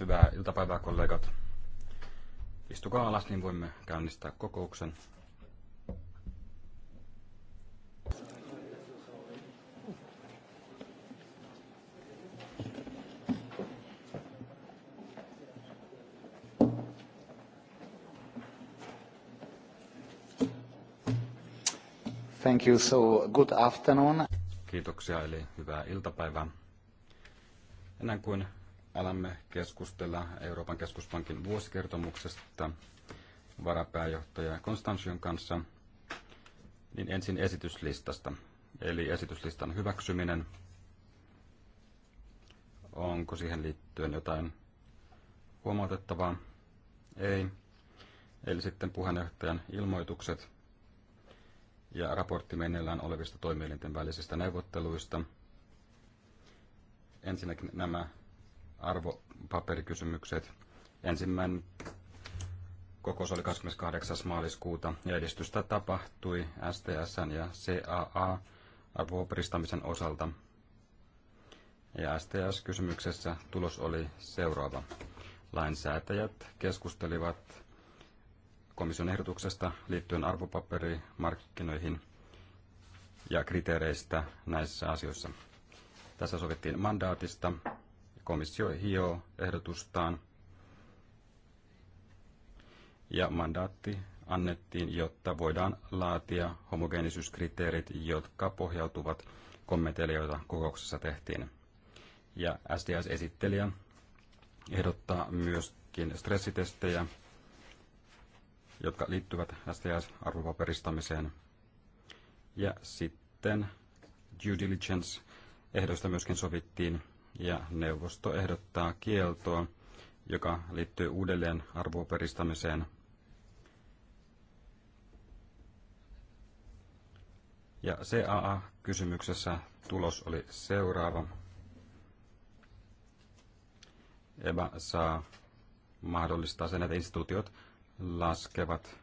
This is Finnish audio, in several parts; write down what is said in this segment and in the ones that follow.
Hyvää iltapäivää kollegat. Istukaa alas, niin voimme käynnistää kokouksen. Thank you. So good afternoon. Kiitoksia eli hyvää iltapäivää. Ennen kuin alamme keskustella Euroopan keskuspankin vuosikertomuksesta varapääjohtaja Konstantion kanssa, niin ensin esityslistasta, eli esityslistan hyväksyminen. Onko siihen liittyen jotain huomautettavaa? Ei. Eli sitten puheenjohtajan ilmoitukset ja raportti meneillään olevista toimielinten välisistä neuvotteluista. Ensinnäkin nämä arvopaperikysymykset. Ensimmäinen kokous oli 28. maaliskuuta ja edistystä tapahtui STSn ja CAA arvopaperistamisen osalta. Ja STS-kysymyksessä tulos oli seuraava. Lainsäätäjät keskustelivat komission ehdotuksesta liittyen arvopaperimarkkinoihin ja kriteereistä näissä asioissa. Tässä sovittiin mandaatista komissio hioo ehdotustaan ja mandaatti annettiin, jotta voidaan laatia homogeenisyyskriteerit, jotka pohjautuvat kommenteille, joita kokouksessa tehtiin. Ja SDS-esittelijä ehdottaa myöskin stressitestejä, jotka liittyvät STS-arvopaperistamiseen. Ja sitten due diligence ehdoista myöskin sovittiin ja neuvosto ehdottaa kieltoa, joka liittyy uudelleen arvoperistamiseen. Ja CAA-kysymyksessä tulos oli seuraava. EBA saa mahdollistaa sen, että instituutiot laskevat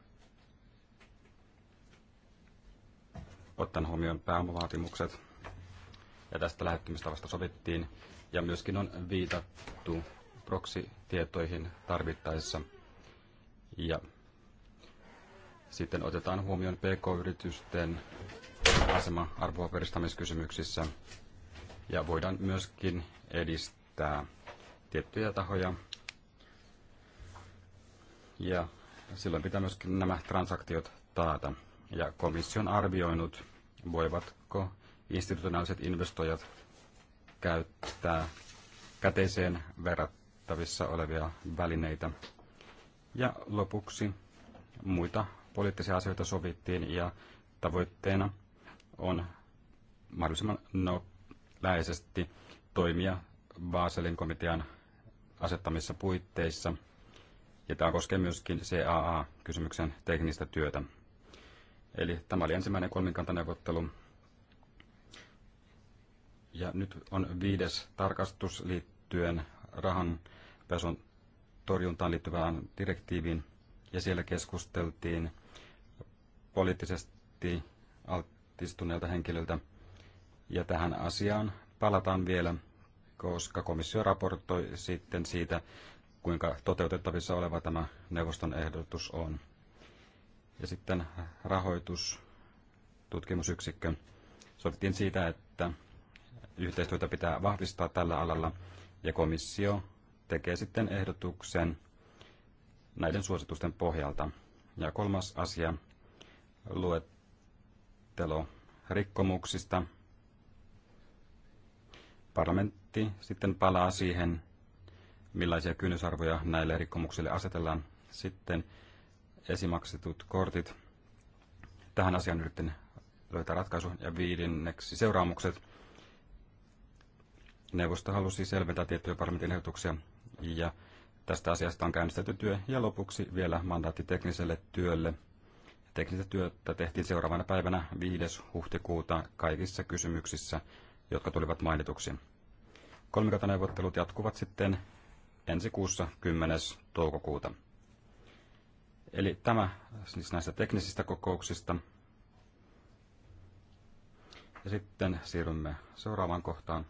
ottaen huomioon pääomavaatimukset. Ja tästä lähettymistavasta sovittiin ja myöskin on viitattu proksitietoihin tarvittaessa. Ja sitten otetaan huomioon PK-yritysten asema arvoaperistamiskysymyksissä ja voidaan myöskin edistää tiettyjä tahoja. Ja silloin pitää myöskin nämä transaktiot taata. Ja komission arvioinut, voivatko institutionaaliset investoijat käyttää käteiseen verrattavissa olevia välineitä. Ja lopuksi muita poliittisia asioita sovittiin ja tavoitteena on mahdollisimman läheisesti toimia Baselin komitean asettamissa puitteissa. Ja tämä koskee myöskin CAA-kysymyksen teknistä työtä. Eli tämä oli ensimmäinen kolminkantaneuvottelu ja nyt on viides tarkastus liittyen rahanpesun torjuntaan liittyvään direktiiviin. Ja siellä keskusteltiin poliittisesti altistuneelta henkilöltä. Ja tähän asiaan palataan vielä, koska komissio raportoi sitten siitä, kuinka toteutettavissa oleva tämä neuvoston ehdotus on. Ja sitten rahoitustutkimusyksikkö. Sovittiin siitä, että yhteistyötä pitää vahvistaa tällä alalla ja komissio tekee sitten ehdotuksen näiden suositusten pohjalta. Ja kolmas asia, luettelo rikkomuksista. Parlamentti sitten palaa siihen, millaisia kynnysarvoja näille rikkomuksille asetellaan. Sitten esimaksetut kortit. Tähän asiaan yritin löytää ratkaisu. Ja viidenneksi seuraamukset. Neuvosto halusi selventää tiettyjä parlamentin ehdotuksia ja tästä asiasta on käynnistetty työ ja lopuksi vielä mandaatti tekniselle työlle. Teknistä työtä tehtiin seuraavana päivänä 5. huhtikuuta kaikissa kysymyksissä, jotka tulivat mainituksi. Kolmikantaneuvottelut jatkuvat sitten ensi kuussa 10. toukokuuta. Eli tämä siis näistä teknisistä kokouksista. Ja sitten siirrymme seuraavaan kohtaan.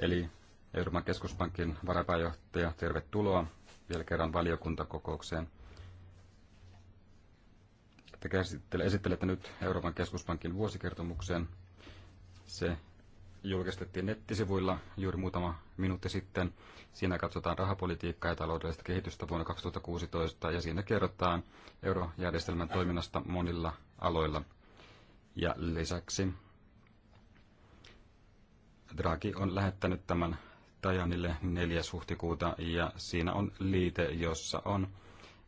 Eli Euroopan keskuspankin varapääjohtaja, tervetuloa vielä kerran valiokuntakokoukseen. Te esittelette nyt Euroopan keskuspankin vuosikertomuksen. Se julkistettiin nettisivuilla juuri muutama minuutti sitten. Siinä katsotaan rahapolitiikkaa ja taloudellista kehitystä vuonna 2016 ja siinä kerrotaan eurojärjestelmän toiminnasta monilla aloilla. Ja lisäksi Draghi on lähettänyt tämän Tajanille 4. huhtikuuta ja siinä on liite, jossa on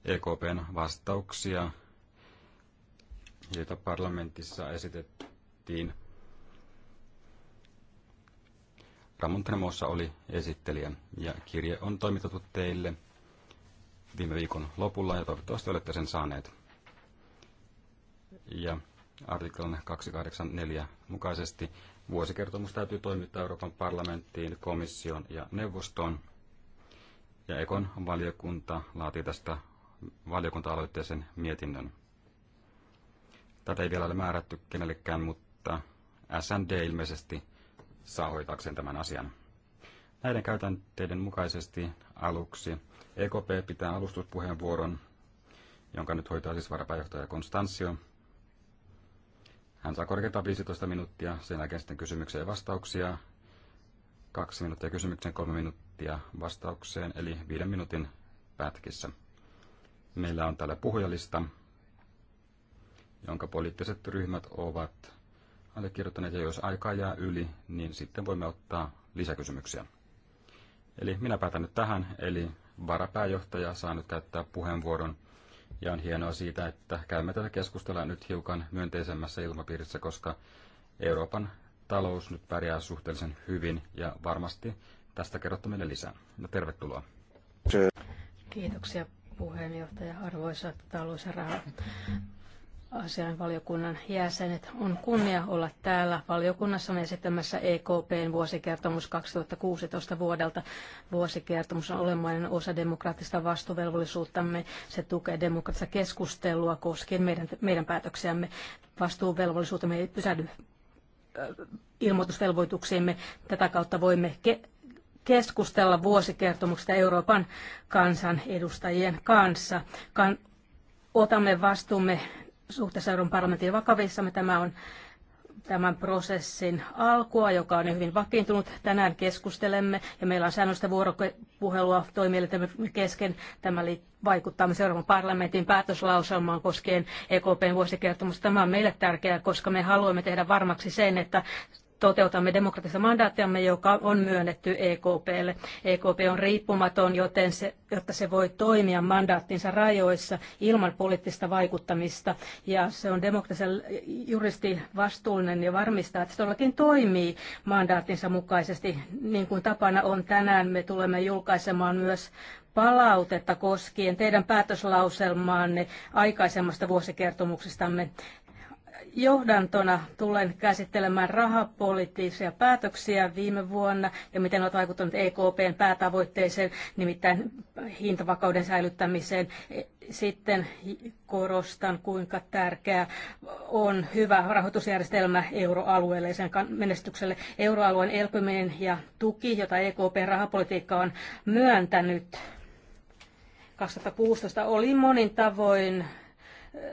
EKPn vastauksia, joita parlamentissa esitettiin. Ramon Tremossa oli esittelijä ja kirje on toimitettu teille viime viikon lopulla ja toivottavasti olette sen saaneet. Ja artiklan 284 mukaisesti Vuosikertomus täytyy toimittaa Euroopan parlamenttiin, komission ja neuvostoon. Ja Ekon valiokunta laatii tästä valiokunta-aloitteisen mietinnön. Tätä ei vielä ole määrätty kenellekään, mutta SND ilmeisesti saa hoitaakseen tämän asian. Näiden käytänteiden mukaisesti aluksi EKP pitää alustuspuheenvuoron, jonka nyt hoitaa siis varapäijohtaja Konstantio. Hän saa korkeintaan 15 minuuttia, sen jälkeen sitten kysymyksiä ja vastauksia. Kaksi minuuttia kysymykseen, kolme minuuttia vastaukseen, eli viiden minuutin pätkissä. Meillä on täällä puhujalista, jonka poliittiset ryhmät ovat allekirjoittaneet, ja jos aikaa jää yli, niin sitten voimme ottaa lisäkysymyksiä. Eli minä päätän nyt tähän, eli varapääjohtaja saa nyt käyttää puheenvuoron ja on hienoa siitä, että käymme tätä keskustelua nyt hiukan myönteisemmässä ilmapiirissä, koska Euroopan talous nyt pärjää suhteellisen hyvin ja varmasti tästä kerrotte meille lisää. No, tervetuloa. Kiitoksia puheenjohtaja, arvoisa talous- ja asianvaliokunnan jäsenet. On kunnia olla täällä valiokunnassa esittämässä EKPn vuosikertomus 2016 vuodelta. Vuosikertomus on olemainen osa demokraattista vastuuvelvollisuuttamme. Se tukee demokraattista keskustelua koskien meidän, meidän päätöksiämme. Vastuuvelvollisuutemme ei pysähdy ilmoitusvelvoituksiimme. Tätä kautta voimme ke- keskustella vuosikertomuksesta Euroopan kansan edustajien kanssa. Kan- otamme vastuumme suhteessa Euroopan parlamentin vakavissamme. Tämä on tämän prosessin alkua, joka on hyvin vakiintunut. Tänään keskustelemme ja meillä on säännöllistä vuoropuhelua toimielintemme kesken. Tämä vaikuttaa myös Euroopan parlamentin päätöslauselmaan koskien EKPn vuosikertomusta. Tämä on meille tärkeää, koska me haluamme tehdä varmaksi sen, että toteutamme demokratista mandaattiamme, joka on myönnetty EKPlle. EKP on riippumaton, joten se, jotta se voi toimia mandaattinsa rajoissa ilman poliittista vaikuttamista. Ja se on demokratisen juristi vastuullinen ja varmistaa, että se todellakin toimii mandaattinsa mukaisesti. Niin kuin tapana on tänään, me tulemme julkaisemaan myös palautetta koskien teidän päätöslauselmaanne aikaisemmasta vuosikertomuksestamme. Johdantona tulen käsittelemään rahapoliittisia päätöksiä viime vuonna ja miten ne ovat vaikuttaneet EKPn päätavoitteeseen, nimittäin hintavakauden säilyttämiseen. Sitten korostan, kuinka tärkeää on hyvä rahoitusjärjestelmä euroalueelle ja sen menestykselle. Euroalueen elpyminen ja tuki, jota EKPn rahapolitiikka on myöntänyt 2016, oli monin tavoin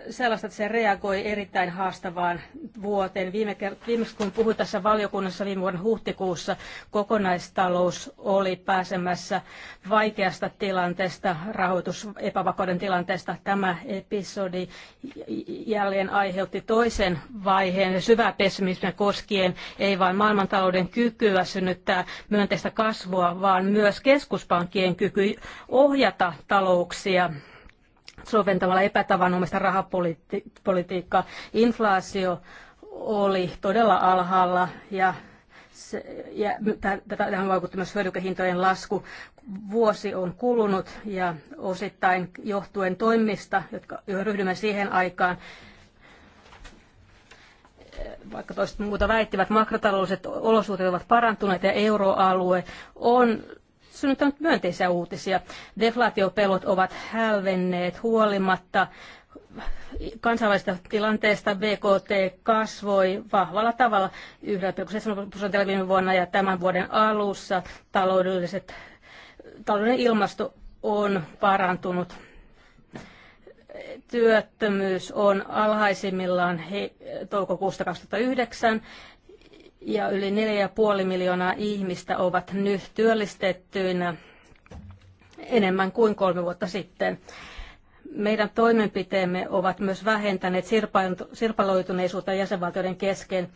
sellaista, että se reagoi erittäin haastavaan vuoteen. Viime, viimeksi kun puhuin tässä valiokunnassa viime vuoden huhtikuussa, kokonaistalous oli pääsemässä vaikeasta tilanteesta, rahoitusepävakauden tilanteesta. Tämä episodi jälleen aiheutti toisen vaiheen syvää pessimismiä koskien ei vain maailmantalouden kykyä synnyttää myönteistä kasvua, vaan myös keskuspankkien kyky ohjata talouksia soventamalla epätavanomaista rahapolitiikkaa. Inflaatio oli todella alhaalla ja, se, ja tähän vaikutti myös hyödykehintojen lasku. Vuosi on kulunut ja osittain johtuen toimista, jotka jo ryhdymme siihen aikaan, vaikka toiset muuta väittivät, makrotaloudelliset olosuhteet ovat parantuneet ja euroalue on synnyttänyt myönteisiä uutisia. Deflaatiopelot ovat hälvenneet huolimatta kansainvälisestä tilanteesta BKT kasvoi vahvalla tavalla 1,7 prosentilla viime vuonna ja tämän vuoden alussa taloudelliset, talouden ilmasto on parantunut. Työttömyys on alhaisimmillaan he, toukokuusta 2009 ja yli 4,5 miljoonaa ihmistä ovat nyt työllistettyinä enemmän kuin kolme vuotta sitten. Meidän toimenpiteemme ovat myös vähentäneet sirpaloituneisuutta jäsenvaltioiden kesken.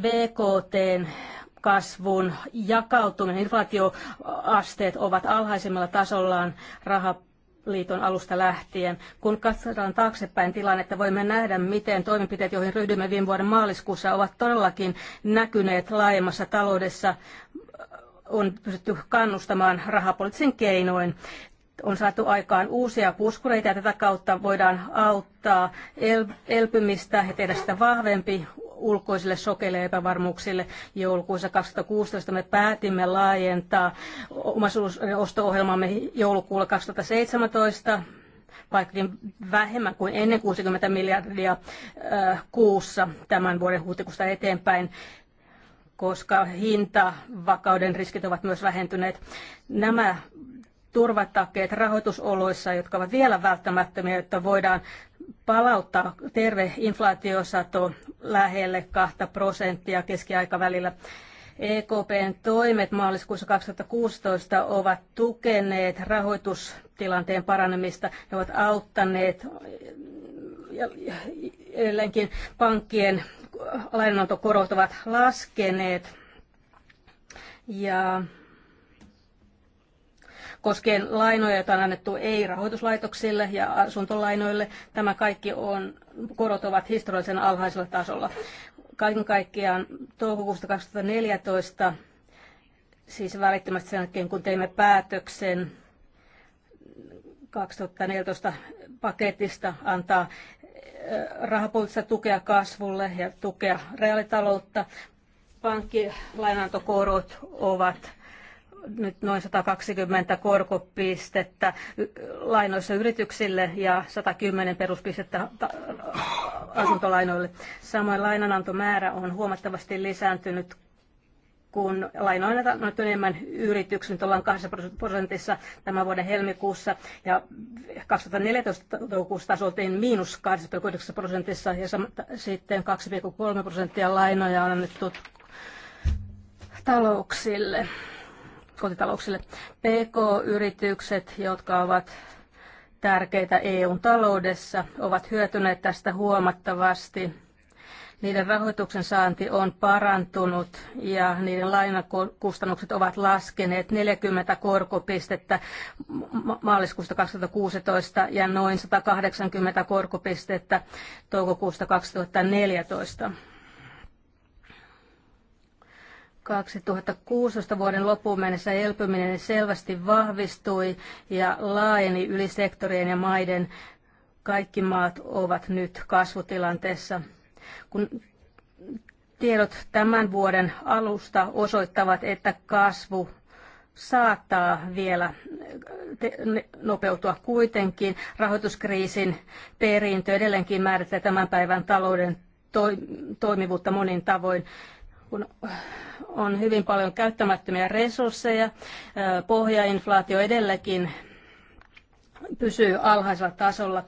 BKTn kasvun jakautuminen, inflaatioasteet ovat alhaisimmalla tasollaan, raha liiton alusta lähtien. Kun katsotaan taaksepäin tilannetta, voimme nähdä, miten toimenpiteet, joihin ryhdyimme viime vuoden maaliskuussa, ovat todellakin näkyneet laajemmassa taloudessa. On pystytty kannustamaan rahapoliittisen keinoin. On saatu aikaan uusia puskureita ja tätä kautta voidaan auttaa elpymistä ja tehdä sitä vahvempi ulkoisille sokeille ja epävarmuuksille. Joulukuussa 2016 me päätimme laajentaa omaisuusosto-ohjelmamme joulukuulla 2017 vaikkakin vähemmän kuin ennen 60 miljardia äh, kuussa tämän vuoden huhtikuusta eteenpäin koska hinta-vakauden riskit ovat myös vähentyneet. Nämä turvatakeet rahoitusoloissa, jotka ovat vielä välttämättömiä, jotta voidaan palauttaa terve inflaatiosato lähelle 2 prosenttia keskiaikavälillä. EKPn toimet maaliskuussa 2016 ovat tukeneet rahoitustilanteen paranemista. Ne ovat auttaneet edelleenkin pankkien lainanantokorot ovat laskeneet. Ja koskien lainoja, joita on annettu ei-rahoituslaitoksille ja asuntolainoille. Tämä kaikki on, korot ovat historiallisen alhaisella tasolla. Kaiken kaikkiaan toukokuusta 2014, siis välittömästi sen jälkeen kun teimme päätöksen 2014 paketista antaa rahapoliittista tukea kasvulle ja tukea reaalitaloutta. Pankkilainantokorot ovat nyt noin 120 korkopistettä lainoissa yrityksille ja 110 peruspistettä asuntolainoille. Samoin lainanantomäärä on huomattavasti lisääntynyt kun lainoina on enemmän yrityksiä, nyt ollaan 2 prosentissa tämän vuoden helmikuussa ja 2014 toukokuussa taas oltiin miinus 2,9 prosentissa ja sitten 2,3 prosenttia lainoja on annettu talouksille kotitalouksille. PK-yritykset, jotka ovat tärkeitä EUn taloudessa, ovat hyötyneet tästä huomattavasti. Niiden rahoituksen saanti on parantunut ja niiden lainakustannukset ovat laskeneet 40 korkopistettä maaliskuusta 2016 ja noin 180 korkopistettä toukokuusta 2014. 2016 vuoden loppuun mennessä elpyminen selvästi vahvistui ja laajeni yli sektorien ja maiden. Kaikki maat ovat nyt kasvutilanteessa. Kun tiedot tämän vuoden alusta osoittavat, että kasvu saattaa vielä nopeutua kuitenkin. Rahoituskriisin perintö edelleenkin määrittää tämän päivän talouden toimivuutta monin tavoin kun on hyvin paljon käyttämättömiä resursseja, pohjainflaatio edelläkin pysyy alhaisella tasolla.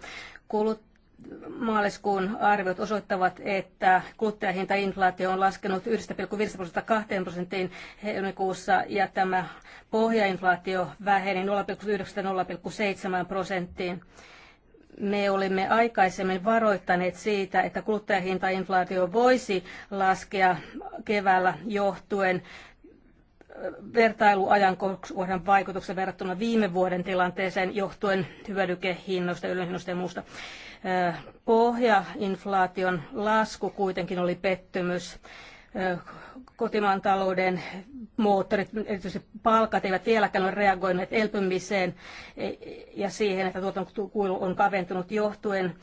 Kulut maaliskuun arviot osoittavat, että kuluttajahintainflaatio on laskenut 1,5 prosenttia 2 prosenttiin helmikuussa ja tämä pohjainflaatio väheni 0,9-0,7 prosenttiin me olimme aikaisemmin varoittaneet siitä, että kuluttajahintainflaatio voisi laskea keväällä johtuen vertailuajankohdan vaikutuksen verrattuna viime vuoden tilanteeseen johtuen hyödykehinnoista, yleishinnoista ja muusta. Pohjainflaation lasku kuitenkin oli pettymys kotimaan talouden moottorit, erityisesti palkat, eivät vieläkään ole reagoineet elpymiseen e, ja siihen, että tuotantokuilu on kaventunut johtuen.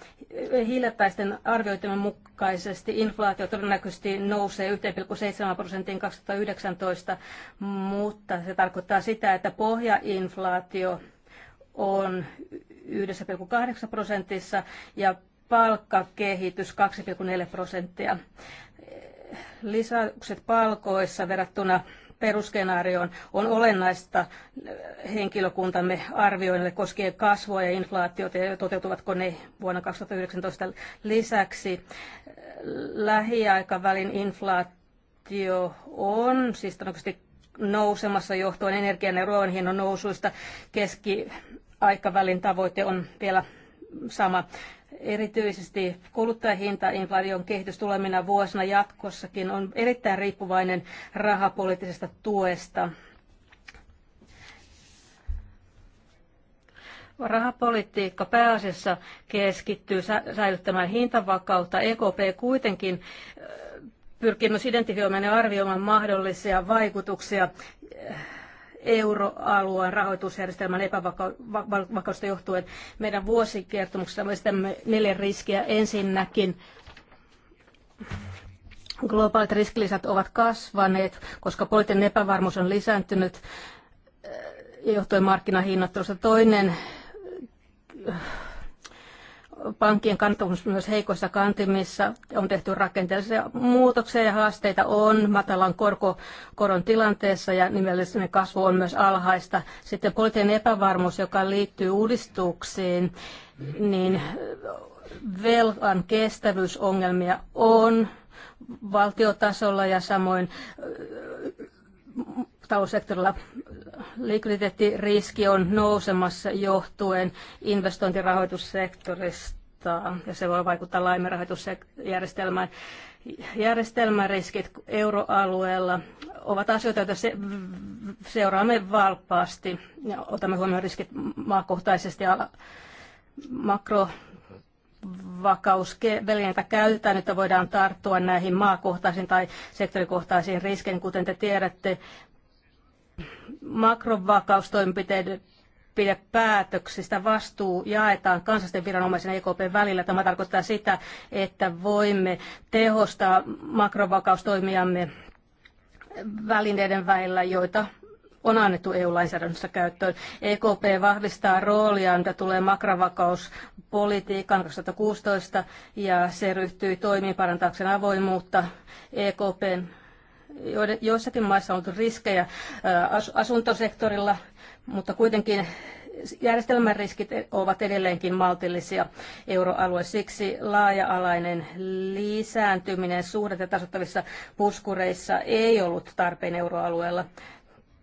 Hiljattaisten arvioitemme mukaisesti inflaatio todennäköisesti nousee 1,7 prosenttiin 2019, mutta se tarkoittaa sitä, että pohjainflaatio on 1,8 prosentissa ja palkkakehitys 2,4 prosenttia lisäykset palkoissa verrattuna perusskenaarioon on olennaista henkilökuntamme arvioinnille koskien kasvua ja inflaatiota ja toteutuvatko ne vuonna 2019 lisäksi. Lähiaikavälin inflaatio on siis todennäköisesti nousemassa johtuen energian ja ruoan hinnan nousuista. Keskiaikavälin tavoite on vielä sama Erityisesti kuluttajahintainflaation kehitys tulemina vuosina jatkossakin on erittäin riippuvainen rahapoliittisesta tuesta. rahapolitiikka pääasiassa keskittyy säilyttämään hintavakautta. EKP kuitenkin äh, pyrkii myös identifioimaan ja arvioimaan mahdollisia vaikutuksia äh, euroalueen rahoitusjärjestelmän epävakausta johtuen. Meidän vuosikertomuksessa esitämme neljä riskiä. Ensinnäkin globaalit riskilisät ovat kasvaneet, koska poliittinen epävarmuus on lisääntynyt eh, johtuen markkinahinnoittelusta. Toinen pankkien kannattavuus myös heikoissa kantimissa. On tehty rakenteellisia muutoksia ja haasteita on matalan korkokoron tilanteessa ja nimellisen kasvu on myös alhaista. Sitten poliittinen epävarmuus, joka liittyy uudistuksiin, niin velkan kestävyysongelmia on valtiotasolla ja samoin maataloussektorilla likviditeettiriski on nousemassa johtuen investointirahoitussektorista ja se voi vaikuttaa laajemmin rahoitusjärjestelmään. Järjestelmäriskit euroalueella ovat asioita, joita se, seuraamme valppaasti ja otamme huomioon riskit maakohtaisesti ja makro vakausvälineitä käytetään, että voidaan tarttua näihin maakohtaisiin tai sektorikohtaisiin riskeihin. Kuten te tiedätte, makrovakaustoimenpiteiden päätöksistä vastuu jaetaan kansallisten viranomaisen ja EKPn välillä. Tämä tarkoittaa sitä, että voimme tehostaa makrovakaustoimiamme välineiden välillä, joita on annettu EU-lainsäädännössä käyttöön. EKP vahvistaa rooliaan, mitä tulee makravakauspolitiikkaan 2016, ja se ryhtyy toimiin parantaakseen avoimuutta EKPn joiden, joissakin maissa on ollut riskejä asuntosektorilla, mutta kuitenkin järjestelmän riskit ovat edelleenkin maltillisia euroalue. Siksi laaja-alainen lisääntyminen ja tasoittavissa puskureissa ei ollut tarpeen euroalueella.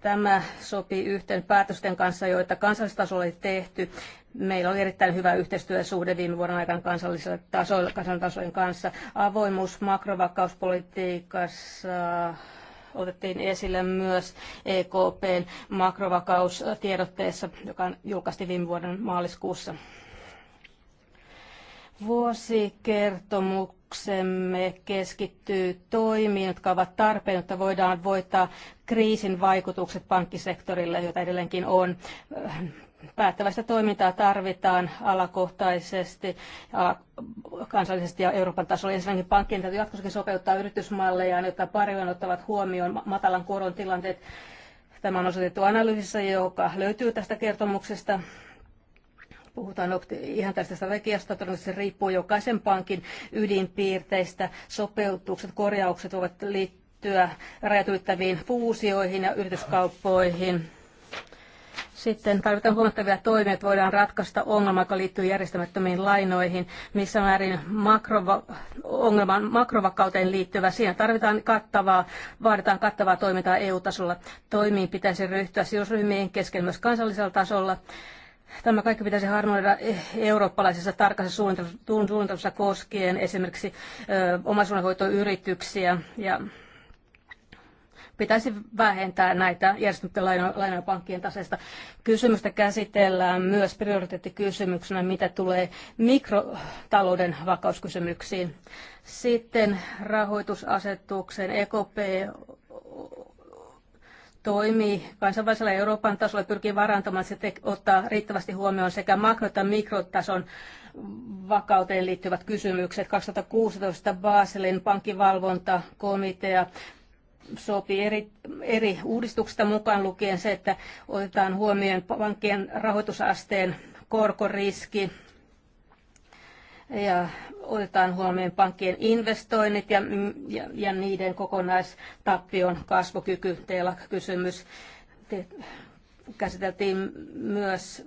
Tämä sopii yhteen päätösten kanssa, joita kansallistasolla oli tehty. Meillä oli erittäin hyvä yhteistyösuhde viime vuoden aikana kansallisilla tasoilla, kansantasojen kanssa. Avoimuus makrovakauspolitiikassa otettiin esille myös EKPn makrovakaustiedotteessa, joka julkaistiin viime vuoden maaliskuussa. Vuosikertomuksemme keskittyy toimiin, jotka ovat tarpeen, jotta voidaan voittaa kriisin vaikutukset pankkisektorille, jota edelleenkin on. Päättäväistä toimintaa tarvitaan alakohtaisesti, kansallisesti ja Euroopan tasolla. Ensinnäkin pankkien täytyy jatkossakin sopeuttaa yritysmallejaan, jotta paremmin ottavat huomioon matalan koron tilanteet. Tämä on osoitettu analyysissä, joka löytyy tästä kertomuksesta puhutaan ihan tästä strategiasta, todennäköisesti se riippuu jokaisen pankin ydinpiirteistä. Sopeutukset, korjaukset voivat liittyä rajatyttäviin fuusioihin ja yrityskauppoihin. Sitten tarvitaan huomattavia toimia, että voidaan ratkaista ongelma, joka liittyy järjestämättömiin lainoihin, missä määrin makrova, ongelman makrovakauteen liittyvä. Siinä tarvitaan kattavaa, vaaditaan kattavaa toimintaa EU-tasolla. Toimiin pitäisi ryhtyä sidosryhmien kesken myös kansallisella tasolla. Tämä kaikki pitäisi harmonoida eh, eurooppalaisessa tarkassa suunnitelmassa koskien esimerkiksi omaisuudenhoitoyrityksiä ja pitäisi vähentää näitä järjestettyjen lainoja pankkien taseesta. Kysymystä käsitellään myös prioriteettikysymyksenä, mitä tulee mikrotalouden vakauskysymyksiin. Sitten rahoitusasetukseen EKP toimii kansainvälisellä Euroopan tasolla, pyrkii varantamaan se ottaa riittävästi huomioon sekä makro- että mikrotason vakauteen liittyvät kysymykset. 2016 Baselin pankkivalvontakomitea sopii eri, eri uudistuksista mukaan lukien se, että otetaan huomioon pankkien rahoitusasteen korkoriski, ja otetaan huomioon pankkien investoinnit ja, ja, ja niiden kokonaistappion kasvukyky. Teillä kysymys te, käsiteltiin myös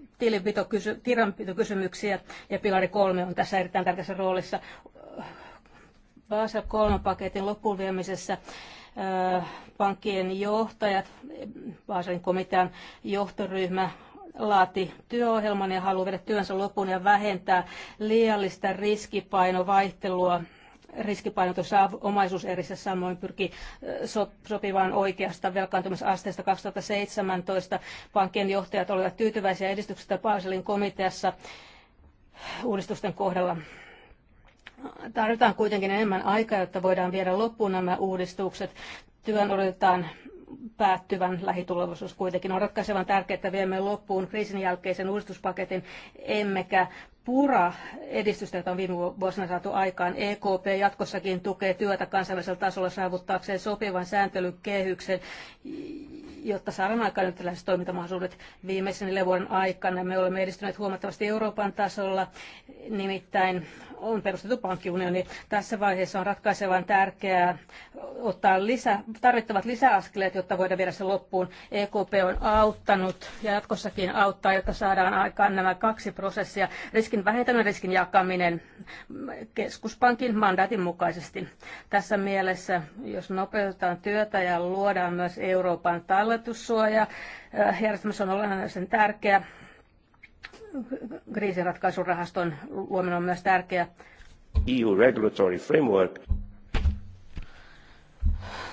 tilinpitokysymyksiä ja pilari kolme on tässä erittäin tärkeässä roolissa. Basel 3 paketin loppuun viemisessä pankkien johtajat, Baselin komitean johtoryhmä laati työohjelman ja haluaa viedä työnsä loppuun ja vähentää liiallista riskipainovaihtelua riskipainotussa omaisuuserissä samoin pyrki sopivaan oikeasta velkaantumisasteesta 2017. Pankkien johtajat olivat tyytyväisiä edistyksestä Baselin komiteassa uudistusten kohdalla. Tarvitaan kuitenkin enemmän aikaa, jotta voidaan viedä loppuun nämä uudistukset. Työn odotetaan päättyvän lähitulevaisuus kuitenkin on ratkaisevan tärkeää, että viemme loppuun kriisin jälkeisen uudistuspaketin, emmekä pura edistystä, jota on viime vuosina saatu aikaan. EKP jatkossakin tukee työtä kansainvälisellä tasolla saavuttaakseen sopivan sääntelykehyksen, jotta saadaan aikaan tällaiset toimintamahdollisuudet viimeisen neljän vuoden aikana. Me olemme edistyneet huomattavasti Euroopan tasolla, nimittäin on perustettu pankkiunioni. Tässä vaiheessa on ratkaisevan tärkeää ottaa lisä, tarvittavat lisäaskeleet, jotta voidaan viedä se loppuun. EKP on auttanut ja jatkossakin auttaa, jotta saadaan aikaan nämä kaksi prosessia. Riski riskin vähentäminen, riskin jakaminen keskuspankin mandaatin mukaisesti. Tässä mielessä, jos nopeutetaan työtä ja luodaan myös Euroopan talletussuoja, äh, järjestelmässä on olennaisen tärkeä. Kriisinratkaisurahaston luominen on myös tärkeä. EU regulatory framework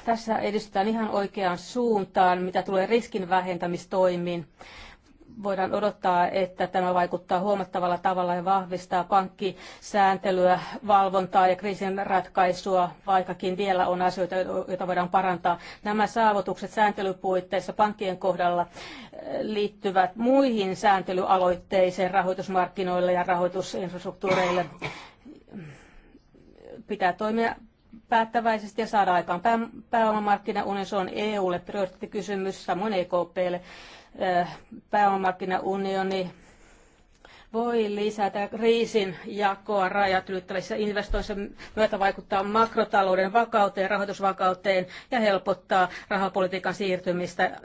tässä edistetään ihan oikeaan suuntaan, mitä tulee riskin vähentämistoimiin voidaan odottaa, että tämä vaikuttaa huomattavalla tavalla ja vahvistaa pankkisääntelyä, valvontaa ja kriisin ratkaisua, vaikkakin vielä on asioita, joita voidaan parantaa. Nämä saavutukset sääntelypuitteissa pankkien kohdalla eh, liittyvät muihin sääntelyaloitteisiin rahoitusmarkkinoille ja rahoitusinfrastruktuureille. Pitää toimia päättäväisesti ja saada aikaan pää- pääomamarkkinaunioni. Se on EUlle prioriteettikysymys, samoin EKPlle. Eh, pääomamarkkinaunioni voi lisätä kriisin jakoa rajat ylittävissä investoissa myötä vaikuttaa makrotalouden vakauteen, rahoitusvakauteen ja helpottaa rahapolitiikan siirtymistä eh,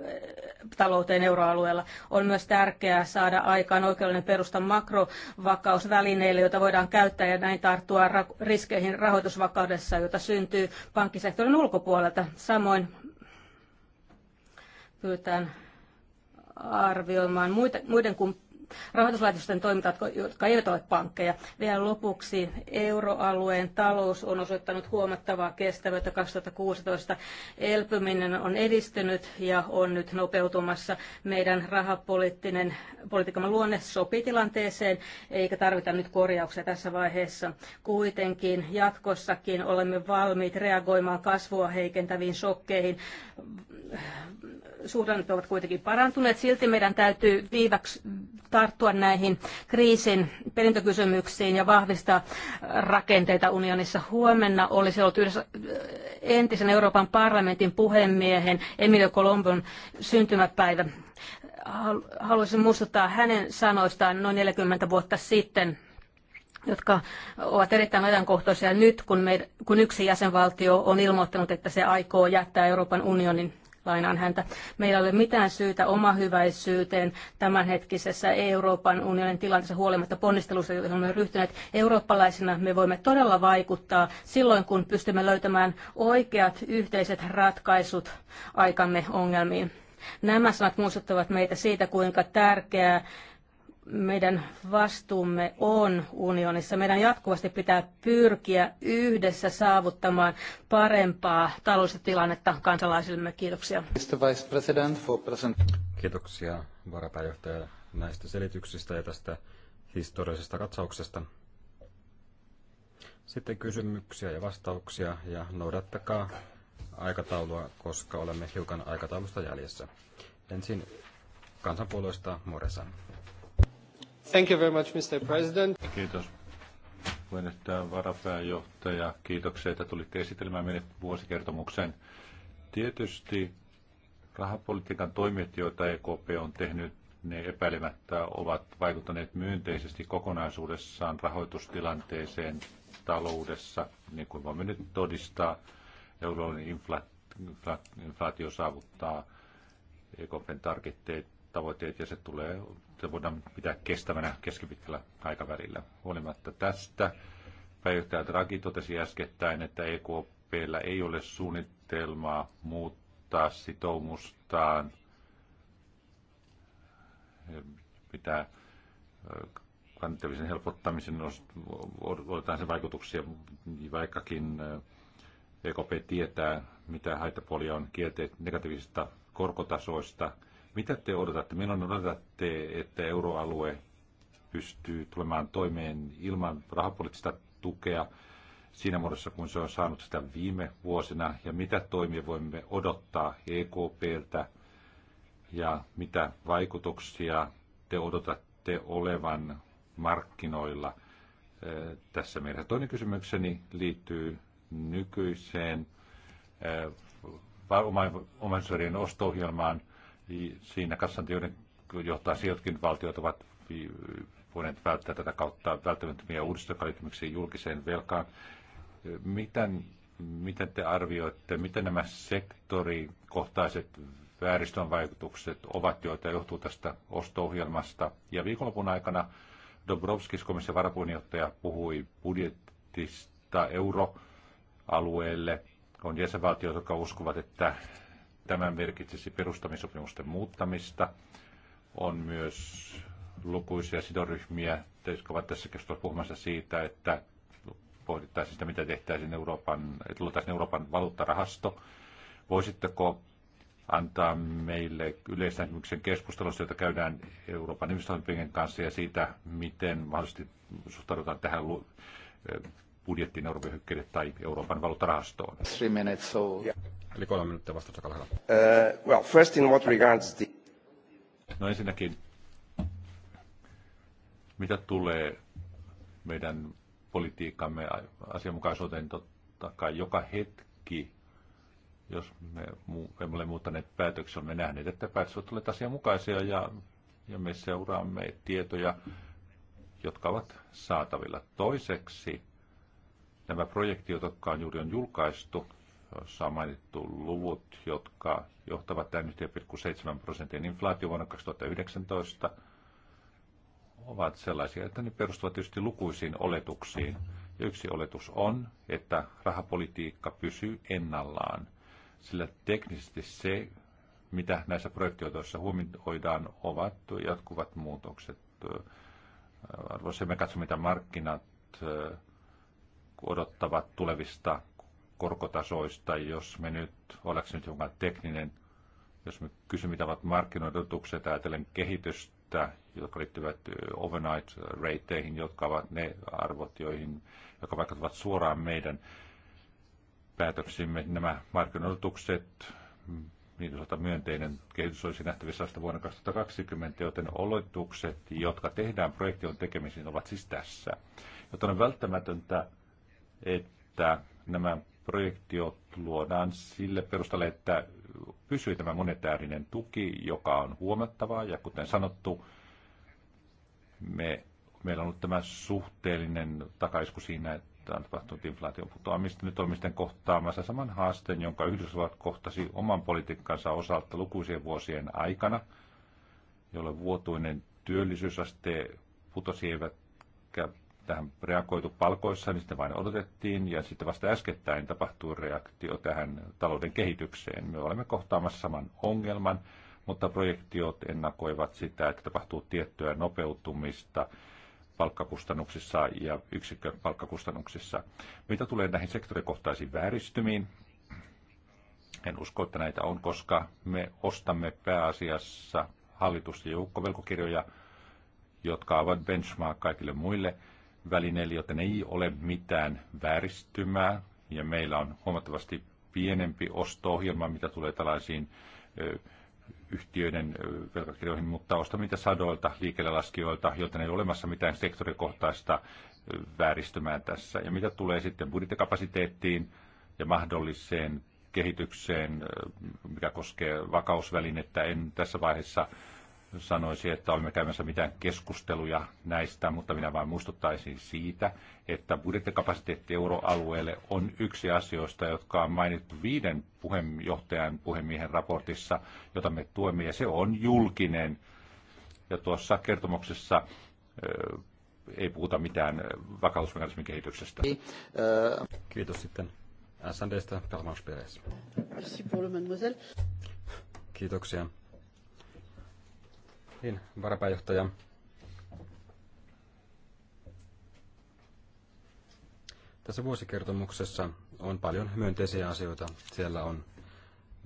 talouteen euroalueella. On myös tärkeää saada aikaan oikeudellinen perusta makrovakausvälineille, joita voidaan käyttää ja näin tarttua riskeihin rahoitusvakaudessa, jota syntyy pankkisektorin ulkopuolelta. Samoin pyytään arvioimaan muita, muiden kuin rahoituslaitosten toimintaa, jotka eivät ole pankkeja. Vielä lopuksi euroalueen talous on osoittanut huomattavaa kestävyyttä 2016. Elpyminen on edistynyt ja on nyt nopeutumassa. Meidän rahapoliittinen luonne sopii tilanteeseen, eikä tarvita nyt korjauksia tässä vaiheessa. Kuitenkin jatkossakin olemme valmiit reagoimaan kasvua heikentäviin shokkeihin suhdannet ovat kuitenkin parantuneet. Silti meidän täytyy viiväksi tarttua näihin kriisin perintökysymyksiin ja vahvistaa rakenteita unionissa. Huomenna olisi ollut yhdessä äh, entisen Euroopan parlamentin puhemiehen Emilio Colombon syntymäpäivä. Haluaisin muistuttaa hänen sanoistaan noin 40 vuotta sitten jotka ovat erittäin ajankohtaisia nyt, kun, me, kun yksi jäsenvaltio on ilmoittanut, että se aikoo jättää Euroopan unionin lainaan häntä. Meillä ei ole mitään syytä omahyväisyyteen tämänhetkisessä Euroopan unionin tilanteessa huolimatta ponnistelusta, joihin olemme ryhtyneet. Eurooppalaisina me voimme todella vaikuttaa silloin, kun pystymme löytämään oikeat yhteiset ratkaisut aikamme ongelmiin. Nämä sanat muistuttavat meitä siitä, kuinka tärkeää meidän vastuumme on unionissa. Meidän jatkuvasti pitää pyrkiä yhdessä saavuttamaan parempaa taloudellista tilannetta kansalaisillemme. Kiitoksia. Kiitoksia varapääjohtaja näistä selityksistä ja tästä historiallisesta katsauksesta. Sitten kysymyksiä ja vastauksia ja noudattakaa aikataulua, koska olemme hiukan aikataulusta jäljessä. Ensin kansanpuolueesta Moresan. Thank you very much, Mr. President. Kiitos puheenjohtaja, varapääjohtaja. Kiitoksia, että tulitte esitelmään meille vuosikertomuksen. Tietysti rahapolitiikan toimet, joita EKP on tehnyt, ne epäilemättä ovat vaikuttaneet myönteisesti kokonaisuudessaan rahoitustilanteeseen taloudessa, niin kuin voimme nyt todistaa. Euroalueen infla, infla, inflaatio saavuttaa EKPn tarkitteet tavoitteet ja se tulee, se voidaan pitää kestävänä keskipitkällä aikavälillä. Huolimatta tästä, pääjohtaja Draghi totesi äskettäin, että EKPllä ei ole suunnitelmaa muuttaa sitoumustaan, pitää kannattavisen helpottamisen odotetaan sen vaikutuksia, vaikkakin EKP tietää, mitä haittapuolia on kielteet negatiivisista korkotasoista, mitä te odotatte? Milloin odotatte, että euroalue pystyy tulemaan toimeen ilman rahapoliittista tukea siinä muodossa, kun se on saanut sitä viime vuosina? Ja mitä toimia voimme odottaa EKPltä? Ja mitä vaikutuksia te odotatte olevan markkinoilla eh, tässä mielessä? Toinen kysymykseni liittyy nykyiseen eh, omaisuuden osto-ohjelmaan – Siinä kassantijoiden johtaa sijoitkin valtiot ovat voineet välttää tätä kautta välttämättömiä uudistuksia julkiseen velkaan. Miten, miten te arvioitte, miten nämä sektorikohtaiset vääristön vaikutukset ovat, joita johtuu tästä osto-ohjelmasta? Ja viikonlopun aikana Dobrovskis, komission varapuheenjohtaja, puhui budjettista euroalueelle. On jäsenvaltioita, jotka uskovat, että Tämä merkitsisi perustamisopimusten muuttamista. On myös lukuisia sidoryhmiä, jotka ovat tässä keskustelussa puhumassa siitä, että pohdittaisiin sitä, mitä tehtäisiin Euroopan, että luotaisiin Euroopan valuuttarahasto. Voisitteko antaa meille yleisnäkemyksen keskustelusta, jota käydään Euroopan investointipankin kanssa ja siitä, miten mahdollisesti suhtaudutaan tähän eh, budjettiin Euroopan tai Euroopan valuuttarahastoon. Three minutes, so... Eli kolme minuuttia vastausta, Uh, well, first in what regards the... No ensinnäkin, mitä tulee meidän politiikkamme asianmukaisuuteen, totta kai joka hetki, jos me emme ole muuttaneet päätöksiä, olemme nähneet, että päätökset ovat asianmukaisia ja, ja me seuraamme tietoja, jotka ovat saatavilla. Toiseksi nämä projektit, jotka on juuri on julkaistu, jossa on mainittu luvut, jotka johtavat tämän 1,7 prosentin inflaatio vuonna 2019, ovat sellaisia, että ne perustuvat tietysti lukuisiin oletuksiin. Ja yksi oletus on, että rahapolitiikka pysyy ennallaan, sillä teknisesti se, mitä näissä projektioitoissa huomioidaan, ovat jatkuvat muutokset. Arvoisa, me katsomme, mitä markkinat odottavat tulevista korkotasoista, jos me nyt, oleks nyt jonkun tekninen, jos me kysymme, mitä ovat markkinoidotukset, ajatellen kehitystä, jotka liittyvät overnight rateihin, jotka ovat ne arvot, joihin, jotka vaikuttavat suoraan meidän päätöksimme. Nämä markkinoidotukset, niin osalta myönteinen kehitys olisi nähtävissä vasta vuonna 2020, joten oletukset, jotka tehdään projektion tekemisiin, ovat siis tässä. Joten on välttämätöntä, että nämä projektio luodaan sille perustalle, että pysyy tämä monetäärinen tuki, joka on huomattavaa. Ja kuten sanottu, me, meillä on ollut tämä suhteellinen takaisku siinä, että on tapahtunut inflaation putoamista. Nyt on kohtaamassa saman haasteen, jonka Yhdysvallat kohtasi oman politiikkansa osalta lukuisien vuosien aikana, jolloin vuotuinen työllisyysaste putosi eivätkä tähän reagoitu palkoissa, niin sitten vain odotettiin, ja sitten vasta äskettäin tapahtuu reaktio tähän talouden kehitykseen. Me olemme kohtaamassa saman ongelman, mutta projektiot ennakoivat sitä, että tapahtuu tiettyä nopeutumista palkkakustannuksissa ja yksikköpalkkakustannuksissa. Mitä tulee näihin sektorikohtaisiin vääristymiin, en usko, että näitä on, koska me ostamme pääasiassa ja joukkovelkokirjoja, jotka ovat benchmark kaikille muille – välineille, joten ei ole mitään vääristymää ja meillä on huomattavasti pienempi osto-ohjelma, mitä tulee tällaisiin yhtiöiden velkakirjoihin, mutta ostamita sadoilta liikelaskijoilta, joten ei ole olemassa mitään sektorikohtaista vääristymää tässä. Ja mitä tulee sitten budjettikapasiteettiin ja mahdolliseen kehitykseen, mikä koskee vakausvälinettä, en tässä vaiheessa sanoisi, että olemme käymässä mitään keskusteluja näistä, mutta minä vain muistuttaisin siitä, että budjettikapasiteetti euroalueelle on yksi asioista, jotka on mainittu viiden puheenjohtajan puhemiehen raportissa, jota me tuemme, ja se on julkinen. Ja tuossa kertomuksessa ei puhuta mitään vakautusmekanismin kehityksestä. Niin, Kiitos sitten SNDstä, Pelmaus Kiitoksia. Niin, varapääjohtaja. Tässä vuosikertomuksessa on paljon myönteisiä asioita. Siellä on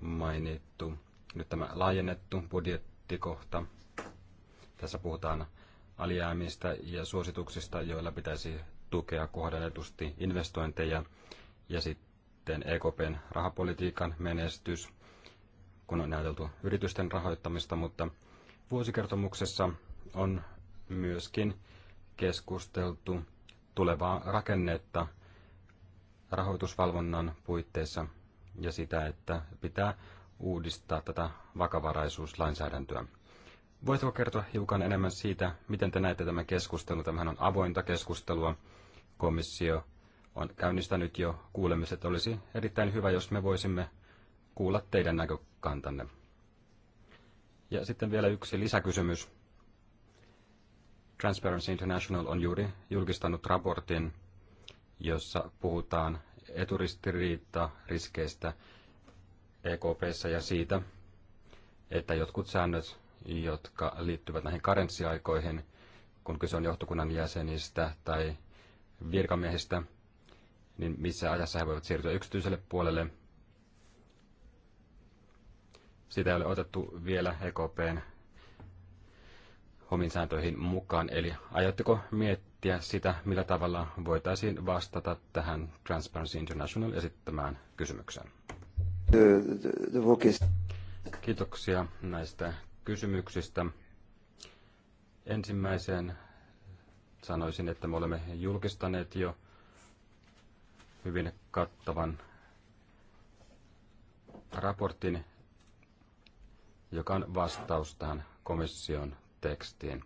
mainittu nyt tämä laajennettu budjettikohta. Tässä puhutaan alijäämistä ja suosituksista, joilla pitäisi tukea kohdennetusti investointeja ja sitten EKPn rahapolitiikan menestys, kun on näytelty yritysten rahoittamista, mutta vuosikertomuksessa on myöskin keskusteltu tulevaa rakennetta rahoitusvalvonnan puitteissa ja sitä, että pitää uudistaa tätä vakavaraisuuslainsäädäntöä. Voitko kertoa hiukan enemmän siitä, miten te näette tämän keskustelun? Tämähän on avointa keskustelua. Komissio on käynnistänyt jo kuulemiset. Olisi erittäin hyvä, jos me voisimme kuulla teidän näkökantanne. Ja sitten vielä yksi lisäkysymys. Transparency International on juuri julkistanut raportin, jossa puhutaan eturistiriitta riskeistä EKPssä ja siitä, että jotkut säännöt, jotka liittyvät näihin karenssiaikoihin, kun kyse on johtokunnan jäsenistä tai virkamiehistä, niin missä ajassa he voivat siirtyä yksityiselle puolelle – sitä ei ole otettu vielä EKPn omiin sääntöihin mukaan. Eli aiotteko miettiä sitä, millä tavalla voitaisiin vastata tähän Transparency International esittämään kysymykseen? Kiitoksia näistä kysymyksistä. Ensimmäiseen sanoisin, että me olemme julkistaneet jo hyvin kattavan raportin joka on vastaus tähän komission tekstiin.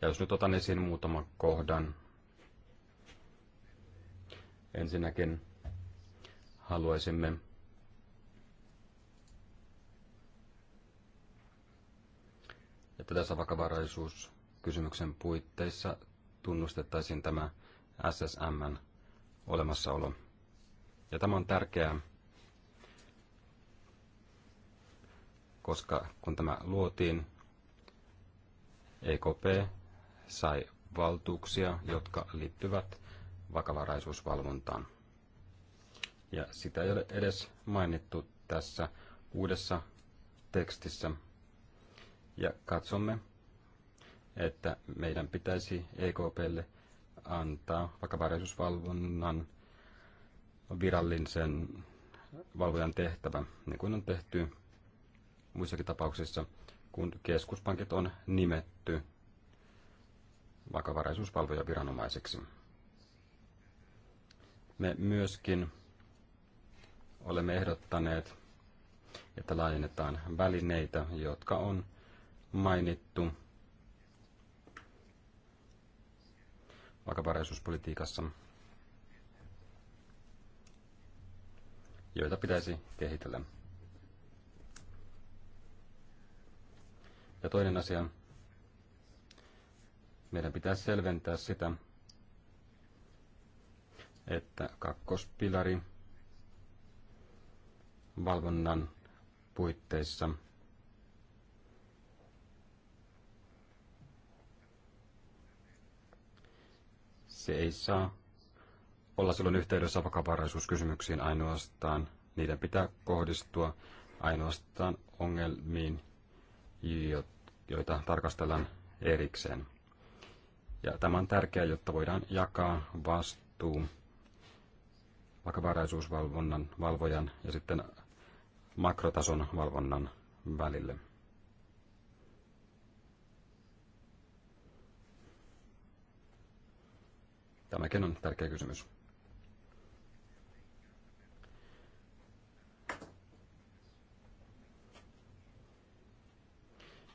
Ja jos nyt otan esiin muutaman kohdan. Ensinnäkin haluaisimme että tässä vakavaraisuuskysymyksen puitteissa tunnustettaisiin tämä SSMn olemassaolo. Ja tämä on tärkeää, koska kun tämä luotiin, EKP sai valtuuksia, jotka liittyvät vakavaraisuusvalvontaan. Ja sitä ei ole edes mainittu tässä uudessa tekstissä. Ja katsomme, että meidän pitäisi EKPlle antaa vakavaraisuusvalvonnan virallisen valvojan tehtävä, niin kuin on tehty muissakin tapauksissa, kun keskuspankit on nimetty vakavaraisuusvalvoja viranomaiseksi. Me myöskin olemme ehdottaneet, että laajennetaan välineitä, jotka on mainittu vakavaraisuuspolitiikassa, joita pitäisi kehitellä. Ja toinen asia, meidän pitää selventää sitä, että kakkospilari valvonnan puitteissa se ei saa olla silloin yhteydessä vakavaraisuuskysymyksiin ainoastaan. Niiden pitää kohdistua ainoastaan ongelmiin, joita tarkastellaan erikseen. Ja tämä on tärkeää, jotta voidaan jakaa vastuu vakavaraisuusvalvonnan valvojan ja sitten makrotason valvonnan välille. Tämäkin on tärkeä kysymys.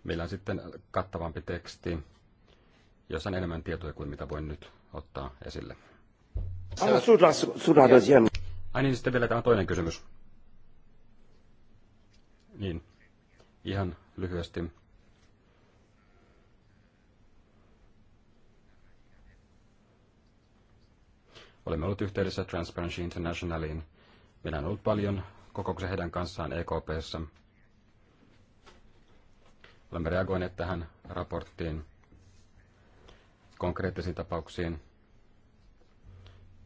meillä on sitten kattavampi teksti, jossa on enemmän tietoja kuin mitä voin nyt ottaa esille. Ai niin, sitten vielä tämä toinen kysymys. Niin, ihan lyhyesti. Olemme olleet yhteydessä Transparency Internationaliin. Meillä on ollut paljon kokouksia heidän kanssaan EKPssä. Olemme reagoineet tähän raporttiin konkreettisiin tapauksiin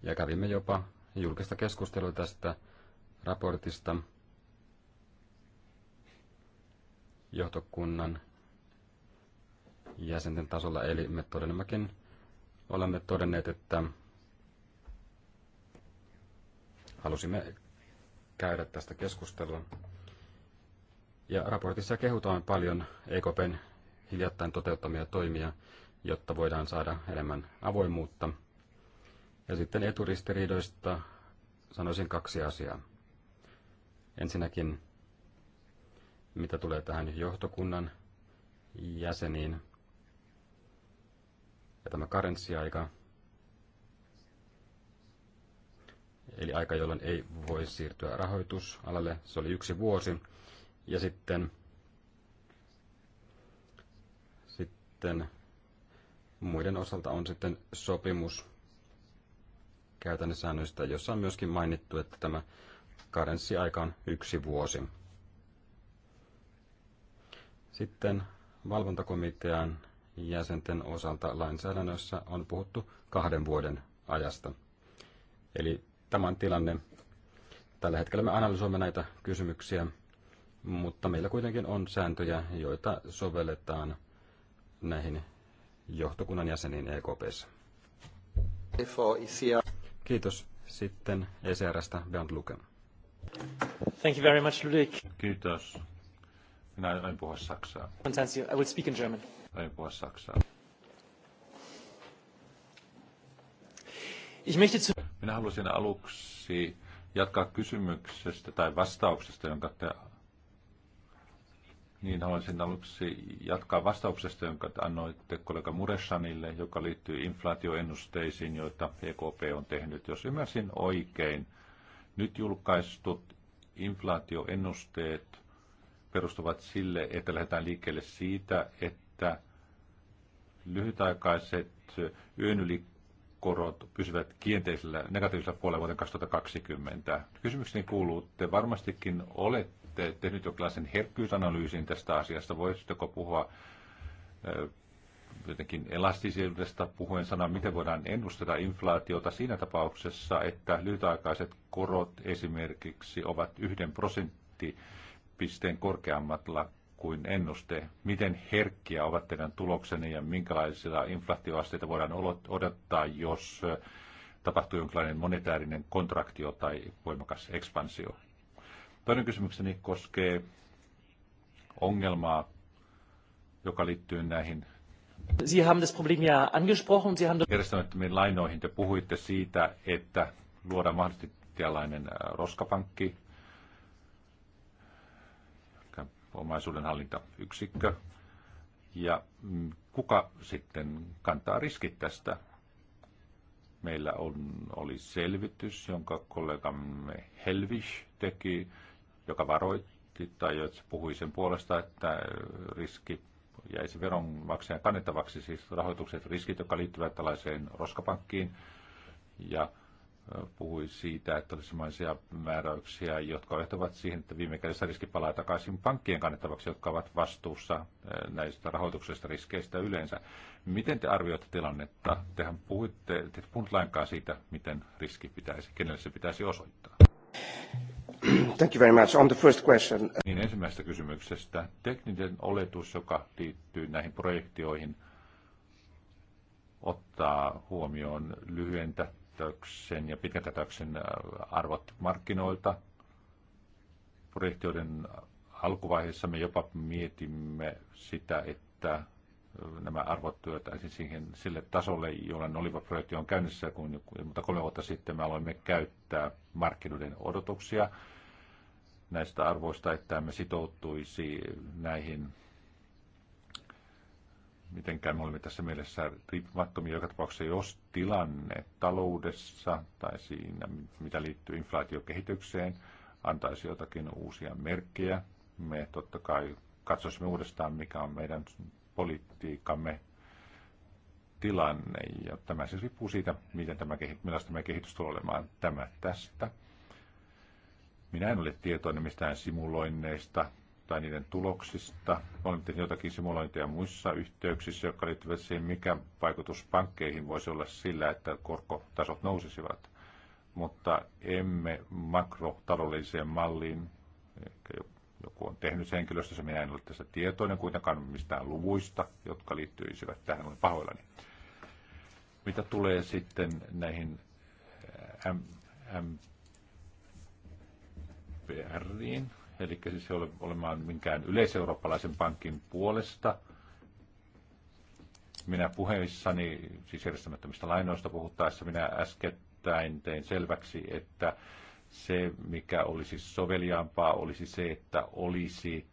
ja kävimme jopa julkista keskustelua tästä raportista johtokunnan jäsenten tasolla. Eli me todennäköisesti olemme todenneet, että halusimme käydä tästä keskustelua. Ja raportissa kehutaan paljon EKPn hiljattain toteuttamia toimia, jotta voidaan saada enemmän avoimuutta. Ja sitten eturistiriidoista sanoisin kaksi asiaa. Ensinnäkin, mitä tulee tähän johtokunnan jäseniin ja tämä karenssiaika, eli aika, jolloin ei voi siirtyä rahoitusalalle. Se oli yksi vuosi, ja sitten, sitten muiden osalta on sitten sopimus käytännön säännöistä, jossa on myöskin mainittu, että tämä karenssiaika on yksi vuosi. Sitten valvontakomitean jäsenten osalta lainsäädännössä on puhuttu kahden vuoden ajasta. Eli tämä on tilanne. Tällä hetkellä me analysoimme näitä kysymyksiä mutta meillä kuitenkin on sääntöjä, joita sovelletaan näihin johtokunnan jäseniin EKPssä. Kiitos. Sitten ECRstä Bernd Luke. Thank you very much, Ludwig. Kiitos. Minä en puhua saksaa. I will speak in German. En puhua saksaa. Ich möchte zu... Minä halusin aluksi jatkaa kysymyksestä tai vastauksesta, jonka te niin, haluaisin aluksi jatkaa vastauksesta, jonka annoitte kollega Muressanille, joka liittyy inflaatioennusteisiin, joita EKP on tehnyt. Jos ymmärsin oikein, nyt julkaistut inflaatioennusteet perustuvat sille, että lähdetään liikkeelle siitä, että lyhytaikaiset yönylikorot pysyvät kielteisellä negatiivisella puolella vuoden 2020. Kysymykseni kuuluu, te varmastikin olette olette tehnyt jonkinlaisen herkkyysanalyysin tästä asiasta. Voisitteko puhua jotenkin elastisisuudesta puhuen sanan, miten voidaan ennustaa inflaatiota siinä tapauksessa, että lyhytaikaiset korot esimerkiksi ovat yhden prosenttipisteen korkeammalla kuin ennuste. Miten herkkiä ovat teidän tuloksenne ja minkälaisia inflaatioasteita voidaan odottaa, jos tapahtuu jonkinlainen monetäärinen kontraktio tai voimakas ekspansio? Toinen kysymykseni koskee ongelmaa, joka liittyy näihin Sie haben das Problem ja angesprochen. Sie haben järjestämättömiin lainoihin te puhuitte siitä, että luodaan mahdollisesti tällainen äh, roskapankki, omaisuudenhallintayksikkö. Ja mm, kuka sitten kantaa riskit tästä? Meillä on, oli selvitys, jonka kollegamme Helvish teki joka varoitti tai jos puhui sen puolesta, että riski jäisi veronmaksajan kannettavaksi, siis rahoitukset, riskit, jotka liittyvät tällaiseen roskapankkiin, ja puhui siitä, että olisi sellaisia määräyksiä, jotka johtavat siihen, että viime kädessä riski palaa takaisin pankkien kannettavaksi, jotka ovat vastuussa näistä rahoituksesta riskeistä yleensä. Miten te arvioitte tilannetta? Tehän puhuitte, te puhutte lainkaan siitä, miten riski pitäisi, kenelle se pitäisi osoittaa. Thank you very much. On the first question. Uh, niin ensimmäisestä kysymyksestä. Tekninen oletus, joka liittyy näihin projektioihin, ottaa huomioon lyhyen tähtäyksen ja pitkän tähtäyksen äh, arvot markkinoilta. Projektioiden alkuvaiheessa me jopa mietimme sitä, että äh, nämä arvot työtäisiin siihen, sille tasolle, jolla ne olivat projekti on käynnissä, kun, mutta kolme vuotta sitten me aloimme käyttää markkinoiden odotuksia näistä arvoista, että emme sitoutuisi näihin, mitenkään me olemme tässä mielessä riippumattomia joka tapauksessa, jos tilanne taloudessa tai siinä, mitä liittyy inflaatiokehitykseen, antaisi jotakin uusia merkkejä. Me totta kai katsoisimme uudestaan, mikä on meidän politiikkamme tilanne. Ja tämä siis riippuu siitä, miten tämä, millaista meidän kehitys tulee olemaan. Tämä tästä. Minä en ole tietoinen mistään simuloinneista tai niiden tuloksista. Olen tehnyt jotakin simulointeja muissa yhteyksissä, jotka liittyvät siihen, mikä vaikutus pankkeihin voisi olla sillä, että korkotasot nousisivat. Mutta emme makrotaloudelliseen malliin, joku on tehnyt henkilöstössä, minä en ole tässä tietoinen kuitenkaan mistään luvuista, jotka liittyisivät tähän, olen pahoillani. Mitä tulee sitten näihin M, M, EBRiin, eli siis ei ole olemaan minkään yleiseurooppalaisen pankin puolesta. Minä puheissani, siis järjestämättömistä lainoista puhuttaessa, minä äskettäin tein selväksi, että se, mikä olisi soveliaampaa, olisi se, että olisi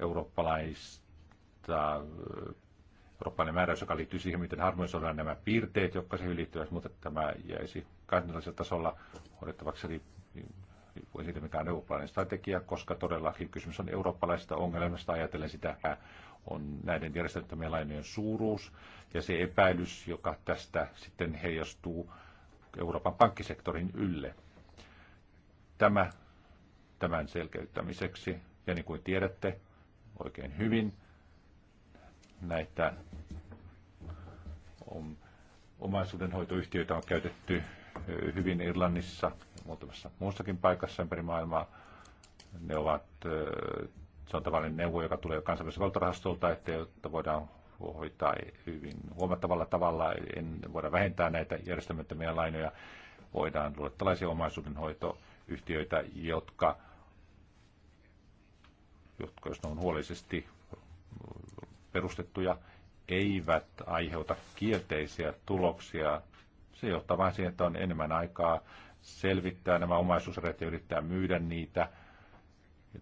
eurooppalaista eurooppalainen määräys, joka liittyy siihen, miten harmonisoidaan nämä piirteet, jotka siihen liittyvät, mutta tämä jäisi kansallisella tasolla hoidettavaksi, eli esitä mikään eurooppalainen strategia, koska todellakin kysymys on eurooppalaisesta ongelmasta ajatellen sitä, on näiden järjestelmättömien lainojen suuruus ja se epäilys, joka tästä sitten heijastuu Euroopan pankkisektorin ylle. Tämä tämän selkeyttämiseksi, ja niin kuin tiedätte oikein hyvin, näitä omaisuudenhoitoyhtiöitä on käytetty hyvin Irlannissa muutamassa muussakin paikassa ympäri maailmaa. Ne ovat, se on tavallinen neuvo, joka tulee kansainvälisestä valtarahastolta, että jotta voidaan hoitaa hyvin huomattavalla tavalla, en voida vähentää näitä järjestämättömiä lainoja. Voidaan luoda tällaisia omaisuudenhoitoyhtiöitä, jotka, jotka jos ne on huolellisesti perustettuja, eivät aiheuta kielteisiä tuloksia. Se johtaa vain siihen, että on enemmän aikaa selvittää nämä omaisuuserät ja yrittää myydä niitä.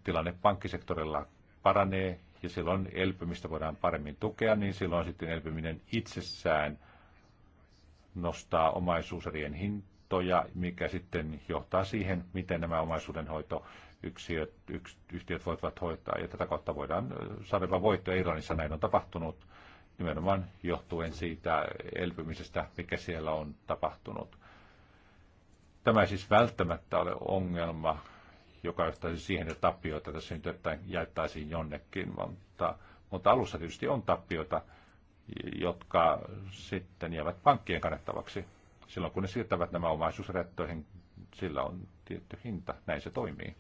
Tilanne pankkisektorilla paranee ja silloin elpymistä voidaan paremmin tukea, niin silloin sitten elpyminen itsessään nostaa omaisuuserien hintoja, mikä sitten johtaa siihen, miten nämä omaisuudenhoito yksiöt, yks, yhtiöt voivat hoitaa. Ja tätä kautta voidaan saada jopa voittoja. Irlannissa näin on tapahtunut nimenomaan johtuen siitä elpymisestä, mikä siellä on tapahtunut. Tämä ei siis välttämättä ole ongelma, joka johtaisi siihen, että tappioita tässä nyt jaettaisiin jonnekin, mutta, mutta alussa tietysti on tappioita, jotka sitten jäävät pankkien kannettavaksi. Silloin kun ne siirtävät nämä omaisuusrettoihin, sillä on tietty hinta, näin se toimii.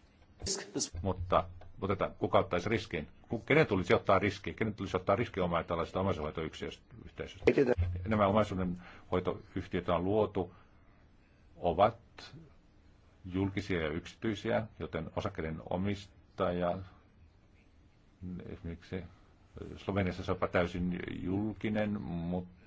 Mutta otetaan, kuka ottaisi riskin? Kenen tulisi ottaa riski? Kenen tulisi ottaa riski omaa tällaista omaisuudenhoitoyhteisöstä? Nämä omaisuudenhoitoyhtiöt on luotu ovat julkisia ja yksityisiä, joten osakkeiden omistaja, esimerkiksi Sloveniassa se on täysin julkinen, mutta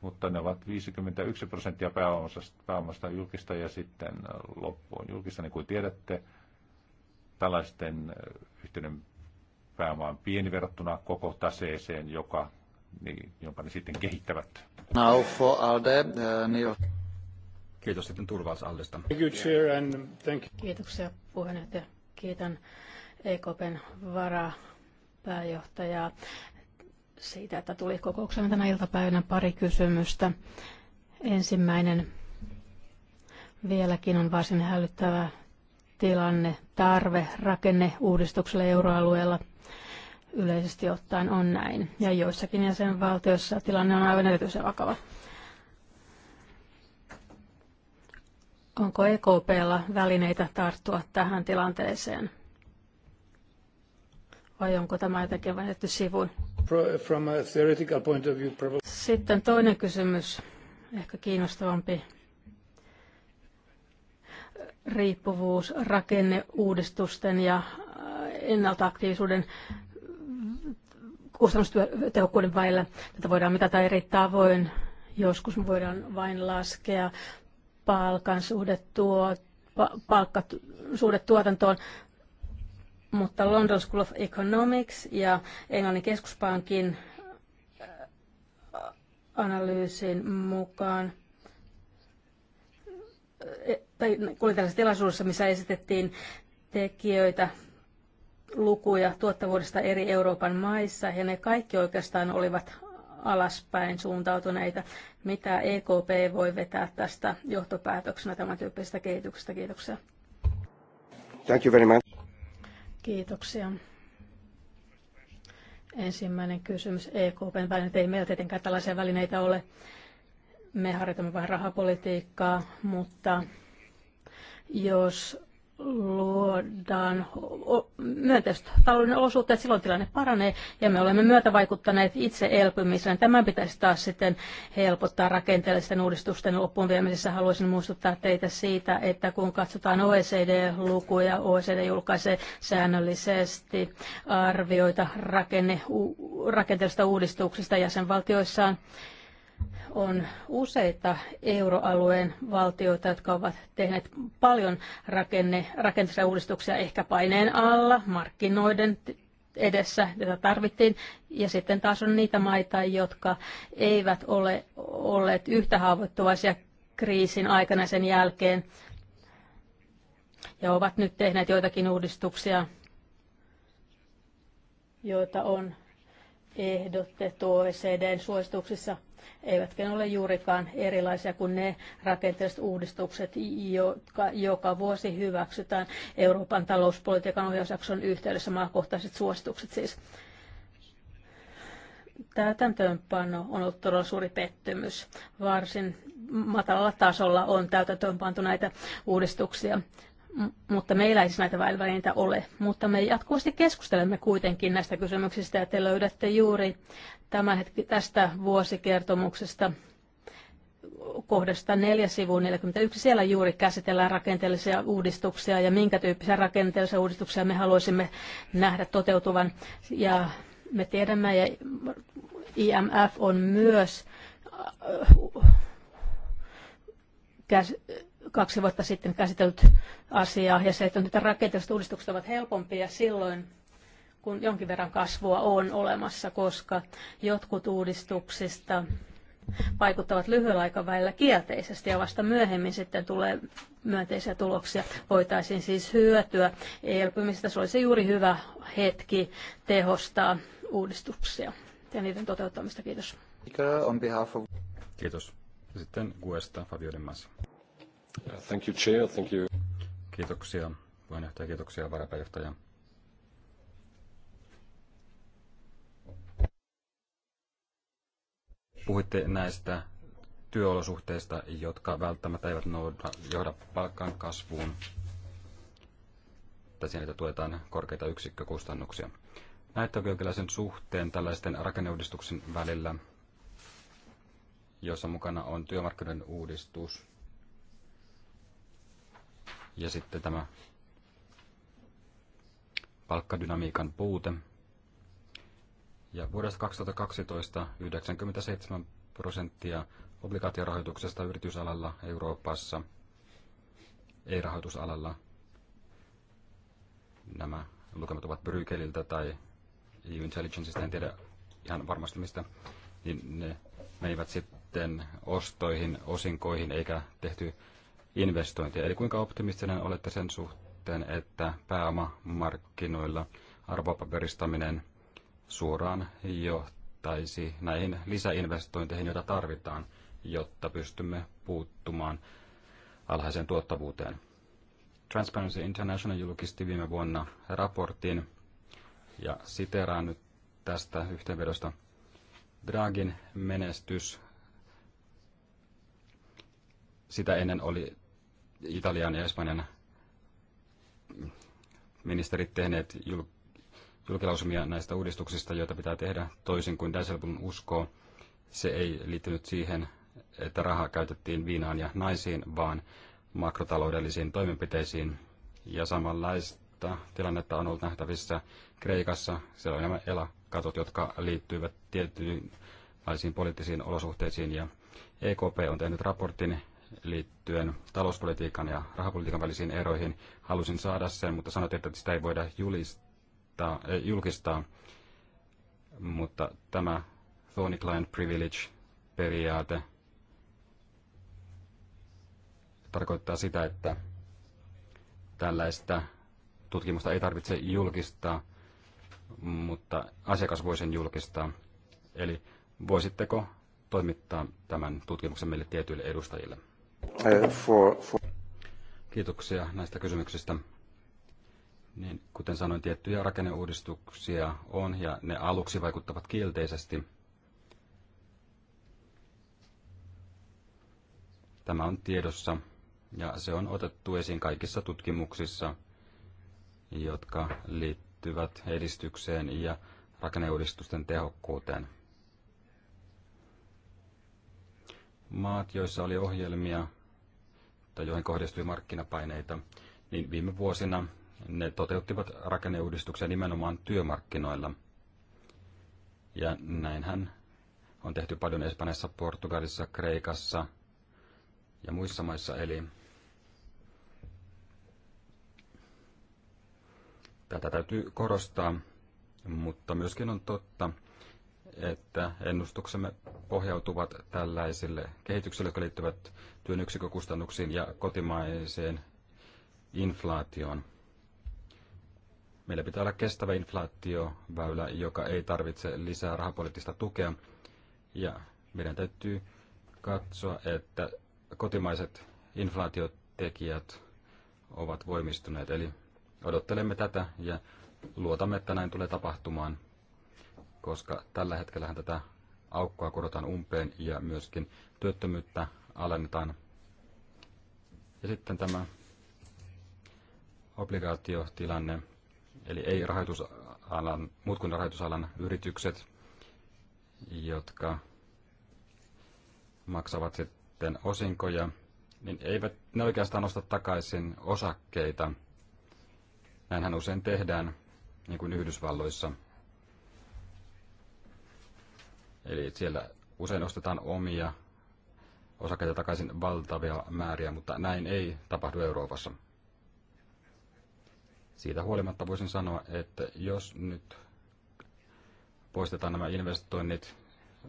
mutta ne ovat 51 prosenttia pääomasta, pääomasta julkista ja sitten loppu on julkista. Niin kuin tiedätte, tällaisten yhtiöiden pääoma on pieni verrattuna koko taseeseen, joka niin, jopa ne sitten kehittävät. Now for Alde, uh, Kiitos sitten Turvallisallista. Kiitoksia puheenjohtaja. Kiitän EKPn varapääjohtajaa siitä, että tuli kokoukseen tänä iltapäivänä pari kysymystä. Ensimmäinen vieläkin on varsin hälyttävä tilanne, tarve rakenneuudistukselle euroalueella yleisesti ottaen on näin. Ja joissakin jäsenvaltioissa tilanne on aivan erityisen vakava. Onko EKPlla välineitä tarttua tähän tilanteeseen? Vai onko tämä jotenkin vaihdettu sivuun? From a theoretical point of view, probably... Sitten toinen kysymys, ehkä kiinnostavampi riippuvuus rakenneuudistusten ja äh, ennaltaaktiivisuuden kustannustehokkuuden vailla Tätä voidaan mitata eri tavoin. Joskus me voidaan vain laskea palkan suhde, tuo, tuotantoon, mutta London School of Economics ja Englannin keskuspankin äh, analyysin mukaan äh, tai kuulin tällaisessa tilaisuudessa, missä esitettiin tekijöitä lukuja tuottavuudesta eri Euroopan maissa, ja ne kaikki oikeastaan olivat alaspäin suuntautuneita. Mitä EKP voi vetää tästä johtopäätöksenä tämän tyyppisestä kehityksestä? Kiitoksia. Thank you very much. Kiitoksia. Ensimmäinen kysymys EKPn välineet. Ei meillä tietenkään tällaisia välineitä ole. Me harjoitamme vain rahapolitiikkaa, mutta jos luodaan myönteiset talouden olosuhteet, silloin tilanne paranee ja me olemme myötävaikuttaneet itse elpymiseen. Tämän pitäisi taas sitten helpottaa rakenteellisten uudistusten loppuun viemisessä. Haluaisin muistuttaa teitä siitä, että kun katsotaan OECD-lukuja, OECD julkaisee säännöllisesti arvioita rakenne, rakenteellisista uudistuksista jäsenvaltioissaan, on useita euroalueen valtioita, jotka ovat tehneet paljon rakenne, rakenteellisia uudistuksia ehkä paineen alla, markkinoiden edessä, jota tarvittiin. Ja sitten taas on niitä maita, jotka eivät ole olleet yhtä haavoittuvaisia kriisin aikana sen jälkeen ja ovat nyt tehneet joitakin uudistuksia, joita on ehdotettu OECDn suosituksissa eivätkä ne ole juurikaan erilaisia kuin ne rakenteelliset uudistukset, jotka joka vuosi hyväksytään Euroopan talouspolitiikan ohjausjakson yhteydessä maakohtaiset suositukset siis. Täytäntöönpano on ollut todella suuri pettymys. Varsin matalalla tasolla on täytäntöönpantu näitä uudistuksia mutta meillä ei siis näitä välineitä ole. Mutta me jatkuvasti keskustelemme kuitenkin näistä kysymyksistä ja te löydätte juuri tämän hetki tästä vuosikertomuksesta kohdasta 4 sivuun 41. Siellä juuri käsitellään rakenteellisia uudistuksia ja minkä tyyppisiä rakenteellisia uudistuksia me haluaisimme nähdä toteutuvan. Ja me tiedämme, ja IMF on myös äh, käs- kaksi vuotta sitten käsitellyt asiaa ja se, että nyt rakenteelliset uudistukset ovat helpompia silloin, kun jonkin verran kasvua on olemassa, koska jotkut uudistuksista vaikuttavat lyhyellä aikavälillä kielteisesti ja vasta myöhemmin sitten tulee myönteisiä tuloksia. Voitaisiin siis hyötyä elpymistä. Se olisi juuri hyvä hetki tehostaa uudistuksia ja niiden toteuttamista. Kiitos. Kiitos. Sitten Guesta Fabio De Thank you, Chair. Thank you. Kiitoksia puheenjohtaja, kiitoksia varapääjohtaja. Puhuitte näistä työolosuhteista, jotka välttämättä eivät nouda, johda palkkaan kasvuun tai siinä, että tuetaan korkeita yksikkökustannuksia. Näettekö jonkinlaisen suhteen tällaisten rakenneuudistuksen välillä, jossa mukana on työmarkkinoiden uudistus ja sitten tämä palkkadynamiikan puute. Ja vuodesta 2012 97 prosenttia obligaatiorahoituksesta yritysalalla Euroopassa, ei-rahoitusalalla. Nämä lukemat ovat Brykeliltä tai EU Intelligenceista, en tiedä ihan varmasti mistä, niin ne menivät sitten ostoihin, osinkoihin, eikä tehty investointeja. Eli kuinka optimistinen olette sen suhteen, että pääomamarkkinoilla arvopaperistaminen suoraan johtaisi näihin lisäinvestointeihin, joita tarvitaan, jotta pystymme puuttumaan alhaiseen tuottavuuteen. Transparency International julkisti viime vuonna raportin, ja siteraan nyt tästä yhteenvedosta. Dragin menestys sitä ennen oli Italian ja Espanjan ministerit tehneet jul- julkilausumia näistä uudistuksista, joita pitää tehdä toisin kuin Dijsselbloem uskoo. Se ei liittynyt siihen, että rahaa käytettiin viinaan ja naisiin, vaan makrotaloudellisiin toimenpiteisiin. Ja samanlaista tilannetta on ollut nähtävissä Kreikassa. Siellä on nämä elakatot, jotka liittyvät tiettyihin poliittisiin olosuhteisiin. Ja EKP on tehnyt raportin, liittyen talouspolitiikan ja rahapolitiikan välisiin eroihin. Halusin saada sen, mutta sanoit, että sitä ei voida julistaa, ei, julkistaa. Mutta tämä Thorny Client Privilege-periaate tarkoittaa sitä, että tällaista tutkimusta ei tarvitse julkistaa, mutta asiakas voi sen julkistaa. Eli voisitteko toimittaa tämän tutkimuksen meille tietyille edustajille? Uh, for, for... Kiitoksia näistä kysymyksistä. Niin, kuten sanoin, tiettyjä rakenneuudistuksia on ja ne aluksi vaikuttavat kielteisesti. Tämä on tiedossa ja se on otettu esiin kaikissa tutkimuksissa, jotka liittyvät edistykseen ja rakenneuudistusten tehokkuuteen. Maat, joissa oli ohjelmia, tai joihin kohdistui markkinapaineita, niin viime vuosina ne toteuttivat rakenneuudistuksia nimenomaan työmarkkinoilla. Ja näinhän on tehty paljon Espanjassa, Portugalissa, Kreikassa ja muissa maissa. Eli tätä täytyy korostaa, mutta myöskin on totta, että ennustuksemme pohjautuvat tällaisille kehityksille, jotka liittyvät työn yksikkökustannuksiin ja kotimaiseen inflaatioon. Meillä pitää olla kestävä inflaatioväylä, joka ei tarvitse lisää rahapoliittista tukea. Ja meidän täytyy katsoa, että kotimaiset inflaatiotekijät ovat voimistuneet. Eli odottelemme tätä ja luotamme, että näin tulee tapahtumaan, koska tällä hetkellä tätä aukkoa kurotaan umpeen ja myöskin työttömyyttä alennetaan. Ja sitten tämä obligaatiotilanne, eli ei rahoitusalan, muut kuin rahoitusalan yritykset, jotka maksavat sitten osinkoja, niin eivät ne oikeastaan osta takaisin osakkeita. Näinhän usein tehdään, niin kuin Yhdysvalloissa. Eli siellä usein ostetaan omia osakkeita takaisin valtavia määriä, mutta näin ei tapahdu Euroopassa. Siitä huolimatta voisin sanoa, että jos nyt poistetaan nämä investoinnit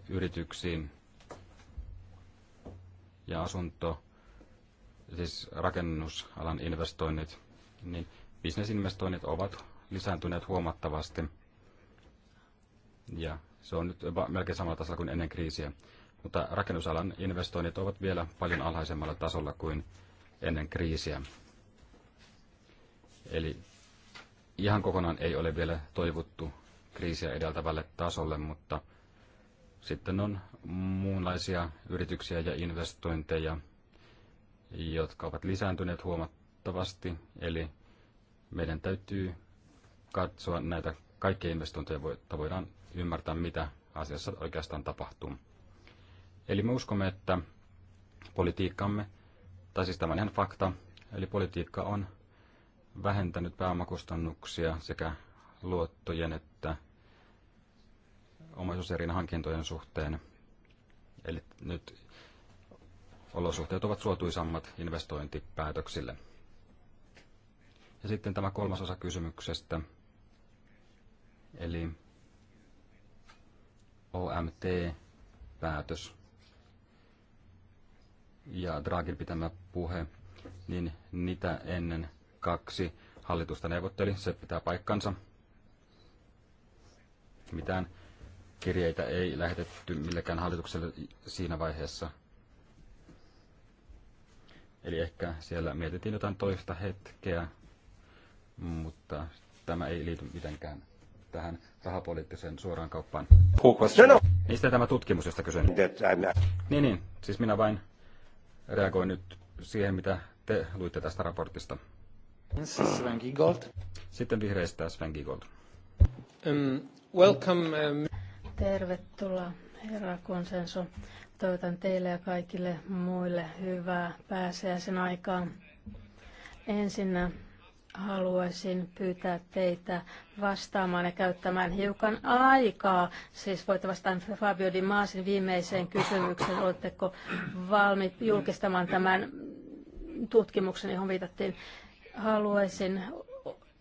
yrityksiin ja asunto, siis rakennusalan investoinnit, niin bisnesinvestoinnit ovat lisääntyneet huomattavasti. Ja se on nyt melkein samalla tasolla kuin ennen kriisiä mutta rakennusalan investoinnit ovat vielä paljon alhaisemmalla tasolla kuin ennen kriisiä. Eli ihan kokonaan ei ole vielä toivottu kriisiä edeltävälle tasolle, mutta sitten on muunlaisia yrityksiä ja investointeja, jotka ovat lisääntyneet huomattavasti. Eli meidän täytyy katsoa näitä kaikkia investointeja, jotta voidaan ymmärtää, mitä asiassa oikeastaan tapahtuu. Eli me uskomme, että politiikkamme, tai siis tämä on ihan fakta, eli politiikka on vähentänyt pääomakustannuksia sekä luottojen että omaisuuserien hankintojen suhteen. Eli nyt olosuhteet ovat suotuisammat investointipäätöksille. Ja sitten tämä kolmas osa kysymyksestä, eli OMT-päätös ja Draghin pitämä puhe, niin niitä ennen kaksi hallitusta neuvotteli. Se pitää paikkansa. Mitään kirjeitä ei lähetetty millekään hallitukselle siinä vaiheessa. Eli ehkä siellä mietittiin jotain toista hetkeä, mutta tämä ei liity mitenkään tähän rahapoliittiseen suoraan kauppaan. No, no. Niistä tämä tutkimus, josta kysyn. Niin, niin. Siis minä vain reagoin nyt siihen, mitä te luitte tästä raportista. Sven Giegold. Sitten vihreistä Sven Giegold. Um, welcome, um... Tervetuloa, herra konsensu. Toivotan teille ja kaikille muille hyvää pääsiäisen aikaa. Ensinnä haluaisin pyytää teitä vastaamaan ja käyttämään hiukan aikaa. Siis voitte vastata Fabio Di Masin viimeiseen kysymykseen. Oletteko valmiit julkistamaan tämän tutkimuksen, johon viitattiin? Haluaisin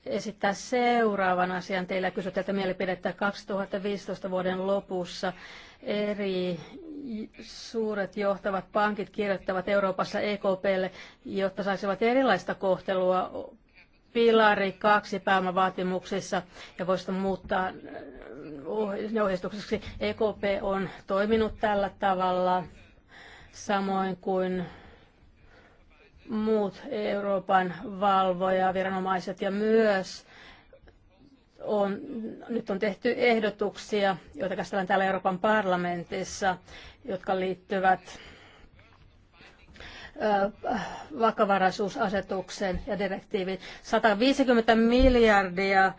esittää seuraavan asian teillä kysyä teiltä mielipidettä 2015 vuoden lopussa. Eri suuret johtavat pankit kirjoittavat Euroopassa EKPlle, jotta saisivat erilaista kohtelua pilari kaksi pääomavaatimuksessa ja voisi muuttaa äh, ohjeistukseksi. EKP on toiminut tällä tavalla samoin kuin muut Euroopan viranomaiset ja myös on, nyt on tehty ehdotuksia, joita käsitellään täällä Euroopan parlamentissa, jotka liittyvät vakavaraisuusasetuksen ja direktiivin. 150 miljardia,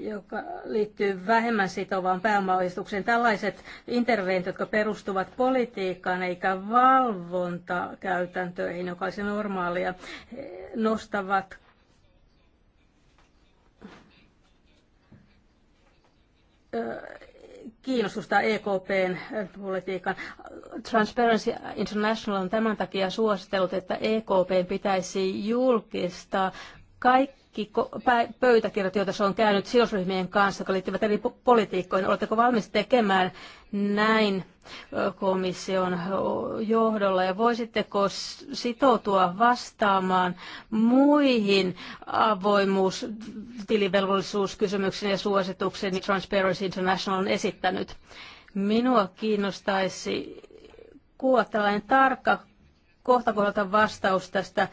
joka liittyy vähemmän sitovaan pääomaoistukseen. Tällaiset interventiot, jotka perustuvat politiikkaan eikä valvontakäytäntöihin, joka olisi normaalia, nostavat kiinnostusta EKPn äh, politiikan. Transparency International on tämän takia suositellut, että EKPn pitäisi julkistaa kaikki kaikki pöytäkirjat, joita se on käynyt sidosryhmien kanssa, jotka liittyvät eri politiikkoihin. Oletteko valmis tekemään näin komission johdolla ja voisitteko sitoutua vastaamaan muihin avoimuus, tilivelvollisuuskysymyksiin ja suosituksiin Transparency International on esittänyt? Minua kiinnostaisi kuulla tällainen tarkka kohta kohdalta vastaus tästä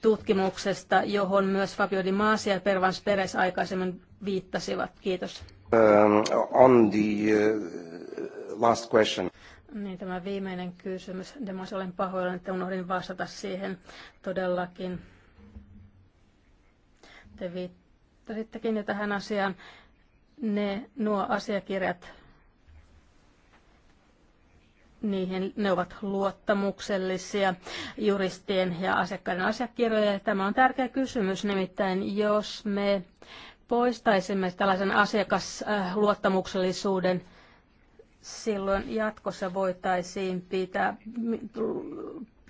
tutkimuksesta, johon myös Fabio Di Masi ja Pervans Peres aikaisemmin viittasivat. Kiitos. Um, on the uh, last question. Niin, tämä viimeinen kysymys. Demas, olen pahoillani, että unohdin vastata siihen todellakin. Te viittasittekin jo tähän asiaan. Ne, nuo asiakirjat, niihin ne ovat luottamuksellisia juristien ja asiakkaiden asiakirjoja. Tämä on tärkeä kysymys, nimittäin jos me poistaisimme tällaisen asiakasluottamuksellisuuden, silloin jatkossa voitaisiin pitää,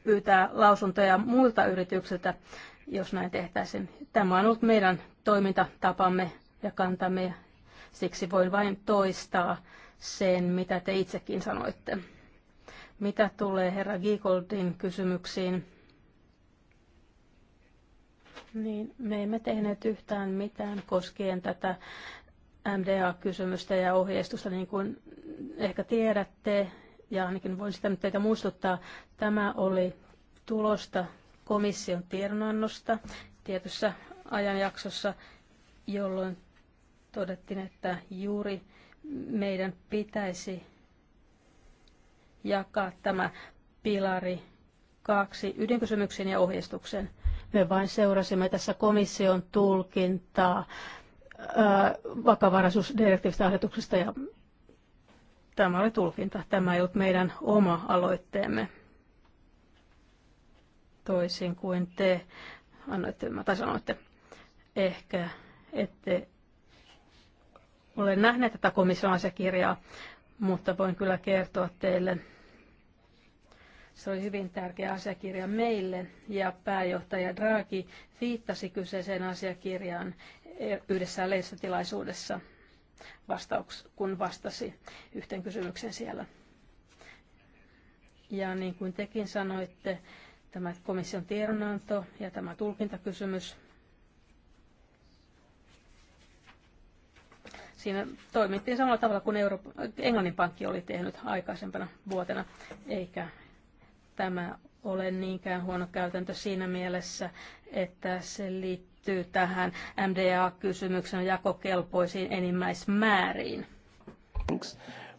pyytää lausuntoja muilta yrityksiltä, jos näin tehtäisiin. Tämä on ollut meidän toimintatapamme ja kantamme, siksi voin vain toistaa sen, mitä te itsekin sanoitte. Mitä tulee herra Giegoldin kysymyksiin, niin me emme tehneet yhtään mitään koskien tätä MDA-kysymystä ja ohjeistusta, niin kuin ehkä tiedätte, ja ainakin voin sitä nyt teitä muistuttaa, tämä oli tulosta komission tiedonannosta tietyssä ajanjaksossa, jolloin todettiin, että juuri meidän pitäisi jakaa tämä pilari kaksi ydinkysymyksen ja ohjeistuksen. Me vain seurasimme tässä komission tulkintaa vakavaraisuusdirektiivistä asetuksesta ja tämä oli tulkinta. Tämä ei ollut meidän oma aloitteemme toisin kuin te annoitte, tai sanoitte. Ehkä ette ole nähneet tätä komission asiakirjaa, mutta voin kyllä kertoa teille, se oli hyvin tärkeä asiakirja meille ja pääjohtaja Draghi viittasi kyseiseen asiakirjaan yhdessä lehdistötilaisuudessa, vastauks, kun vastasi yhteen kysymykseen siellä. Ja niin kuin tekin sanoitte, tämä komission tiedonanto ja tämä tulkintakysymys – Siinä toimittiin samalla tavalla kuin Euro- Englannin pankki oli tehnyt aikaisempana vuotena, eikä tämä ole niinkään huono käytäntö siinä mielessä, että se liittyy tähän MDA-kysymyksen jakokelpoisiin enimmäismääriin.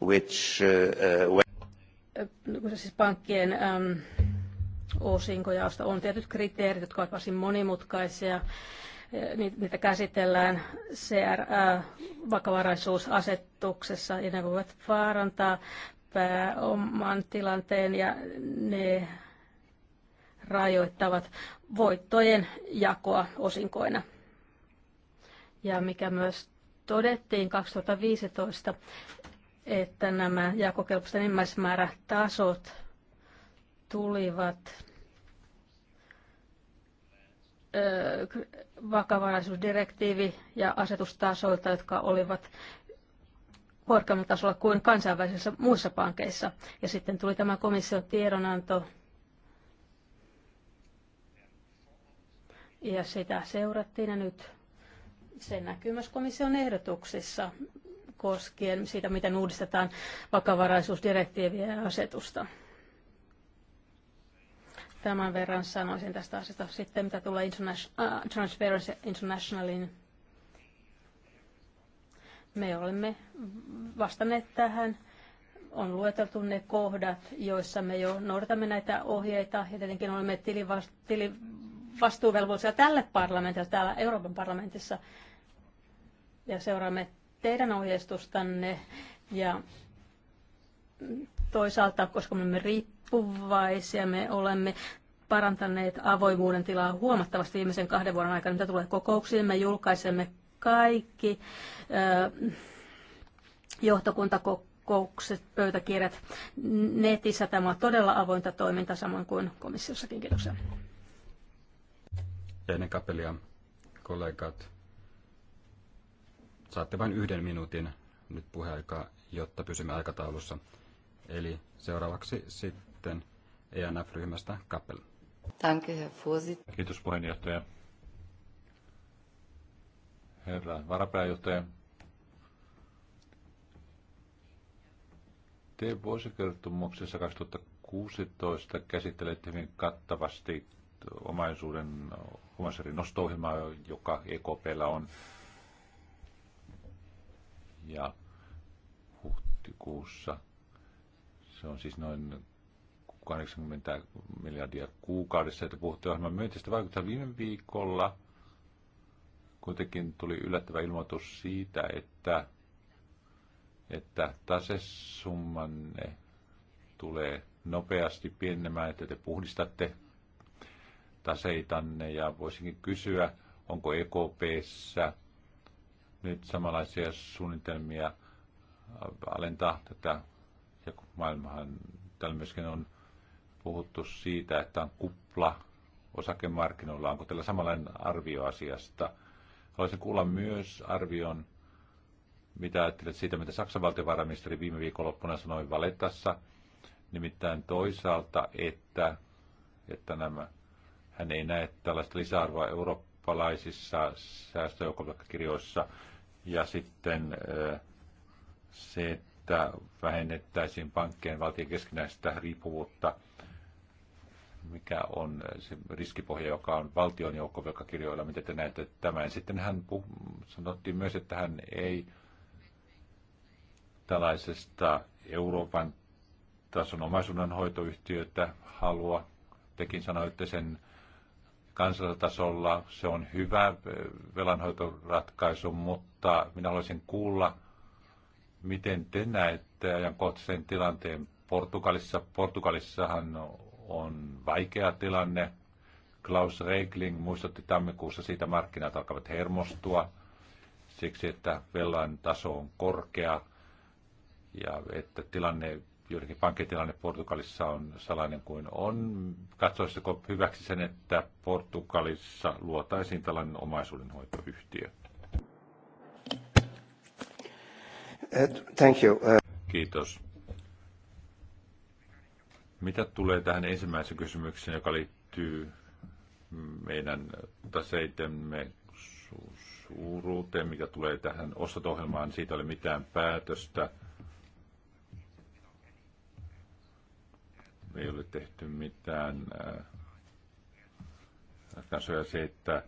Which, uh, uh siis pankkien um, osinkojaosta on tietyt kriteerit, jotka ovat varsin monimutkaisia niitä käsitellään CR-vakavaraisuusasetuksessa ja ne voivat vaarantaa pääoman tilanteen ja ne rajoittavat voittojen jakoa osinkoina. Ja mikä myös todettiin 2015, että nämä jakokelpoisten enimmäismäärätasot tulivat vakavaraisuusdirektiivi ja asetustasoilta, jotka olivat korkeammalla tasolla kuin kansainvälisissä muissa pankeissa. Ja sitten tuli tämä komission tiedonanto ja sitä seurattiin ja nyt se näkyy myös komission ehdotuksissa koskien siitä, miten uudistetaan vakavaraisuusdirektiiviä ja asetusta. Tämän verran sanoisin tästä asiasta. Sitten mitä tulee äh, Transparency Internationalin, me olemme vastanneet tähän on lueteltu ne kohdat, joissa me jo noudatamme näitä ohjeita ja tietenkin olemme tilivastuuvelvollisia tälle parlamentille, täällä Euroopan parlamentissa ja seuraamme teidän ohjeistustanne ja toisaalta, koska me olemme riippuvaisia riippuvaisia me olemme parantaneet avoimuuden tilaa huomattavasti viimeisen kahden vuoden aikana, mitä tulee kokouksiin. Me julkaisemme kaikki johtokuntakokoukset, pöytäkirjat netissä. Tämä on todella avointa toimintaa, samoin kuin komissiossakin. Kiitoksia. Ennen kapelia, kollegat, saatte vain yhden minuutin nyt puheaikaa, jotta pysymme aikataulussa. Eli seuraavaksi sitten sitten ENF-ryhmästä Kappel. Danke, Herr Vorsitz. Kiitos puheenjohtaja. Herra varapääjohtaja. Te vuosikertomuksessa 2016 käsittelette hyvin kattavasti omaisuuden omaisuuden nosto joka EKPllä on. Ja huhtikuussa se on siis noin 80 miljardia kuukaudessa, että puhutte ohjelman myönteistä vaikuttaa viime viikolla. Kuitenkin tuli yllättävä ilmoitus siitä, että, että tasesummanne tulee nopeasti pienemään, että te puhdistatte taseitanne ja voisinkin kysyä, onko EKPssä nyt samanlaisia suunnitelmia alentaa tätä, ja maailmahan täällä myöskin on puhuttu siitä, että on kupla osakemarkkinoilla. Onko teillä samanlainen arvio asiasta? Haluaisin kuulla myös arvion, mitä ajattelet siitä, mitä Saksan valtiovarainministeri viime viikonloppuna sanoi Valetassa. Nimittäin toisaalta, että, että nämä, hän ei näe tällaista lisäarvoa eurooppalaisissa säästöjoukkovelkakirjoissa. Ja sitten äh, se, että vähennettäisiin pankkien valtion keskinäistä riippuvuutta – mikä on se riskipohja, joka on valtion joukkovelkakirjoilla, miten te näette tämän. Sitten hän puh- sanottiin myös, että hän ei tällaisesta Euroopan tason omaisuuden hoitoyhtiötä halua. Tekin sanoitte sen kansallisella se on hyvä eh, velanhoitoratkaisu, mutta minä haluaisin kuulla, miten te näette ajankohtaisen tilanteen Portugalissa. Portugalissahan on vaikea tilanne. Klaus Reikling muistutti tammikuussa siitä, markkinat alkavat hermostua siksi, että velan taso on korkea ja että tilanne, joidenkin pankkitilanne Portugalissa on sellainen kuin on. Katsoisiko hyväksi sen, että Portugalissa luotaisiin tällainen omaisuudenhoitoyhtiö? Eh, thank you. Eh. Kiitos. Mitä tulee tähän ensimmäiseen kysymykseen, joka liittyy meidän taseitemme suuruuteen, mikä tulee tähän ostotohjelmaan, siitä oli mitään päätöstä. Ei ole tehty mitään äh, ratkaisuja se, että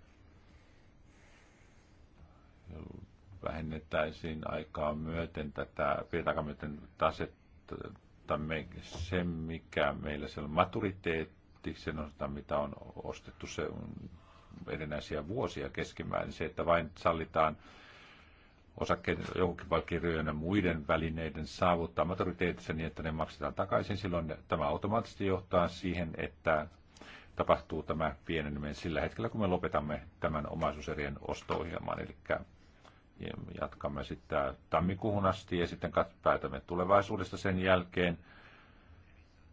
vähennettäisiin aikaa myöten tätä, pidetäänkö myöten taset, mutta me, se, mikä meillä siellä on maturiteetti, sen osalta, mitä on ostettu se on mm, erinäisiä vuosia keskimäärin, niin se, että vain sallitaan osakkeen joukkovalkirjojen ja muiden välineiden saavuttaa maturiteetissa niin, että ne maksetaan takaisin, silloin tämä automaattisesti johtaa siihen, että tapahtuu tämä pieneneminen sillä hetkellä, kun me lopetamme tämän omaisuuserien osto-ohjelman. Eli Jatkamme sitten tammikuuhun asti ja sitten päätämme tulevaisuudesta sen jälkeen.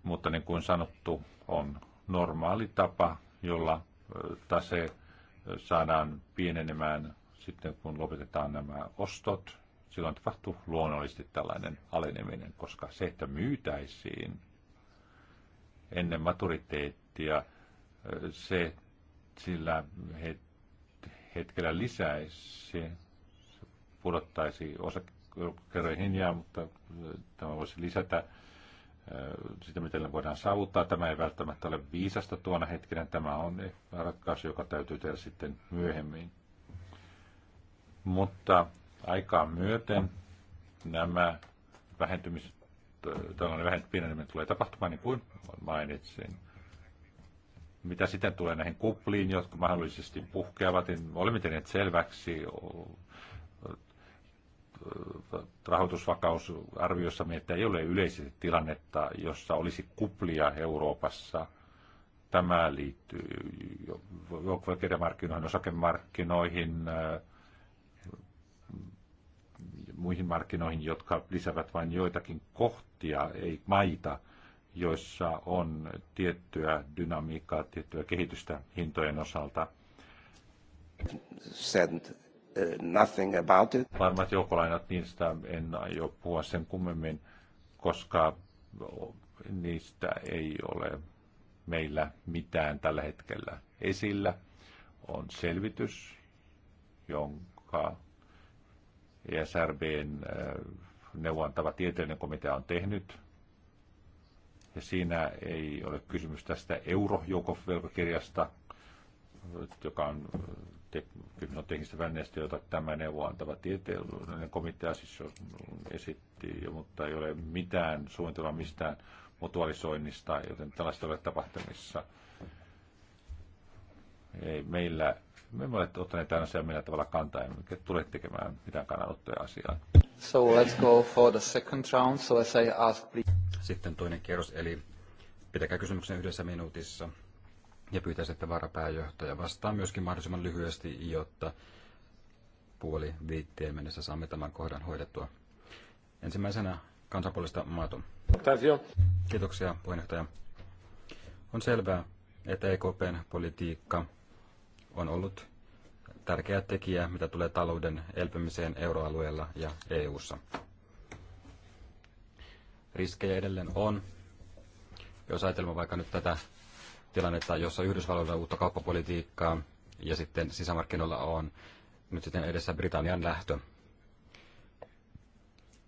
Mutta niin kuin sanottu, on normaali tapa, jolla tase saadaan pienenemään sitten, kun lopetetaan nämä ostot. Silloin tapahtuu luonnollisesti tällainen aleneminen, koska se, että myytäisiin ennen maturiteettia, se sillä hetkellä lisäisi pudottaisi osakerroihin ja mutta tämä voisi lisätä sitä, miten voidaan saavuttaa. Tämä ei välttämättä ole viisasta tuona hetkenä. Tämä on e- ratkaisu, joka täytyy tehdä sitten myöhemmin. Mutta aikaa myöten nämä vähentymiset, tällainen vähän pieneneminen tulee tapahtumaan, niin kuin mainitsin. Mitä sitten tulee näihin kupliin, jotka mahdollisesti puhkeavat, niin olemme tehneet selväksi rahoitusvakausarviossamme, että ei ole yleisesti tilannetta, jossa olisi kuplia Euroopassa. Tämä liittyy joukkovelkirjamarkkinoihin, osakemarkkinoihin, äh, muihin markkinoihin, jotka lisäävät vain joitakin kohtia, ei maita, joissa on tiettyä dynamiikkaa, tiettyä kehitystä hintojen osalta. Sen nothing about it. Varmat joukkolainat, niistä en aio puhua sen kummemmin, koska niistä ei ole meillä mitään tällä hetkellä esillä. On selvitys, jonka ESRBn neuvontava tieteellinen komitea on tehnyt. Ja siinä ei ole kysymys tästä eurojoukovelkokirjasta, joka on kysymys on teknistä jota tämä neuvo antava tieteellinen komitea siis esitti, mutta ei ole mitään suunnitelmaa mistään mutualisoinnista, joten tällaista ei ole tapahtumissa. Ei, meillä, me emme ole ottaneet tämän asian millään tavalla kantaa, emmekä tule tekemään mitään kannanottoja asiaan. So let's go for the second round, so as I ask, please. Sitten toinen kierros, eli pitäkää kysymyksen yhdessä minuutissa ja pyytäisi, että varapääjohtaja vastaa myöskin mahdollisimman lyhyesti, jotta puoli viittien mennessä saamme tämän kohdan hoidettua. Ensimmäisenä kansanpuolista Maatu. Kiitoksia puheenjohtaja. On selvää, että EKPn politiikka on ollut tärkeä tekijä, mitä tulee talouden elpymiseen euroalueella ja EU:ssa. Riskejä edelleen on. Jos ajatellaan vaikka nyt tätä tilannetta, jossa Yhdysvalloilla on uutta kauppapolitiikkaa ja sitten sisämarkkinoilla on nyt sitten edessä Britannian lähtö.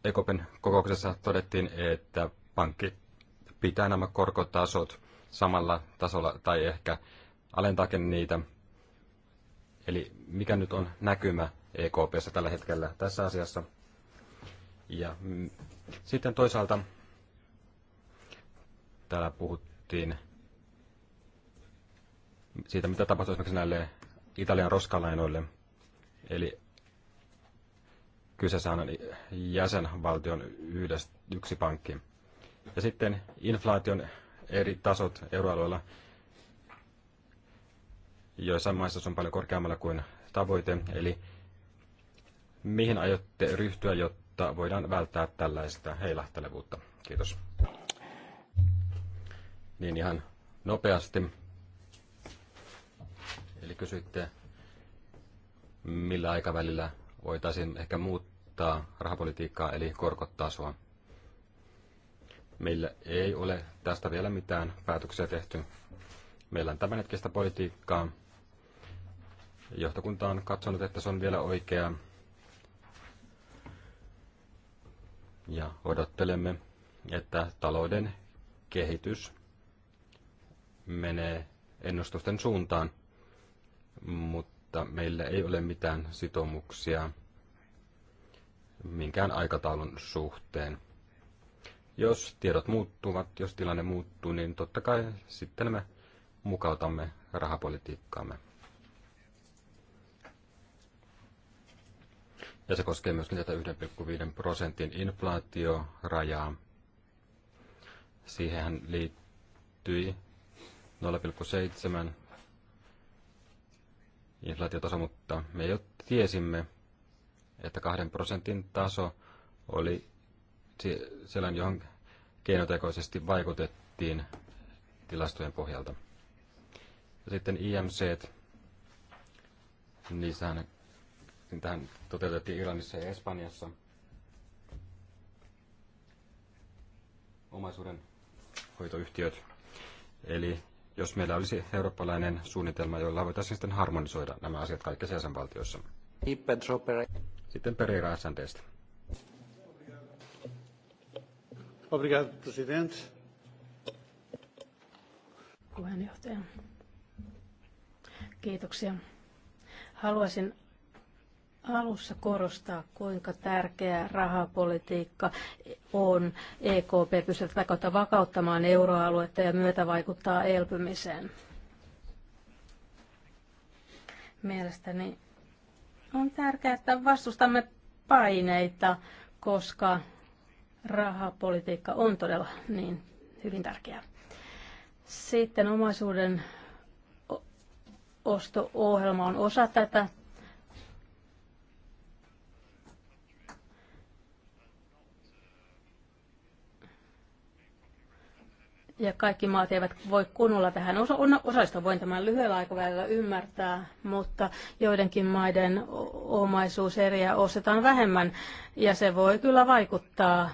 Ekopen kokouksessa todettiin, että pankki pitää nämä korkotasot samalla tasolla tai ehkä alentaakin niitä. Eli mikä nyt on näkymä EKPssä tällä hetkellä tässä asiassa? Ja sitten toisaalta täällä puhuttiin siitä, mitä tapahtuu esimerkiksi näille Italian roskalainoille. Eli kyseessä on jäsenvaltion yhdestä, yksi pankki. Ja sitten inflaation eri tasot euroalueella, joissa maissa se on paljon korkeammalla kuin tavoite. Eli mihin aiotte ryhtyä, jotta voidaan välttää tällaista heilahtelevuutta? Kiitos. Niin ihan nopeasti Eli kysyitte, millä aikavälillä voitaisiin ehkä muuttaa rahapolitiikkaa eli korkotasoa. Meillä ei ole tästä vielä mitään päätöksiä tehty. Meillä on tämänhetkistä politiikkaa. Johtokunta on katsonut, että se on vielä oikea. Ja odottelemme, että talouden kehitys menee ennustusten suuntaan mutta meillä ei ole mitään sitoumuksia minkään aikataulun suhteen. Jos tiedot muuttuvat, jos tilanne muuttuu, niin totta kai sitten me mukautamme rahapolitiikkaamme. Ja se koskee myös tätä 1,5 prosentin inflaatiorajaa. siihen liittyi inflaatiotaso, mutta me jo tiesimme, että kahden prosentin taso oli sellainen, johon keinotekoisesti vaikutettiin tilastojen pohjalta. Ja sitten IMC, niissähän tähän toteutettiin Irlannissa ja Espanjassa omaisuuden hoitoyhtiöt. Eli jos meillä olisi eurooppalainen suunnitelma, jolla voitaisiin sitten harmonisoida nämä asiat kaikissa jäsenvaltioissa. Sitten Pereira SNDstä. Obrigado, presidente. Puheenjohtaja. Kiitoksia. Haluaisin alussa korostaa, kuinka tärkeä rahapolitiikka on. EKP pystyä tätä kautta vakauttamaan euroaluetta ja myötä vaikuttaa elpymiseen. Mielestäni on tärkeää, että vastustamme paineita, koska rahapolitiikka on todella niin hyvin tärkeää. Sitten omaisuuden osto-ohjelma on osa tätä ja kaikki maat eivät voi kunnolla tähän osallistua. Voin tämän lyhyellä aikavälillä ymmärtää, mutta joidenkin maiden omaisuuseriä ostetaan vähemmän ja se voi kyllä vaikuttaa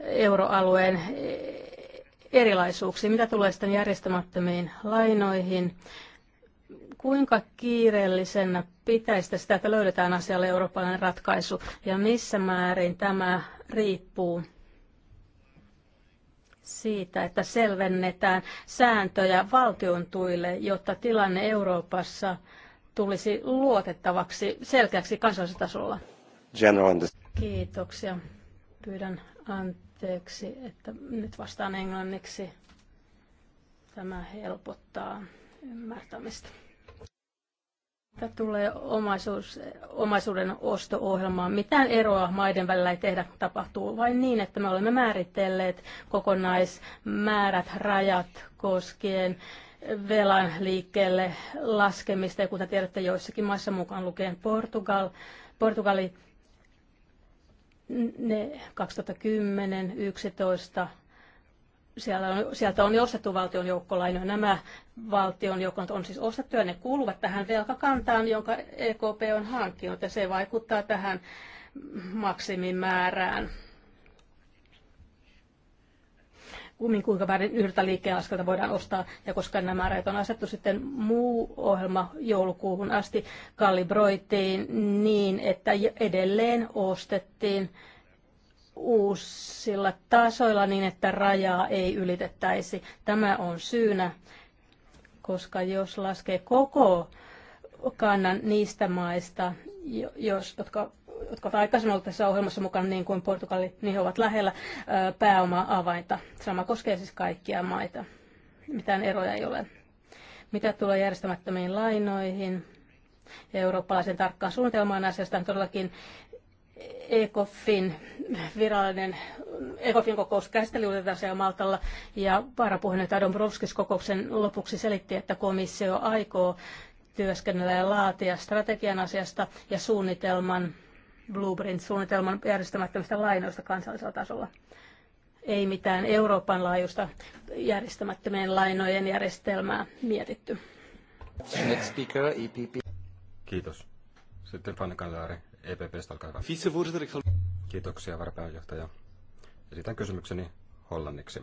euroalueen erilaisuuksiin. Mitä tulee sitten järjestämättömiin lainoihin, kuinka kiireellisenä pitäisi sitä, että löydetään asialle eurooppalainen ratkaisu ja missä määrin tämä riippuu siitä, että selvennetään sääntöjä valtion tuille, jotta tilanne Euroopassa tulisi luotettavaksi selkeäksi kansallisella tasolla. Kiitoksia. Pyydän anteeksi, että nyt vastaan englanniksi. Tämä helpottaa ymmärtämistä. Tämä tulee omaisuus, omaisuuden osto-ohjelmaan. Mitään eroa maiden välillä ei tehdä. Tapahtuu vain niin, että me olemme määritelleet kokonaismäärät, rajat koskien velan liikkeelle laskemista. Ja kuten tiedätte, joissakin maissa mukaan lukee Portugal, Portugali ne 2010, 2011, siellä on, sieltä on jo ostettu valtion joukkolainoja. Nämä valtion joukot on siis ostettu ja ne kuuluvat tähän velkakantaan, jonka EKP on hankkinut ja se vaikuttaa tähän maksimimäärään. Kummin kuinka väärin yhdeltä liikkeen askelta voidaan ostaa ja koska nämä määrät on asettu sitten muu ohjelma joulukuuhun asti kalibroitiin niin, että edelleen ostettiin uusilla tasoilla niin, että rajaa ei ylitettäisi. Tämä on syynä, koska jos laskee koko kannan niistä maista, jos, jotka jotka ovat aikaisemmin olleet tässä ohjelmassa mukana, niin kuin Portugali, niin he ovat lähellä pääoma-avainta. Sama koskee siis kaikkia maita. Mitään eroja ei ole. Mitä tulee järjestämättömiin lainoihin ja eurooppalaisen tarkkaan suunnitelmaan asiasta, on niin todellakin ECOFin virallinen ECOFin kokous käsitteli tätä asiaa Maltalla ja varapuheenjohtaja Dombrovskis kokouksen lopuksi selitti, että komissio aikoo työskennellä ja laatia strategian asiasta ja suunnitelman, blueprint-suunnitelman järjestämättömistä lainoista kansallisella tasolla. Ei mitään Euroopan laajuista järjestämättömien lainojen järjestelmää mietitty. Next speaker, EPP. Kiitos. Sitten Fanny Kallari. EPPstä, olkaa hyvä. Kiitoksia, varapääjohtaja. Esitän kysymykseni hollanniksi.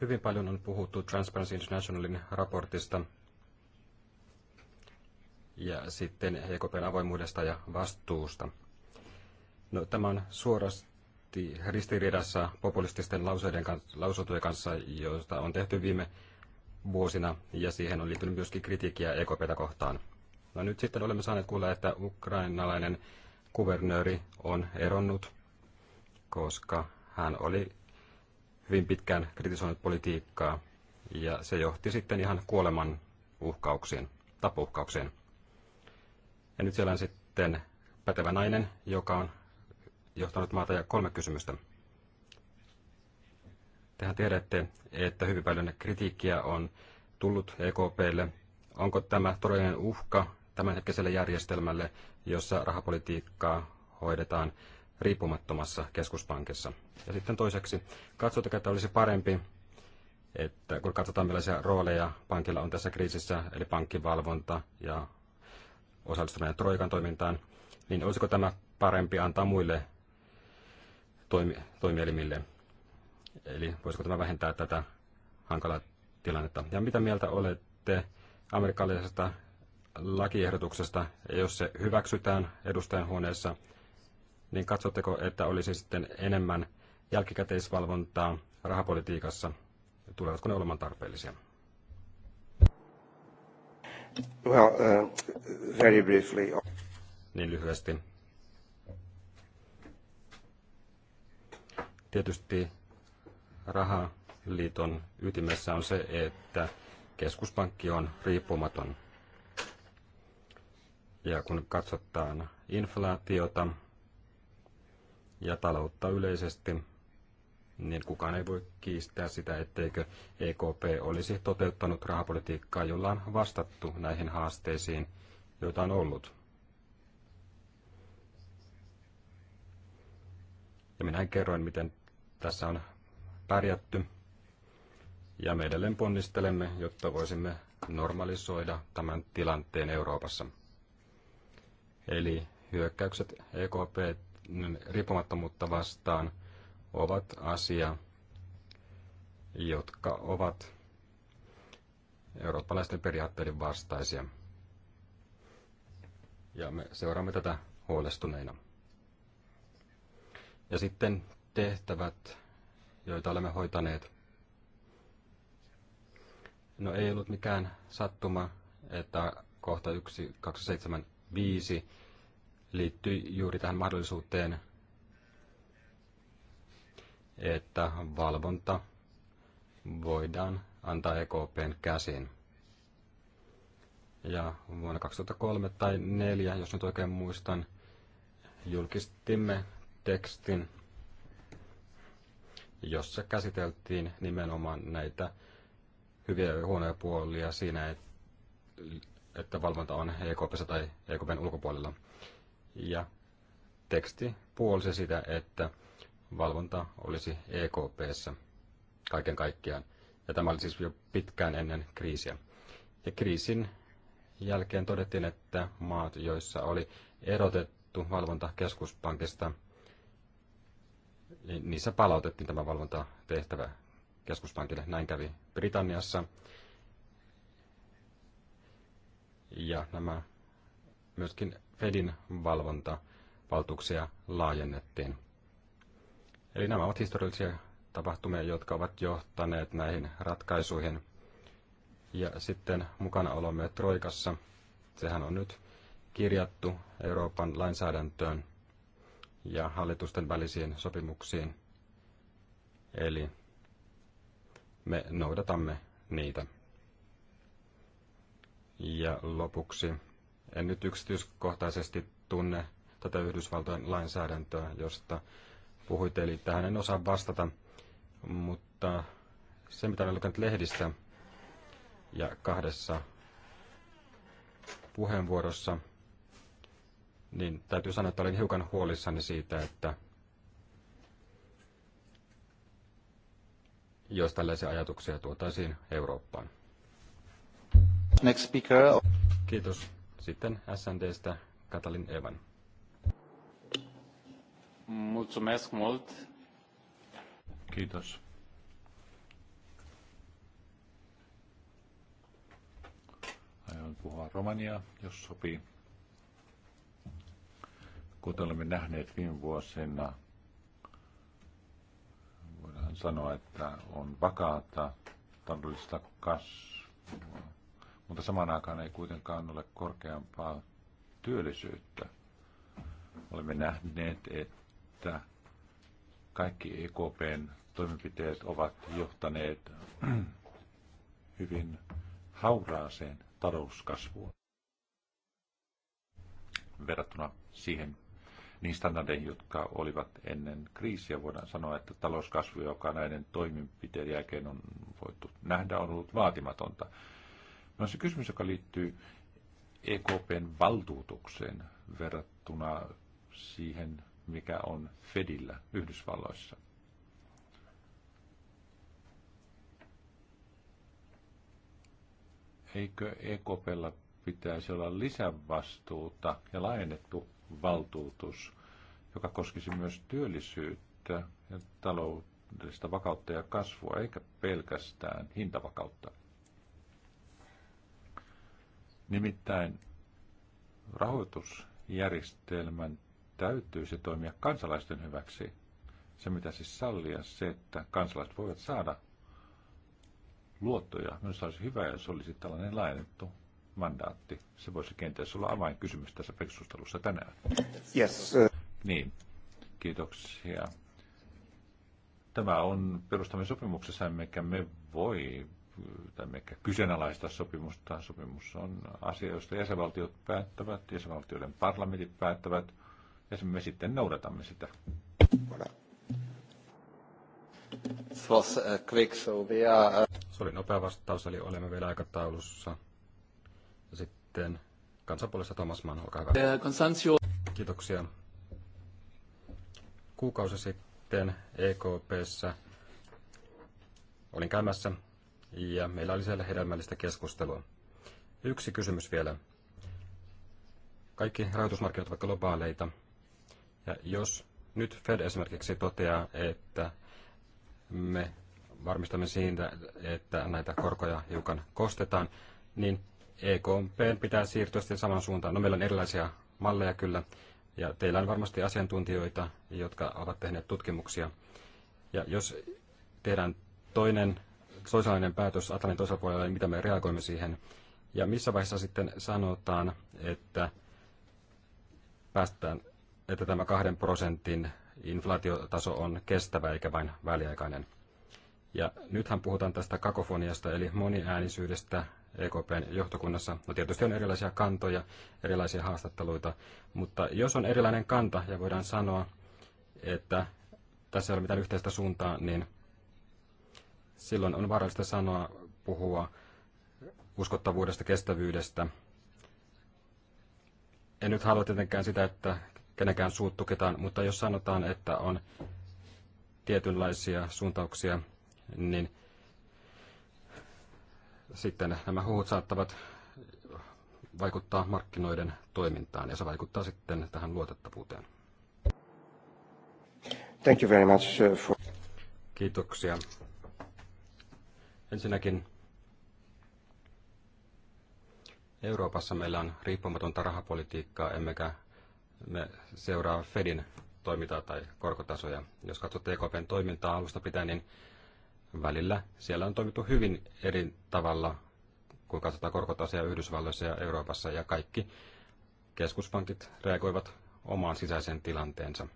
Hyvin paljon on puhuttu Transparency Internationalin raportista ja sitten EKPn avoimuudesta ja vastuusta. No, tämä on suorasti ristiriidassa populististen lauseiden kanssa, lausuntojen kanssa, joista on tehty viime vuosina, ja siihen on liittynyt myöskin kritiikkiä EKPtä kohtaan. No nyt sitten olemme saaneet kuulla, että ukrainalainen kuvernööri on eronnut, koska hän oli hyvin pitkään kritisoinut politiikkaa ja se johti sitten ihan kuoleman uhkauksiin, tapuhkauksiin. Ja nyt siellä on sitten pätevä nainen, joka on johtanut maata ja kolme kysymystä. Tehän tiedätte, että hyvin paljon kritiikkiä on tullut EKPlle. Onko tämä todellinen uhka tämänhetkiselle järjestelmälle, jossa rahapolitiikkaa hoidetaan riippumattomassa keskuspankissa. Ja sitten toiseksi, katsotteko, että olisi parempi, että kun katsotaan millaisia rooleja pankilla on tässä kriisissä, eli pankkivalvonta ja osallistuminen Troikan toimintaan, niin olisiko tämä parempi antaa muille toimi, toimielimille? Eli voisiko tämä vähentää tätä hankalaa tilannetta? Ja mitä mieltä olette amerikkalaisesta lakiehdotuksesta, jos se hyväksytään edustajan huoneessa, niin katsotteko, että olisi sitten enemmän jälkikäteisvalvontaa rahapolitiikassa? Tulevatko ne olemaan tarpeellisia? Well, uh, very briefly. Niin lyhyesti. Tietysti rahaliiton ytimessä on se, että keskuspankki on riippumaton – ja kun katsotaan inflaatiota ja taloutta yleisesti, niin kukaan ei voi kiistää sitä, etteikö EKP olisi toteuttanut rahapolitiikkaa, jolla on vastattu näihin haasteisiin, joita on ollut. Ja minä kerroin, miten tässä on pärjätty. Ja me edelleen ponnistelemme, jotta voisimme normalisoida tämän tilanteen Euroopassa. Eli hyökkäykset EKP riippumattomuutta vastaan ovat asia, jotka ovat eurooppalaisten periaatteiden vastaisia. Ja me seuraamme tätä huolestuneina. Ja sitten tehtävät, joita olemme hoitaneet. No ei ollut mikään sattuma, että kohta 1, 2, 7 5 liittyi juuri tähän mahdollisuuteen, että valvonta voidaan antaa EKPn käsiin. Ja vuonna 2003 tai 2004, jos nyt oikein muistan, julkistimme tekstin, jossa käsiteltiin nimenomaan näitä hyviä ja huonoja puolia siinä, että valvonta on EKPssä tai EKPn ulkopuolella. Ja teksti puolsi sitä, että valvonta olisi EKPssä kaiken kaikkiaan. Ja tämä oli siis jo pitkään ennen kriisiä. Ja kriisin jälkeen todettiin, että maat, joissa oli erotettu valvonta keskuspankista, niin niissä palautettiin tämä valvontatehtävä keskuspankille. Näin kävi Britanniassa ja nämä myöskin Fedin valvontavaltuuksia laajennettiin. Eli nämä ovat historiallisia tapahtumia, jotka ovat johtaneet näihin ratkaisuihin. Ja sitten mukana olemme Troikassa. Sehän on nyt kirjattu Euroopan lainsäädäntöön ja hallitusten välisiin sopimuksiin. Eli me noudatamme niitä. Ja lopuksi, en nyt yksityiskohtaisesti tunne tätä Yhdysvaltojen lainsäädäntöä, josta puhuit, eli tähän en osaa vastata, mutta se mitä olen lukenut lehdistä ja kahdessa puheenvuorossa, niin täytyy sanoa, että olin hiukan huolissani siitä, että jos tällaisia ajatuksia tuotaisiin Eurooppaan. Next speaker. Kiitos. Sitten SNDstä Katalin Evan. Mulțumesc mult. Kiitos. Aion puhua Romania. jos sopii. Kuten olemme nähneet viime vuosina, voidaan sanoa, että on vakaata taloudellista kasvua mutta samaan aikaan ei kuitenkaan ole korkeampaa työllisyyttä. Olemme nähneet, että kaikki EKPn toimenpiteet ovat johtaneet hyvin hauraaseen talouskasvuun verrattuna siihen niin standardeihin, jotka olivat ennen kriisiä. Voidaan sanoa, että talouskasvu, joka näiden toimenpiteiden jälkeen on voitu nähdä, on ollut vaatimatonta. No se kysymys, joka liittyy EKPn valtuutukseen verrattuna siihen, mikä on Fedillä Yhdysvalloissa. Eikö EKPlla pitäisi olla lisävastuuta ja laajennettu valtuutus, joka koskisi myös työllisyyttä ja taloudellista vakautta ja kasvua, eikä pelkästään hintavakautta? Nimittäin rahoitusjärjestelmän täytyisi toimia kansalaisten hyväksi. Se mitä siis sallia se, että kansalaiset voivat saada luottoja. Minusta olisi hyvä, jos olisi tällainen laajennettu mandaatti. Se voisi kenties olla avainkysymys tässä keskustelussa tänään. Yes. Niin, kiitoksia. Tämä on perustamisopimuksessa, mikä me voi ehkä kyseenalaista sopimusta. Sopimus on asia, josta jäsenvaltiot päättävät, jäsenvaltioiden parlamentit päättävät, ja me sitten noudatamme sitä. Eh, eh. Se oli nopea vastaus, eli olemme vielä aikataulussa. Ja sitten kansanpuolessa Thomas Mann, olkaa hyvä. Eh, Constantio. Kiitoksia. Kuukausi sitten EKPssä olin käymässä ja meillä oli siellä hedelmällistä keskustelua. Yksi kysymys vielä. Kaikki rahoitusmarkkinat ovat globaaleita. Ja jos nyt Fed esimerkiksi toteaa, että me varmistamme siitä, että näitä korkoja hiukan kostetaan, niin EKP pitää siirtyä sitten saman suuntaan. No meillä on erilaisia malleja kyllä, ja teillä on varmasti asiantuntijoita, jotka ovat tehneet tutkimuksia. Ja jos tehdään toinen sosiaalinen päätös Atlantin osapuolella, niin mitä me reagoimme siihen. Ja missä vaiheessa sitten sanotaan, että päästään, että tämä kahden prosentin inflaatiotaso on kestävä eikä vain väliaikainen. Ja nythän puhutaan tästä kakofoniasta eli moniäänisyydestä EKPn johtokunnassa. No tietysti on erilaisia kantoja, erilaisia haastatteluita, mutta jos on erilainen kanta ja voidaan sanoa, että tässä ei ole mitään yhteistä suuntaa, niin silloin on vaarallista sanoa puhua uskottavuudesta, kestävyydestä. En nyt halua tietenkään sitä, että kenenkään suut mutta jos sanotaan, että on tietynlaisia suuntauksia, niin sitten nämä huhut saattavat vaikuttaa markkinoiden toimintaan ja se vaikuttaa sitten tähän luotettavuuteen. Thank you very much uh, for... Kiitoksia Ensinnäkin Euroopassa meillä on riippumatonta rahapolitiikkaa, emmekä me seuraa Fedin toimintaa tai korkotasoja. Jos katsotte EKPn toimintaa alusta pitäen, niin välillä siellä on toimittu hyvin eri tavalla, kun katsotaan korkotasoja Yhdysvalloissa ja Euroopassa, ja kaikki keskuspankit reagoivat omaan sisäiseen tilanteensa.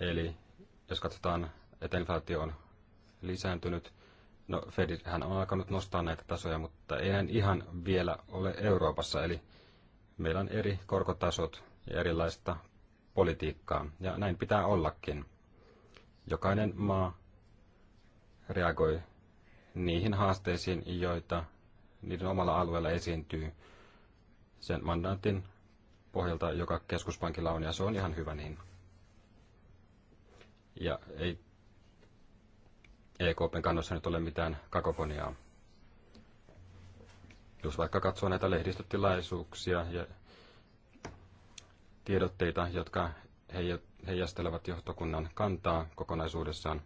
Eli jos katsotaan, että inflaatio on lisääntynyt, No Fed hän on alkanut nostaa näitä tasoja, mutta ei hän ihan vielä ole Euroopassa, eli meillä on eri korkotasot ja erilaista politiikkaa, ja näin pitää ollakin. Jokainen maa reagoi niihin haasteisiin, joita niiden omalla alueella esiintyy sen mandaatin pohjalta, joka keskuspankilla on, ja se on ihan hyvä niin. Ja ei EKPn kannassa nyt ole mitään kakofoniaa. Jos vaikka katsoo näitä lehdistötilaisuuksia ja tiedotteita, jotka heijastelevat johtokunnan kantaa kokonaisuudessaan.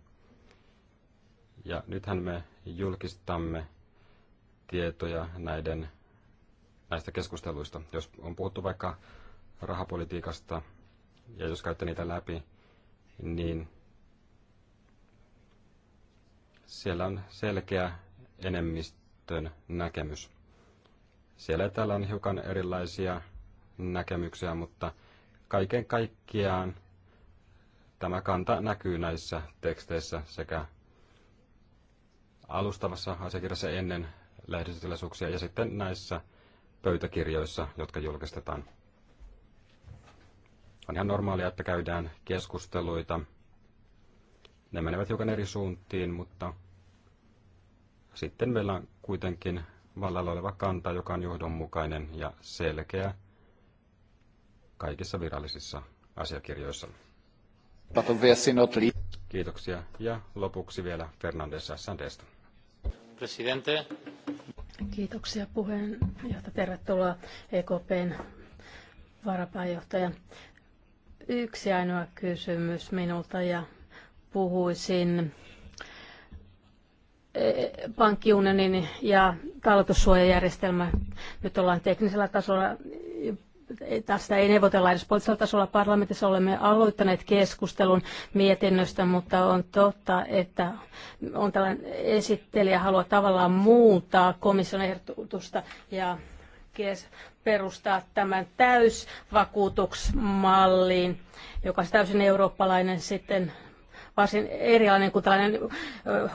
Ja nythän me julkistamme tietoja näiden, näistä keskusteluista. Jos on puhuttu vaikka rahapolitiikasta ja jos käytte niitä läpi, niin siellä on selkeä enemmistön näkemys. Siellä täällä on hiukan erilaisia näkemyksiä, mutta kaiken kaikkiaan tämä kanta näkyy näissä teksteissä sekä alustavassa asiakirjassa ennen lehdistötilaisuuksia ja sitten näissä pöytäkirjoissa, jotka julkistetaan. On ihan normaalia, että käydään keskusteluita – ne menevät hiukan eri suuntiin, mutta sitten meillä on kuitenkin vallalla oleva kanta, joka on johdonmukainen ja selkeä kaikissa virallisissa asiakirjoissa. Kiitoksia. Ja lopuksi vielä Fernandes Sandesta. Presidente. Kiitoksia puheenjohtaja. Tervetuloa EKPn varapääjohtaja. Yksi ainoa kysymys minulta ja puhuisin eh, pankkiunionin ja talletussuojajärjestelmä. Nyt ollaan teknisellä tasolla tästä ei neuvotella edes poliittisella tasolla. Parlamentissa olemme aloittaneet keskustelun mietinnöstä, mutta on totta, että on tällainen esittelijä haluaa tavallaan muuttaa komission ehdotusta ja perustaa tämän täysvakuutuksmalliin, joka on täysin eurooppalainen sitten varsin erilainen kuin tällainen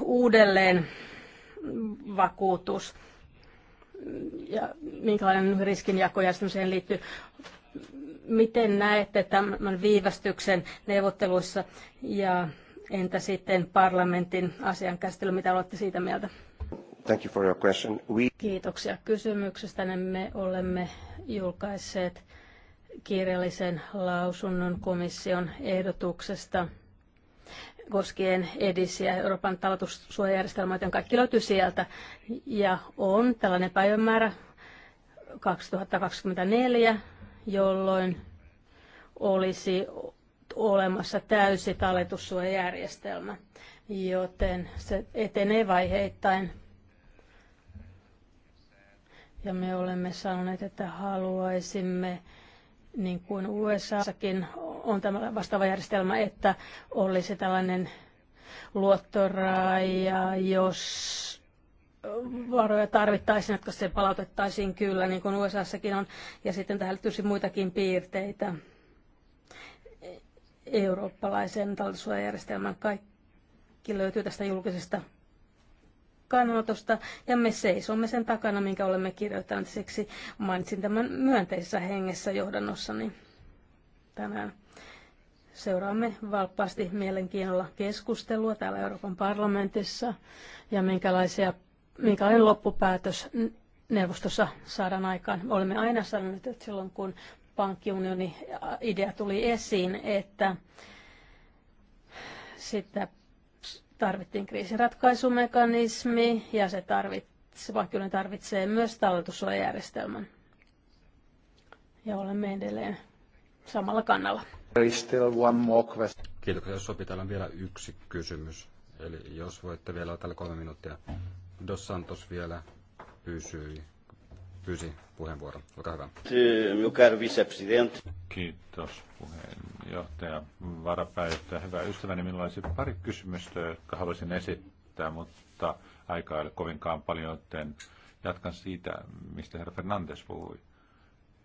uudelleen vakuutus ja minkälainen riskinjakojärjestelmiseen liittyy. Miten näette tämän viivästyksen neuvotteluissa ja entä sitten parlamentin asian käsittely, mitä olette siitä mieltä? Thank you for your question. We... Kiitoksia kysymyksestä. Me olemme julkaisseet kirjallisen lausunnon komission ehdotuksesta koskien edisiä Euroopan talotussuojajärjestelmää, joten kaikki löytyy sieltä. Ja on tällainen päivämäärä 2024, jolloin olisi olemassa täysi talletussuojajärjestelmä, joten se etenee vaiheittain. Ja me olemme sanoneet, että haluaisimme niin kuin USAssakin on tämä vastaava järjestelmä, että olisi tällainen luottoraja, jos varoja tarvittaisiin, että se palautettaisiin kyllä, niin kuin USAssakin on. Ja sitten tähän liittyisi muitakin piirteitä eurooppalaisen talousjärjestelmän kaikki löytyy tästä julkisesta kannanotosta ja me seisomme sen takana, minkä olemme kirjoittaneet. Siksi mainitsin tämän myönteisessä hengessä johdannossani tänään. Seuraamme valppaasti mielenkiinnolla keskustelua täällä Euroopan parlamentissa ja minkälaisia, minkälainen loppupäätös neuvostossa saadaan aikaan. Olemme aina sanoneet, että silloin kun pankkiunioni idea tuli esiin, että sitä Tarvittiin kriisiratkaisumekanismi ja se tarvitsee, vaikka tarvitsee myös talletussuojajärjestelmän. Ja olemme edelleen samalla kannalla. Kiitoksia. Jos sopii, täällä on vielä yksi kysymys. Eli jos voitte vielä tällä täällä kolme minuuttia. Dos Santos vielä pysyi pyysi puheenvuoron. Olkaa hyvä. Kiitos puheenjohtaja, varapäivittäjä, hyvä ystäväni. Minulla olisi pari kysymystä, jotka haluaisin esittää, mutta aikaa ei ole kovinkaan paljon, joten jatkan siitä, mistä herra Fernandes puhui,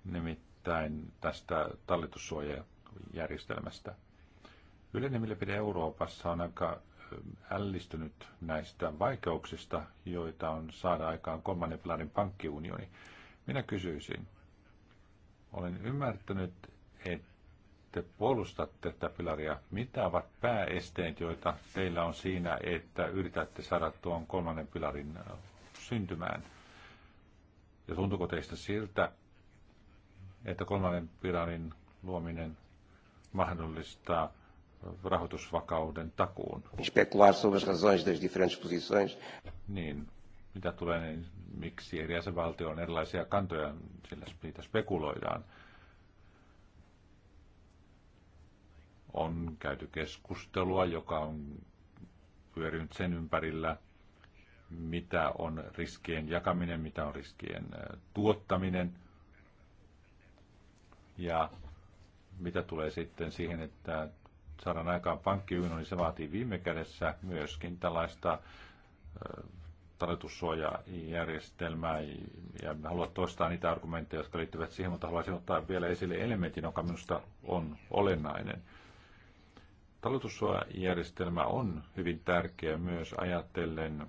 nimittäin tästä talletussuojajärjestelmästä. Yleinen mielipide Euroopassa on aika ällistynyt näistä vaikeuksista, joita on saada aikaan kolmannen pilarin pankkiunioni. Minä kysyisin. Olen ymmärtänyt, että puolustatte tätä pilaria. Mitä ovat pääesteet, joita teillä on siinä, että yritätte saada tuon kolmannen pilarin äh, syntymään? Ja tuntuuko teistä siltä, että kolmannen pilarin luominen mahdollistaa rahoitusvakauden takuun. Niin, mitä tulee, niin miksi eri jäsenvaltio on erilaisia kantoja, sillä niitä spekuloidaan. On käyty keskustelua, joka on pyörinyt sen ympärillä, mitä on riskien jakaminen, mitä on riskien tuottaminen. Ja mitä tulee sitten siihen, että saadaan aikaan pankkiunioni, niin se vaatii viime kädessä myöskin tällaista talletussuojajärjestelmää ja en halua toistaa niitä argumentteja, jotka liittyvät siihen, mutta haluaisin ottaa vielä esille elementin, joka minusta on olennainen. Talletussuojajärjestelmä on hyvin tärkeä myös ajatellen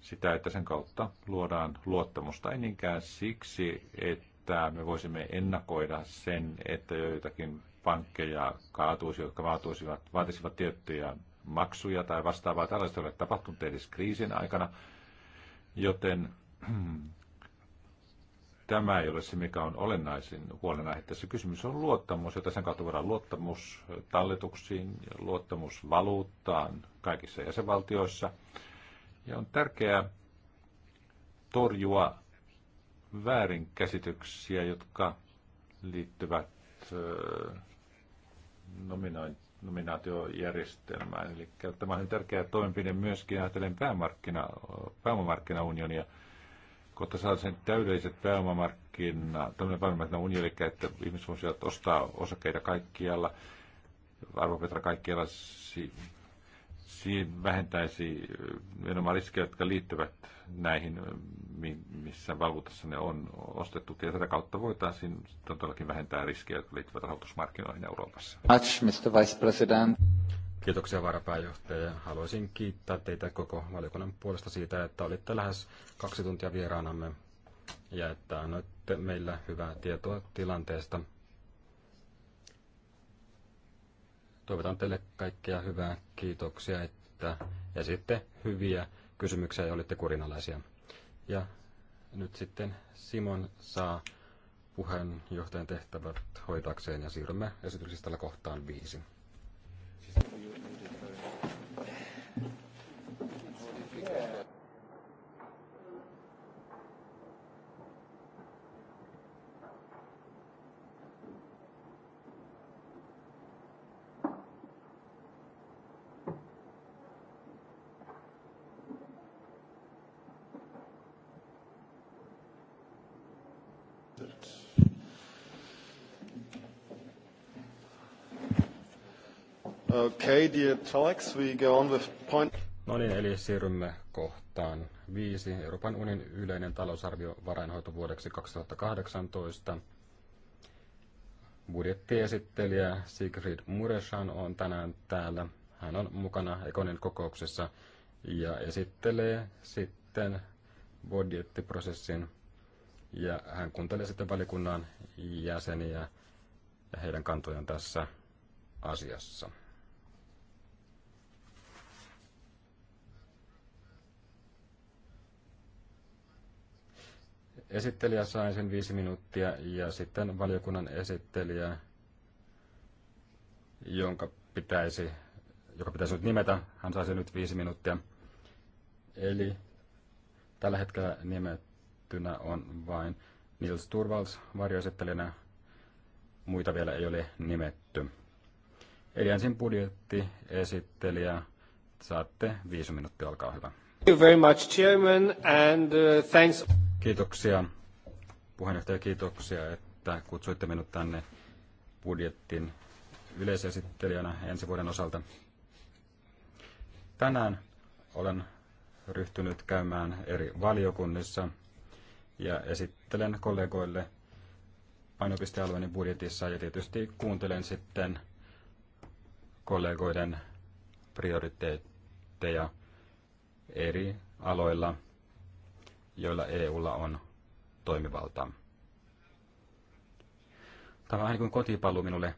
sitä, että sen kautta luodaan luottamusta, ei niinkään siksi, että me voisimme ennakoida sen, että joitakin pankkeja kaatuisi, jotka vaatuisivat, vaatisivat tiettyjä maksuja tai vastaavaa. Tällaista ei ole tapahtunut edes kriisin aikana, Joten tämä ei ole se, mikä on olennaisin huolenaihe tässä. Kysymys on luottamus, jota sen kautta voidaan luottamus talletuksiin ja luottamus valuuttaan kaikissa jäsenvaltioissa. Ja on tärkeää torjua väärinkäsityksiä, jotka liittyvät nominointiin nominaatiojärjestelmään. Eli tämä on tärkeä toimenpide myöskin ajatellen päämarkkina, pääomamarkkinaunionia, Kohta saa sen täydelliset pääomamarkkina, tämmöinen pääomamarkkinaunioni, eli että ihmiset voisivat ostaa osakeita kaikkialla, arvopetra kaikkialla, siinä vähentäisi nimenomaan riskejä, jotka liittyvät näihin, missä valuutassa ne on ostettu. Ja tätä kautta voitaisiin todellakin vähentää riskejä, jotka liittyvät rahoitusmarkkinoihin Euroopassa. Mr. Vice President. Kiitoksia varapääjohtaja. Haluaisin kiittää teitä koko valiokunnan puolesta siitä, että olitte lähes kaksi tuntia vieraanamme ja että annoitte meillä hyvää tietoa tilanteesta. Toivotan teille kaikkea hyvää. Kiitoksia, että esitte hyviä kysymyksiä ja olitte kurinalaisia. Ja nyt sitten Simon saa puheenjohtajan tehtävät hoitakseen ja siirrymme esityslistalla kohtaan viisi. Okay, dear talks, we go on with point... No niin, eli siirrymme kohtaan viisi. Euroopan unionin yleinen talousarvio vuodeksi 2018. Budjettiesittelijä Sigrid Mureshan on tänään täällä. Hän on mukana Ekonin kokouksessa ja esittelee sitten budjettiprosessin ja hän kuuntelee sitten valikunnan jäseniä ja heidän kantojaan tässä asiassa. Esittelijä saa ensin viisi minuuttia ja sitten valiokunnan esittelijä, jonka pitäisi, joka pitäisi nyt nimetä, hän saa sen nyt viisi minuuttia. Eli tällä hetkellä nimettynä on vain Nils Turvals varjoesittelijänä, muita vielä ei ole nimetty. Eli ensin budjettiesittelijä, saatte viisi minuuttia, olkaa hyvä. Thank you very much, Chairman, and uh, thanks. Kiitoksia puheenjohtaja, kiitoksia, että kutsuitte minut tänne budjettin yleisesittelijänä ensi vuoden osalta. Tänään olen ryhtynyt käymään eri valiokunnissa ja esittelen kollegoille painopistealueeni budjetissa ja tietysti kuuntelen sitten kollegoiden prioriteetteja eri aloilla – joilla EUlla on toimivalta. Tämä on vähän niin kuin kotipallu minulle,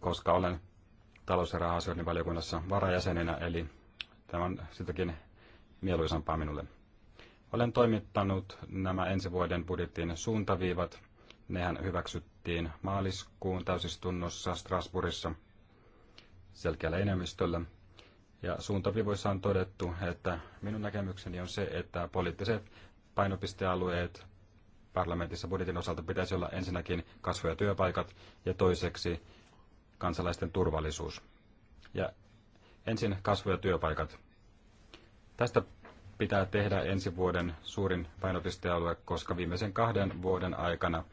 koska olen talous- ja valiokunnassa varajäsenenä, eli tämä on sitäkin mieluisampaa minulle. Olen toimittanut nämä ensi vuoden budjettiin suuntaviivat. Nehän hyväksyttiin maaliskuun täysistunnossa Strasbourgissa selkeällä enemmistöllä – ja suuntaviivoissa on todettu, että minun näkemykseni on se, että poliittiset painopistealueet parlamentissa budjetin osalta pitäisi olla ensinnäkin kasvu- ja työpaikat ja toiseksi kansalaisten turvallisuus. Ja ensin kasvu- ja työpaikat. Tästä pitää tehdä ensi vuoden suurin painopistealue, koska viimeisen kahden vuoden aikana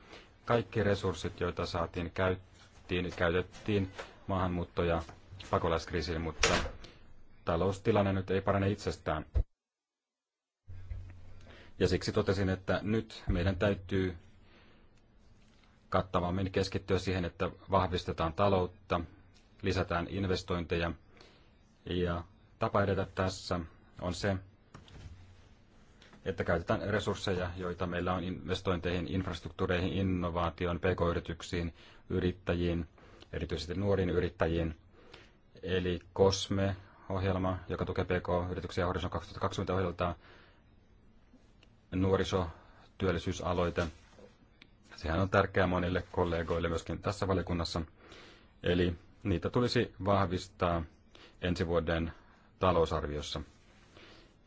kaikki resurssit, joita saatiin käyttiin, käytettiin maahanmuutto- ja pakolaiskriisiin, mutta taloustilanne nyt ei parane itsestään. Ja siksi totesin, että nyt meidän täytyy kattavammin keskittyä siihen, että vahvistetaan taloutta, lisätään investointeja. Ja tapa edetä tässä on se, että käytetään resursseja, joita meillä on investointeihin, infrastruktuureihin, innovaatioon, pk-yrityksiin, yrittäjiin, erityisesti nuoriin yrittäjiin. Eli COSME ohjelma, joka tukee PK-yrityksiä Horizon 2020 ohjeltaa nuorisotyöllisyysaloite. Sehän on tärkeää monille kollegoille myöskin tässä valikunnassa. Eli niitä tulisi vahvistaa ensi vuoden talousarviossa.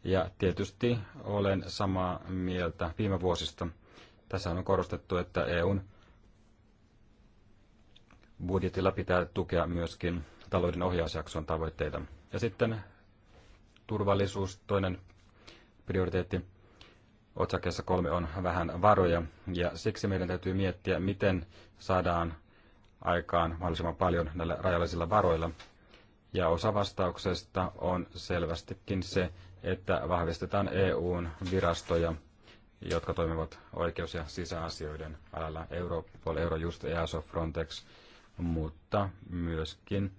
Ja tietysti olen samaa mieltä viime vuosista. Tässä on korostettu, että EUn budjetilla pitää tukea myöskin talouden ohjausjakson tavoitteita. Ja sitten turvallisuus, toinen prioriteetti otsakkeessa kolme on vähän varoja, ja siksi meidän täytyy miettiä, miten saadaan aikaan mahdollisimman paljon näillä rajallisilla varoilla. Ja osa vastauksesta on selvästikin se, että vahvistetaan EUn virastoja, jotka toimivat oikeus- ja sisäasioiden alalla Europol, Eurojust, EASO, Frontex, mutta myöskin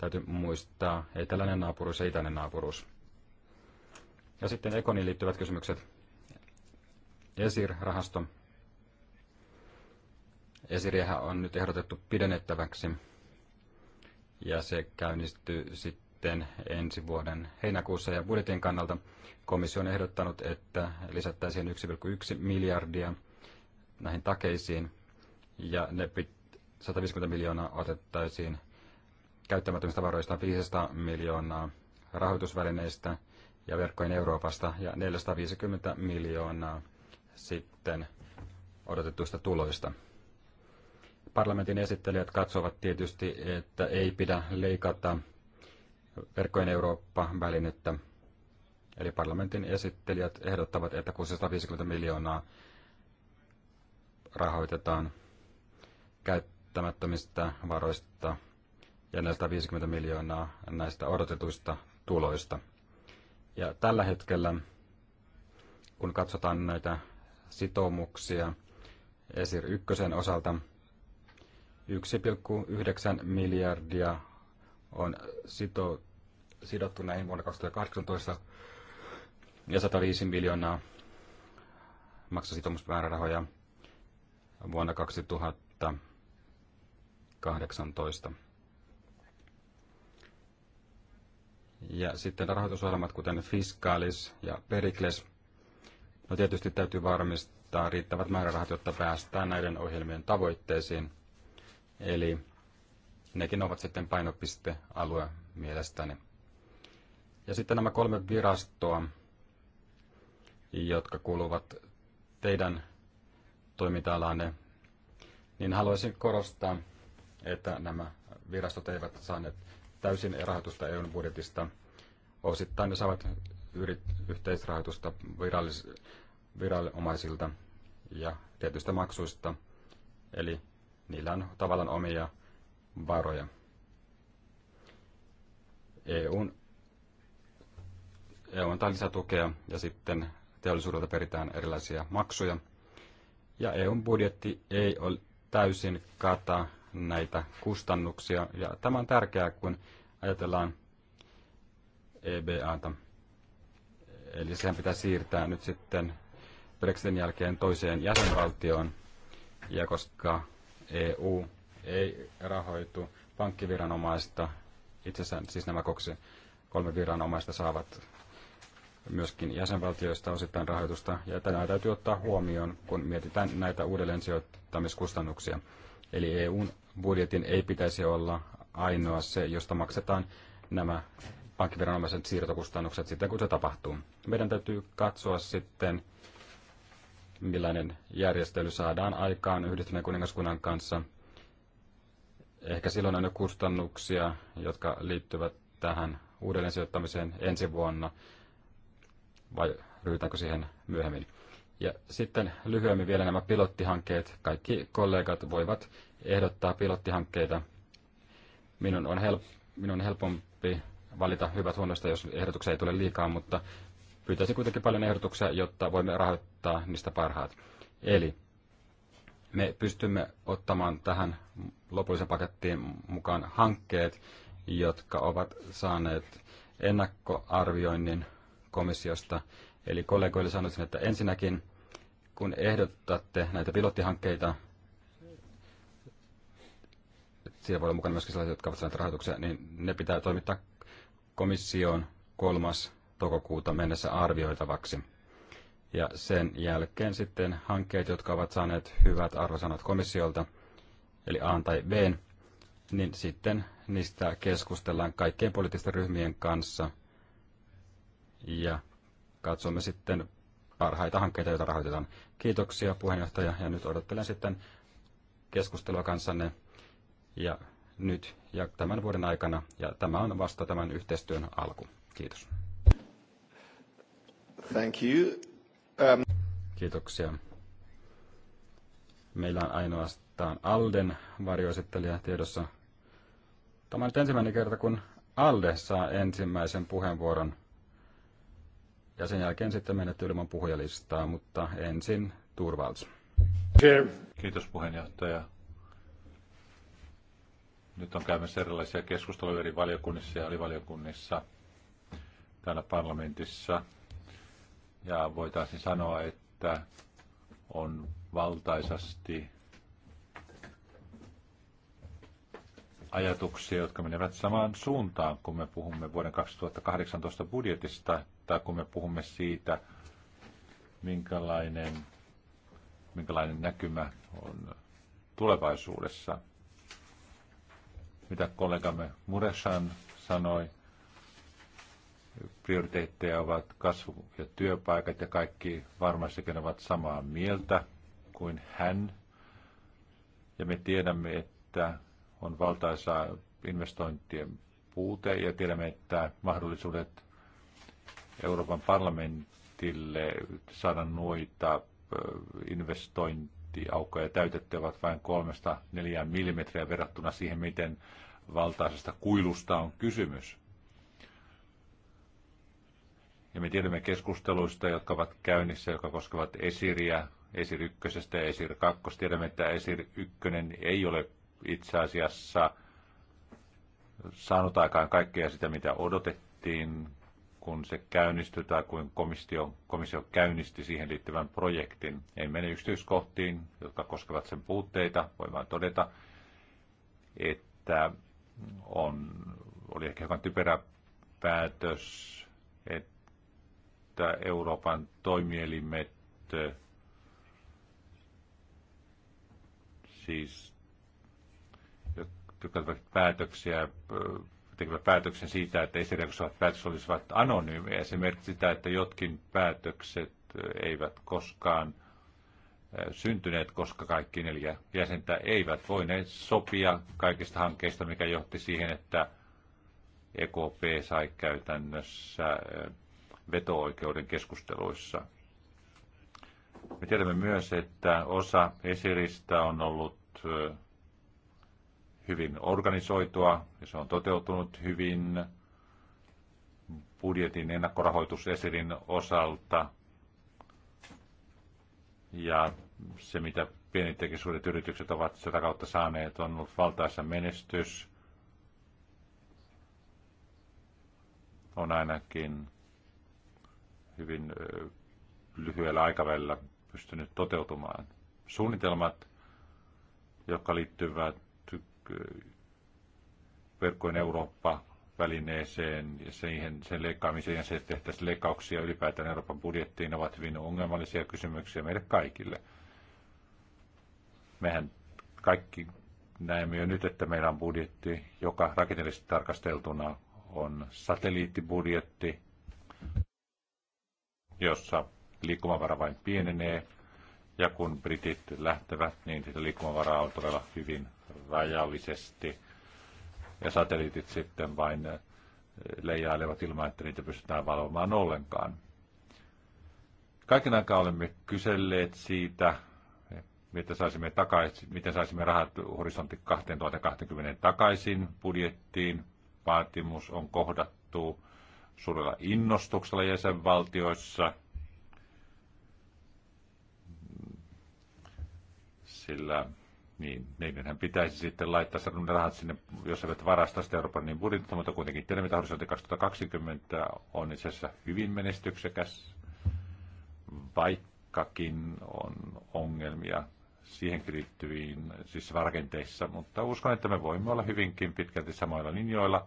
Täytyy muistaa eteläinen naapuruus ja itäinen naapuruus. Ja sitten Ekoniin liittyvät kysymykset. ESIR-rahasto. ESIRiähän on nyt ehdotettu pidennettäväksi ja se käynnistyy sitten ensi vuoden heinäkuussa. Ja budjetin kannalta komissio on ehdottanut, että lisättäisiin 1,1 miljardia näihin takeisiin ja ne 150 miljoonaa otettaisiin käyttämättömistä varoista 500 miljoonaa rahoitusvälineistä ja verkkojen Euroopasta ja 450 miljoonaa sitten odotetuista tuloista. Parlamentin esittelijät katsovat tietysti, että ei pidä leikata verkkojen Eurooppa-välinettä. Eli parlamentin esittelijät ehdottavat, että 650 miljoonaa rahoitetaan käyttämättömistä varoista ja 450 miljoonaa näistä odotetuista tuloista. Ja tällä hetkellä, kun katsotaan näitä sitoumuksia ESIR 1 osalta, 1,9 miljardia on sito, sidottu näihin vuonna 2018 ja 105 miljoonaa maksasitoumusmäärärahoja vuonna 2018. Ja sitten rahoitusohjelmat, kuten Fiskalis ja Perikles. No tietysti täytyy varmistaa riittävät määrärahat, jotta päästään näiden ohjelmien tavoitteisiin. Eli nekin ovat sitten painopistealue mielestäni. Ja sitten nämä kolme virastoa, jotka kuuluvat teidän toiminta-alanne, niin haluaisin korostaa, että nämä virastot eivät saaneet täysin rahoitusta EUn budjetista. Osittain ne saavat yrit, yhteisrahoitusta virallis, viranomaisilta ja tietystä maksuista, eli niillä on tavallaan omia varoja. EUn, EU antaa lisätukea ja sitten teollisuudelta peritään erilaisia maksuja. Ja EUn budjetti ei ole täysin kata näitä kustannuksia. Ja tämä on tärkeää, kun ajatellaan EBAta. Eli sehän pitää siirtää nyt sitten Brexitin jälkeen toiseen jäsenvaltioon. Ja koska EU ei rahoitu pankkiviranomaista, asiassa siis nämä kaksi kolme viranomaista saavat myöskin jäsenvaltioista osittain rahoitusta, ja tämä täytyy ottaa huomioon, kun mietitään näitä uudelleen sijoittamiskustannuksia. Eli EUn budjetin ei pitäisi olla ainoa se, josta maksetaan nämä pankkiviranomaiset siirtokustannukset sitten, kun se tapahtuu. Meidän täytyy katsoa sitten, millainen järjestely saadaan aikaan yhdistyneen kuningaskunnan kanssa. Ehkä silloin on jo kustannuksia, jotka liittyvät tähän uudelleen sijoittamiseen ensi vuonna, vai ryhdytäänkö siihen myöhemmin. Ja sitten lyhyemmin vielä nämä pilottihankkeet. Kaikki kollegat voivat ehdottaa pilottihankkeita. Minun on, help, minun on helpompi valita hyvät huonoista, jos ehdotuksia ei tule liikaa, mutta pyytäisin kuitenkin paljon ehdotuksia, jotta voimme rahoittaa niistä parhaat. Eli me pystymme ottamaan tähän lopulliseen pakettiin mukaan hankkeet, jotka ovat saaneet ennakkoarvioinnin komissiosta. Eli kollegoille sanoisin, että ensinnäkin kun ehdotatte näitä pilottihankkeita, siellä voi olla mukana myöskin sellaisia, jotka ovat saaneet rahoituksia, niin ne pitää toimittaa komissioon kolmas toukokuuta mennessä arvioitavaksi. Ja sen jälkeen sitten hankkeet, jotka ovat saaneet hyvät arvosanat komissiolta, eli A tai B, niin sitten niistä keskustellaan kaikkien poliittisten ryhmien kanssa ja katsomme sitten parhaita hankkeita, joita rahoitetaan. Kiitoksia puheenjohtaja ja nyt odottelen sitten keskustelua kanssanne ja nyt ja tämän vuoden aikana, ja tämä on vasta tämän yhteistyön alku. Kiitos. Thank you. Um... Kiitoksia. Meillä on ainoastaan Alden varjoesittelijä tiedossa. Tämä on nyt ensimmäinen kerta, kun Alde saa ensimmäisen puheenvuoron. Ja sen jälkeen sitten menet ilman puhujalistaa, mutta ensin Turvalds. Kiitos puheenjohtaja. Nyt on käymässä erilaisia keskusteluja eri valiokunnissa ja alivaliokunnissa täällä parlamentissa. Ja voitaisiin sanoa, että on valtaisasti ajatuksia, jotka menevät samaan suuntaan, kun me puhumme vuoden 2018 budjetista tai kun me puhumme siitä, minkälainen, minkälainen näkymä on tulevaisuudessa mitä kollegamme Muresan sanoi. Prioriteetteja ovat kasvu- ja työpaikat ja kaikki varmastikin ovat samaa mieltä kuin hän. Ja me tiedämme, että on valtaisaa investointien puute ja tiedämme, että mahdollisuudet Euroopan parlamentille saada noita investointeja aukkoja täytetty ovat vain 3-4 millimetriä verrattuna siihen, miten valtaisesta kuilusta on kysymys. Ja me tiedämme keskusteluista, jotka ovat käynnissä, jotka koskevat esiriä, esir 1 ja esir 2. Tiedämme, että esir 1 ei ole itse asiassa saanut aikaan kaikkea sitä, mitä odotettiin kun se käynnistyi tai kun komissio, komissio käynnisti siihen liittyvän projektin. En mene yksityiskohtiin, jotka koskevat sen puutteita. Voin vain todeta, että on, oli ehkä hiukan typerä päätös, että Euroopan toimielimet, siis jotka päätöksiä tekevä päätöksen siitä, että esillä päätökset olisivat anonyymiä. Se merkitsi sitä, että jotkin päätökset eivät koskaan syntyneet, koska kaikki neljä jäsentä eivät voineet sopia kaikista hankkeista, mikä johti siihen, että EKP sai käytännössä veto-oikeuden keskusteluissa. Me tiedämme myös, että osa esiristä on ollut hyvin organisoitua ja se on toteutunut hyvin budjetin ennakkorahoitus Esirin osalta. Ja se, mitä pienet ja suuret yritykset ovat sitä kautta saaneet, on ollut valtaisa menestys. On ainakin hyvin lyhyellä aikavälillä pystynyt toteutumaan. Suunnitelmat, jotka liittyvät verkkojen Eurooppa-välineeseen ja siihen, sen leikkaamiseen ja se, että tehtäisiin leikkauksia ylipäätään Euroopan budjettiin, ovat hyvin ongelmallisia kysymyksiä meille kaikille. Mehän kaikki näemme jo nyt, että meillä on budjetti, joka rakenteellisesti tarkasteltuna on satelliittibudjetti, jossa liikkumavara vain pienenee, ja kun britit lähtevät, niin sitä liikkumavaraa on todella hyvin rajallisesti ja satelliitit sitten vain eh, leijailevat ilman, että niitä pystytään valvomaan ollenkaan. Kaiken aikaa olemme kyselleet siitä, miten saisimme, takaisin, miten saisimme rahat horisontti 2020 takaisin budjettiin. Vaatimus on kohdattu suurella innostuksella jäsenvaltioissa, sillä niin meidänhän pitäisi sitten laittaa ne rahat sinne, jos eivät varastaa sitä Euroopan niin budjetista, mutta kuitenkin tiedämme, että 2020 on itse asiassa hyvin menestyksekäs, vaikkakin on ongelmia siihen liittyviin siis rakenteissa, mutta uskon, että me voimme olla hyvinkin pitkälti samoilla linjoilla,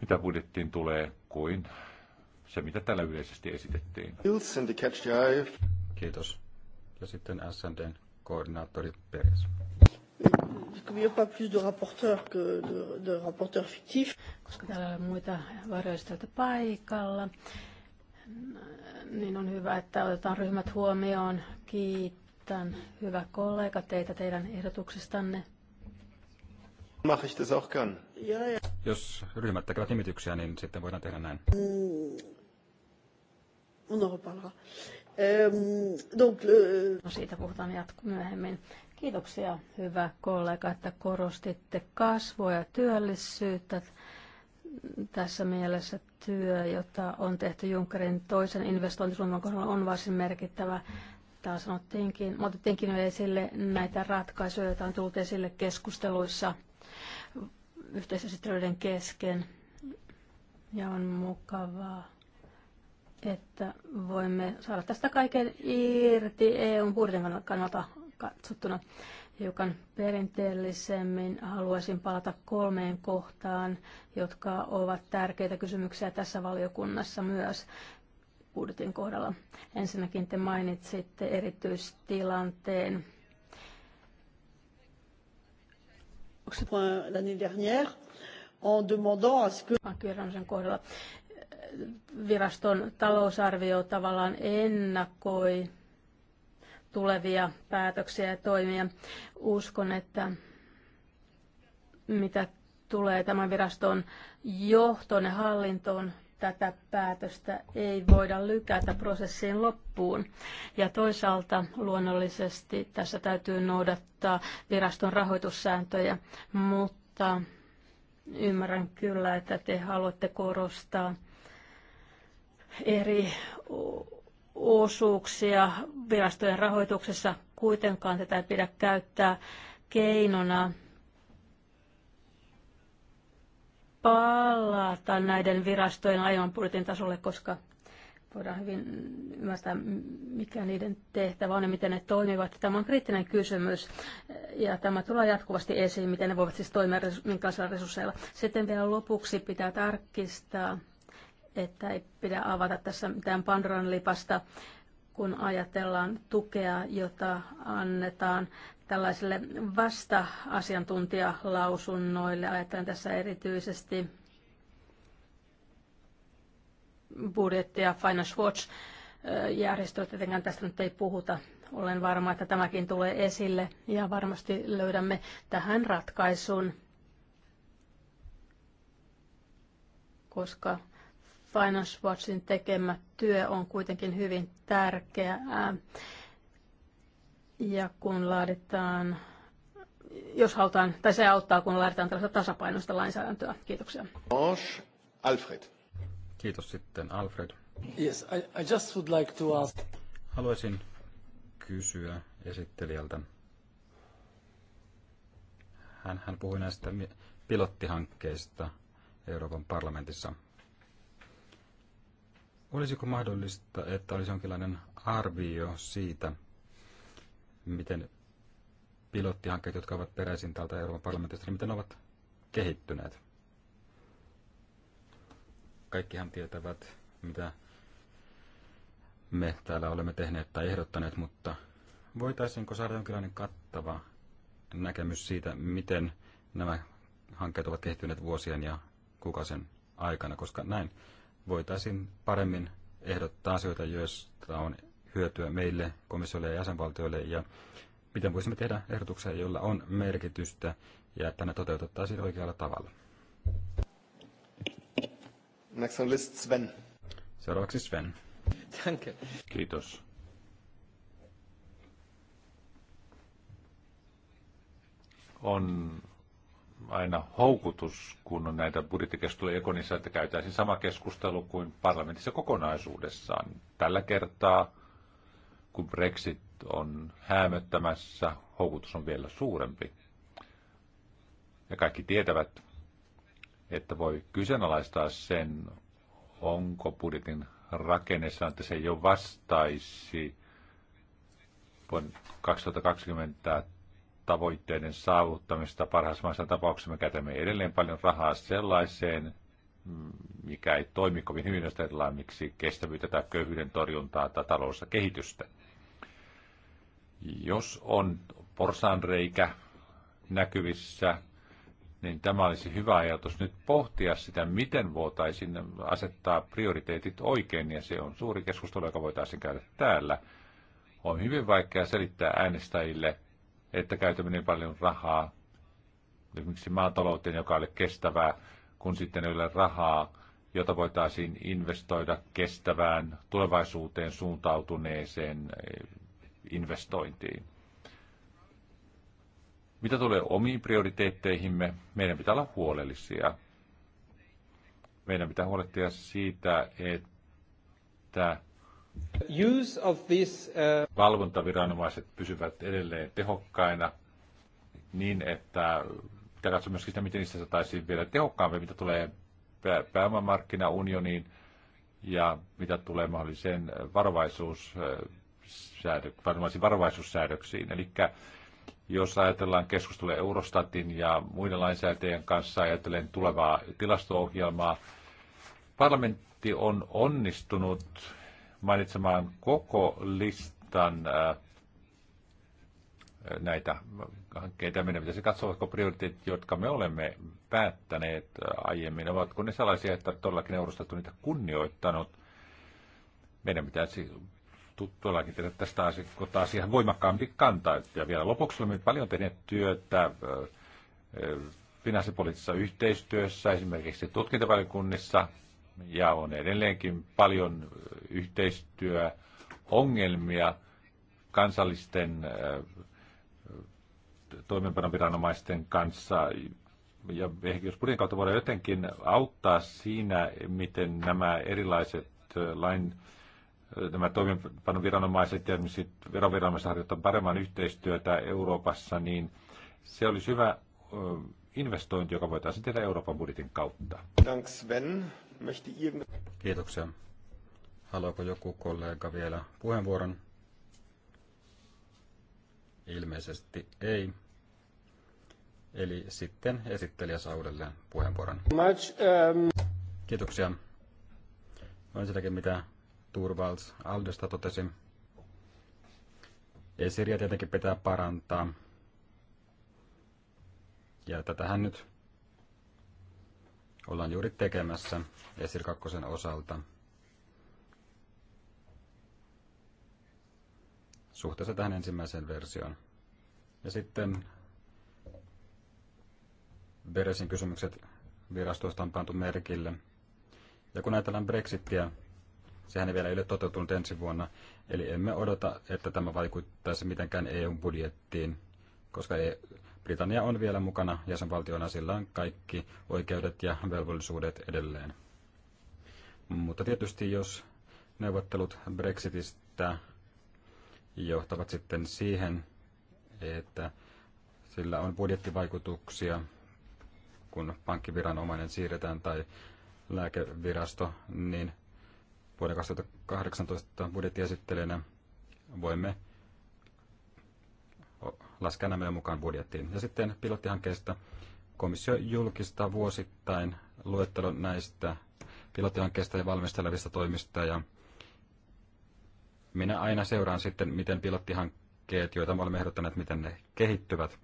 mitä budjettiin tulee, kuin se, mitä täällä yleisesti esitettiin. Kiitos ja sitten SNDn koordinaattori Peres. Koska täällä on muita varjoistajilta paikalla, niin on hyvä, että otetaan ryhmät huomioon. Kiitän, hyvä kollega, teitä teidän ehdotuksestanne. Mach ich das auch gern. Ja, ja. Jos ryhmät tekevät nimityksiä, niin sitten voidaan tehdä näin. Mm. On en reparlera. No siitä puhutaan jatko myöhemmin. Kiitoksia, hyvä kollega, että korostitte kasvua ja työllisyyttä. Tässä mielessä työ, jota on tehty Junckerin toisen investointisuunnitelman kohdalla, on varsin merkittävä. Tämä sanottiinkin, otettiinkin jo esille näitä ratkaisuja, joita on tullut esille keskusteluissa yhteisesittelyiden kesken. Ja on mukavaa että voimme saada tästä kaiken irti EUn budjetin kannalta katsottuna. Hiukan perinteellisemmin haluaisin palata kolmeen kohtaan, jotka ovat tärkeitä kysymyksiä tässä valiokunnassa myös budjetin kohdalla. Ensinnäkin te mainitsitte erityistilanteen. L'année dernière, en demandant à ce que... kohdalla viraston talousarvio tavallaan ennakoi tulevia päätöksiä ja toimia. Uskon, että mitä tulee tämän viraston johtoon ja hallintoon, tätä päätöstä ei voida lykätä prosessiin loppuun. Ja toisaalta luonnollisesti tässä täytyy noudattaa viraston rahoitussääntöjä, mutta ymmärrän kyllä, että te haluatte korostaa eri osuuksia virastojen rahoituksessa. Kuitenkaan tätä ei pidä käyttää keinona palata näiden virastojen aivan budjetin tasolle, koska voidaan hyvin ymmärtää, mikä niiden tehtävä on ja miten ne toimivat. Tämä on kriittinen kysymys ja tämä tulee jatkuvasti esiin, miten ne voivat siis toimia minkälaisilla resursseilla. Sitten vielä lopuksi pitää tarkistaa, että ei pidä avata tässä mitään Pandoran lipasta, kun ajatellaan tukea, jota annetaan tällaisille vasta-asiantuntijalausunnoille. Ajattelen tässä erityisesti budjettia Finance Watch järjestöä. Tietenkään tästä nyt ei puhuta. Olen varma, että tämäkin tulee esille ja varmasti löydämme tähän ratkaisun, koska Finance Watchin tekemä työ on kuitenkin hyvin tärkeää. Ja kun laaditaan, jos halutaan, tai se auttaa, kun laaditaan tällaista tasapainoista lainsäädäntöä. Kiitoksia. Alfred. Kiitos sitten Alfred. Yes, I, I just would like to ask. Haluaisin kysyä esittelijältä. Hän, hän puhui näistä pilottihankkeista Euroopan parlamentissa. Olisiko mahdollista, että olisi jonkinlainen arvio siitä, miten pilottihankkeet, jotka ovat peräisin täältä Euroopan parlamentista, niin miten ovat kehittyneet? Kaikkihan tietävät, mitä me täällä olemme tehneet tai ehdottaneet, mutta voitaisiinko saada jonkinlainen kattava näkemys siitä, miten nämä hankkeet ovat kehittyneet vuosien ja kuukausien aikana, koska näin voitaisiin paremmin ehdottaa asioita, joista on hyötyä meille, komissiolle ja jäsenvaltioille, ja miten voisimme tehdä ehdotuksia, joilla on merkitystä, ja että ne toteutettaisiin oikealla tavalla. Next on list Sven. Seuraavaksi Sven. Danke. Kiitos. On aina houkutus, kun on näitä budjettikeskusteluja Ekonissa, niin että käytäisiin sama keskustelu kuin parlamentissa kokonaisuudessaan. Tällä kertaa, kun Brexit on häämöttämässä, houkutus on vielä suurempi. Ja kaikki tietävät, että voi kyseenalaistaa sen, onko budjetin rakenne, että se jo vastaisi vuonna 2020 tavoitteiden saavuttamista. Parhaassa tapauksessa me käytämme edelleen paljon rahaa sellaiseen, mikä ei toimi kovin hyvin, jos ajatellaan miksi kestävyyttä tai köyhyyden torjuntaa tai taloudessa kehitystä. Jos on porsaanreikä näkyvissä, niin tämä olisi hyvä ajatus nyt pohtia sitä, miten voitaisiin asettaa prioriteetit oikein, ja se on suuri keskustelu, joka voitaisiin käydä täällä. On hyvin vaikea selittää äänestäjille, että käytämme niin paljon rahaa esimerkiksi maatalouteen, joka ei kestävää, kun sitten ei ole rahaa, jota voitaisiin investoida kestävään tulevaisuuteen suuntautuneeseen eh, investointiin. Mitä tulee omiin prioriteetteihimme, meidän pitää olla huolellisia. Meidän pitää huolehtia siitä, että Use of this, uh... Valvontaviranomaiset pysyvät edelleen tehokkaina niin, että pitää katsoa myöskin sitä, miten niistä saataisiin vielä tehokkaampi, mitä tulee pääomamarkkinaunioniin ja mitä tulee mahdolliseen varovaisuus, varovaisuussäädöksiin. Eli jos ajatellaan keskustelua Eurostatin ja muiden lainsäätäjien kanssa, ajatellen tulevaa tilasto-ohjelmaa, parlamentti on onnistunut mainitsemaan koko listan äh, näitä hankkeita. Meidän pitäisi katsoa, ovatko prioriteetit, jotka me olemme päättäneet äh, aiemmin, ovatko ne sellaisia, että todellakin on niitä kunnioittanut. Meidän pitäisi todellakin tehdä tästä asiasta voimakkaampi kantaa. Ja vielä lopuksi olemme paljon tehneet työtä äh, finanssipoliittisessa yhteistyössä, esimerkiksi tutkintavaliokunnissa, ja on edelleenkin paljon yhteistyöongelmia kansallisten toimeenpanoviranomaisten kanssa. Ja ehkä jos budjetin kautta voidaan jotenkin auttaa siinä, miten nämä erilaiset lain nämä toimeenpanoviranomaiset ja veroviranomaiset harjoittavat paremman yhteistyötä Euroopassa, niin se olisi hyvä investointi, joka voitaisiin tehdä Euroopan budjetin kautta. Thanks, Sven. Möchte irgend... Kiitoksia. Haluaako joku kollega vielä puheenvuoron? Ilmeisesti ei. Eli sitten esittelijä saa uudelleen puheenvuoron. Much, um... Kiitoksia. Ensinnäkin mitä Turvals Aldesta totesi. Esiriä tietenkin pitää parantaa. Ja tätähän nyt ollaan juuri tekemässä ESIR 2 osalta suhteessa tähän ensimmäiseen versioon. Ja sitten Beresin kysymykset virastoista on pantu merkille. Ja kun ajatellaan Brexittiä, sehän ei vielä ole toteutunut ensi vuonna, eli emme odota, että tämä vaikuttaisi mitenkään EU-budjettiin, koska e Britannia on vielä mukana jäsenvaltiona, sillä on kaikki oikeudet ja velvollisuudet edelleen. Mutta tietysti jos neuvottelut Brexitistä johtavat sitten siihen, että sillä on budjettivaikutuksia, kun pankkiviranomainen siirretään tai lääkevirasto, niin vuoden 2018 budjettiesittelijänä voimme laskea nämä mukaan budjettiin. Ja sitten pilottihankkeista. Komissio julkistaa vuosittain luettelon näistä pilottihankkeista ja valmistelevista toimista. Ja minä aina seuraan sitten, miten pilottihankkeet, joita me olemme ehdottaneet, miten ne kehittyvät.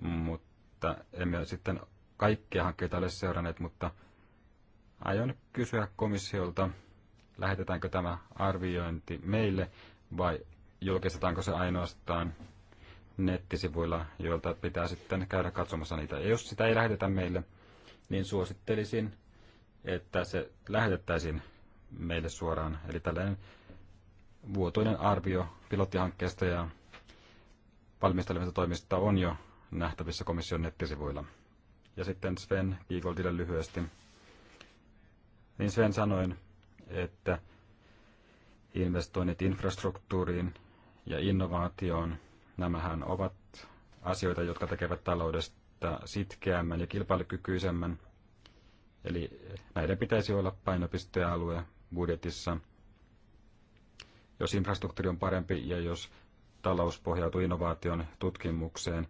Mutta emme sitten kaikkia hankkeita ole seuranneet, mutta aion kysyä komissiolta, lähetetäänkö tämä arviointi meille vai julkistetaanko se ainoastaan nettisivuilla, joilta pitää sitten käydä katsomassa niitä. Ja jos sitä ei lähetetä meille, niin suosittelisin, että se lähetettäisiin meille suoraan. Eli tällainen vuotoinen arvio pilottihankkeesta ja valmistelevista toimista on jo nähtävissä komission nettisivuilla. Ja sitten Sven Kiikoltille lyhyesti. Niin Sven sanoin, että investoinnit infrastruktuuriin ja innovaatioon – Nämähän ovat asioita, jotka tekevät taloudesta sitkeämmän ja kilpailukykyisemmän. Eli näiden pitäisi olla painopistealue budjetissa. Jos infrastruktuuri on parempi ja jos talous pohjautuu innovaation tutkimukseen,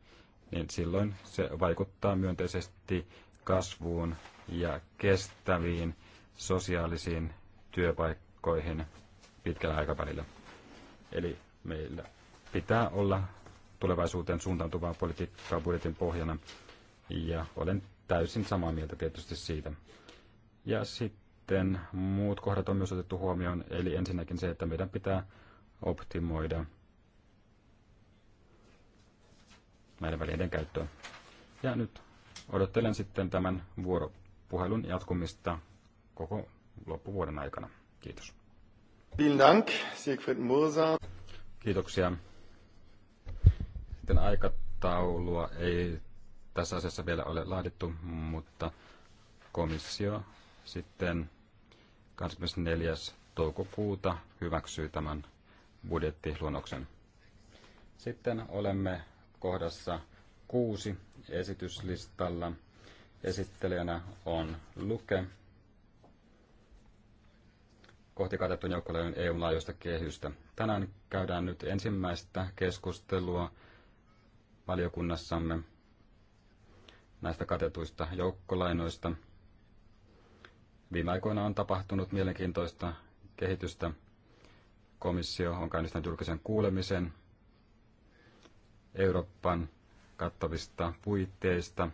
niin silloin se vaikuttaa myönteisesti kasvuun ja kestäviin sosiaalisiin työpaikkoihin pitkällä aikavälillä. Eli meillä pitää olla tulevaisuuteen suuntautuvaa politiikkaa budjetin pohjana. Ja olen täysin samaa mieltä tietysti siitä. Ja sitten muut kohdat on myös otettu huomioon, eli ensinnäkin se, että meidän pitää optimoida näiden välineiden käyttöä. Ja nyt odottelen sitten tämän vuoropuhelun jatkumista koko loppuvuoden aikana. Kiitos. Vielen Dank, Siegfried Mursa. Kiitoksia. Sitten aikataulua ei tässä asiassa vielä ole laadittu, mutta komissio sitten 24. toukokuuta hyväksyy tämän budjettiluonnoksen. Sitten olemme kohdassa kuusi esityslistalla. Esittelijänä on Luke. Kohti katettu joukkoleiden EU-laajuista kehystä. Tänään käydään nyt ensimmäistä keskustelua valiokunnassamme näistä katetuista joukkolainoista. Viime aikoina on tapahtunut mielenkiintoista kehitystä. Komissio on käynnistänyt julkisen kuulemisen Euroopan kattavista puitteista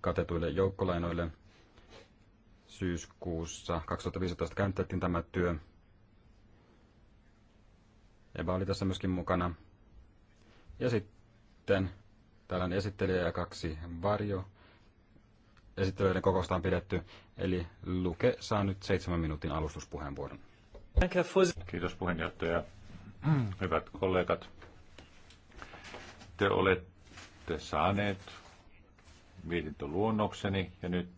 katetuille joukkolainoille. Syyskuussa 2015 käynnistettiin tämä työ. Eva oli tässä myöskin mukana. Ja sitten Täällä on esittelijä ja kaksi varjo. Esittelijöiden kokousta on pidetty, eli Luke saa nyt seitsemän minuutin alustuspuheenvuoron. Kiitos puheenjohtaja. Hyvät kollegat, te olette saaneet mietintöluonnokseni ja nyt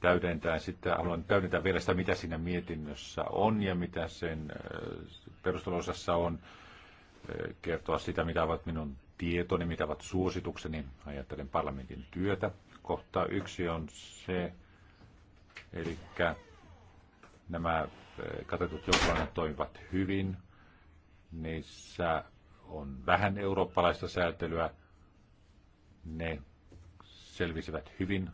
täydentää sitä, haluan täydentää vielä sitä, mitä siinä mietinnössä on ja mitä sen äh, perusteluosassa on, äh, kertoa sitä, mitä ovat minun tietoni, mitä ovat suositukseni, ajattelen parlamentin työtä. Kohta yksi on se, eli nämä eh, katetut joukkolainat toimivat hyvin. Niissä on vähän eurooppalaista säätelyä. Ne selvisivät hyvin eh,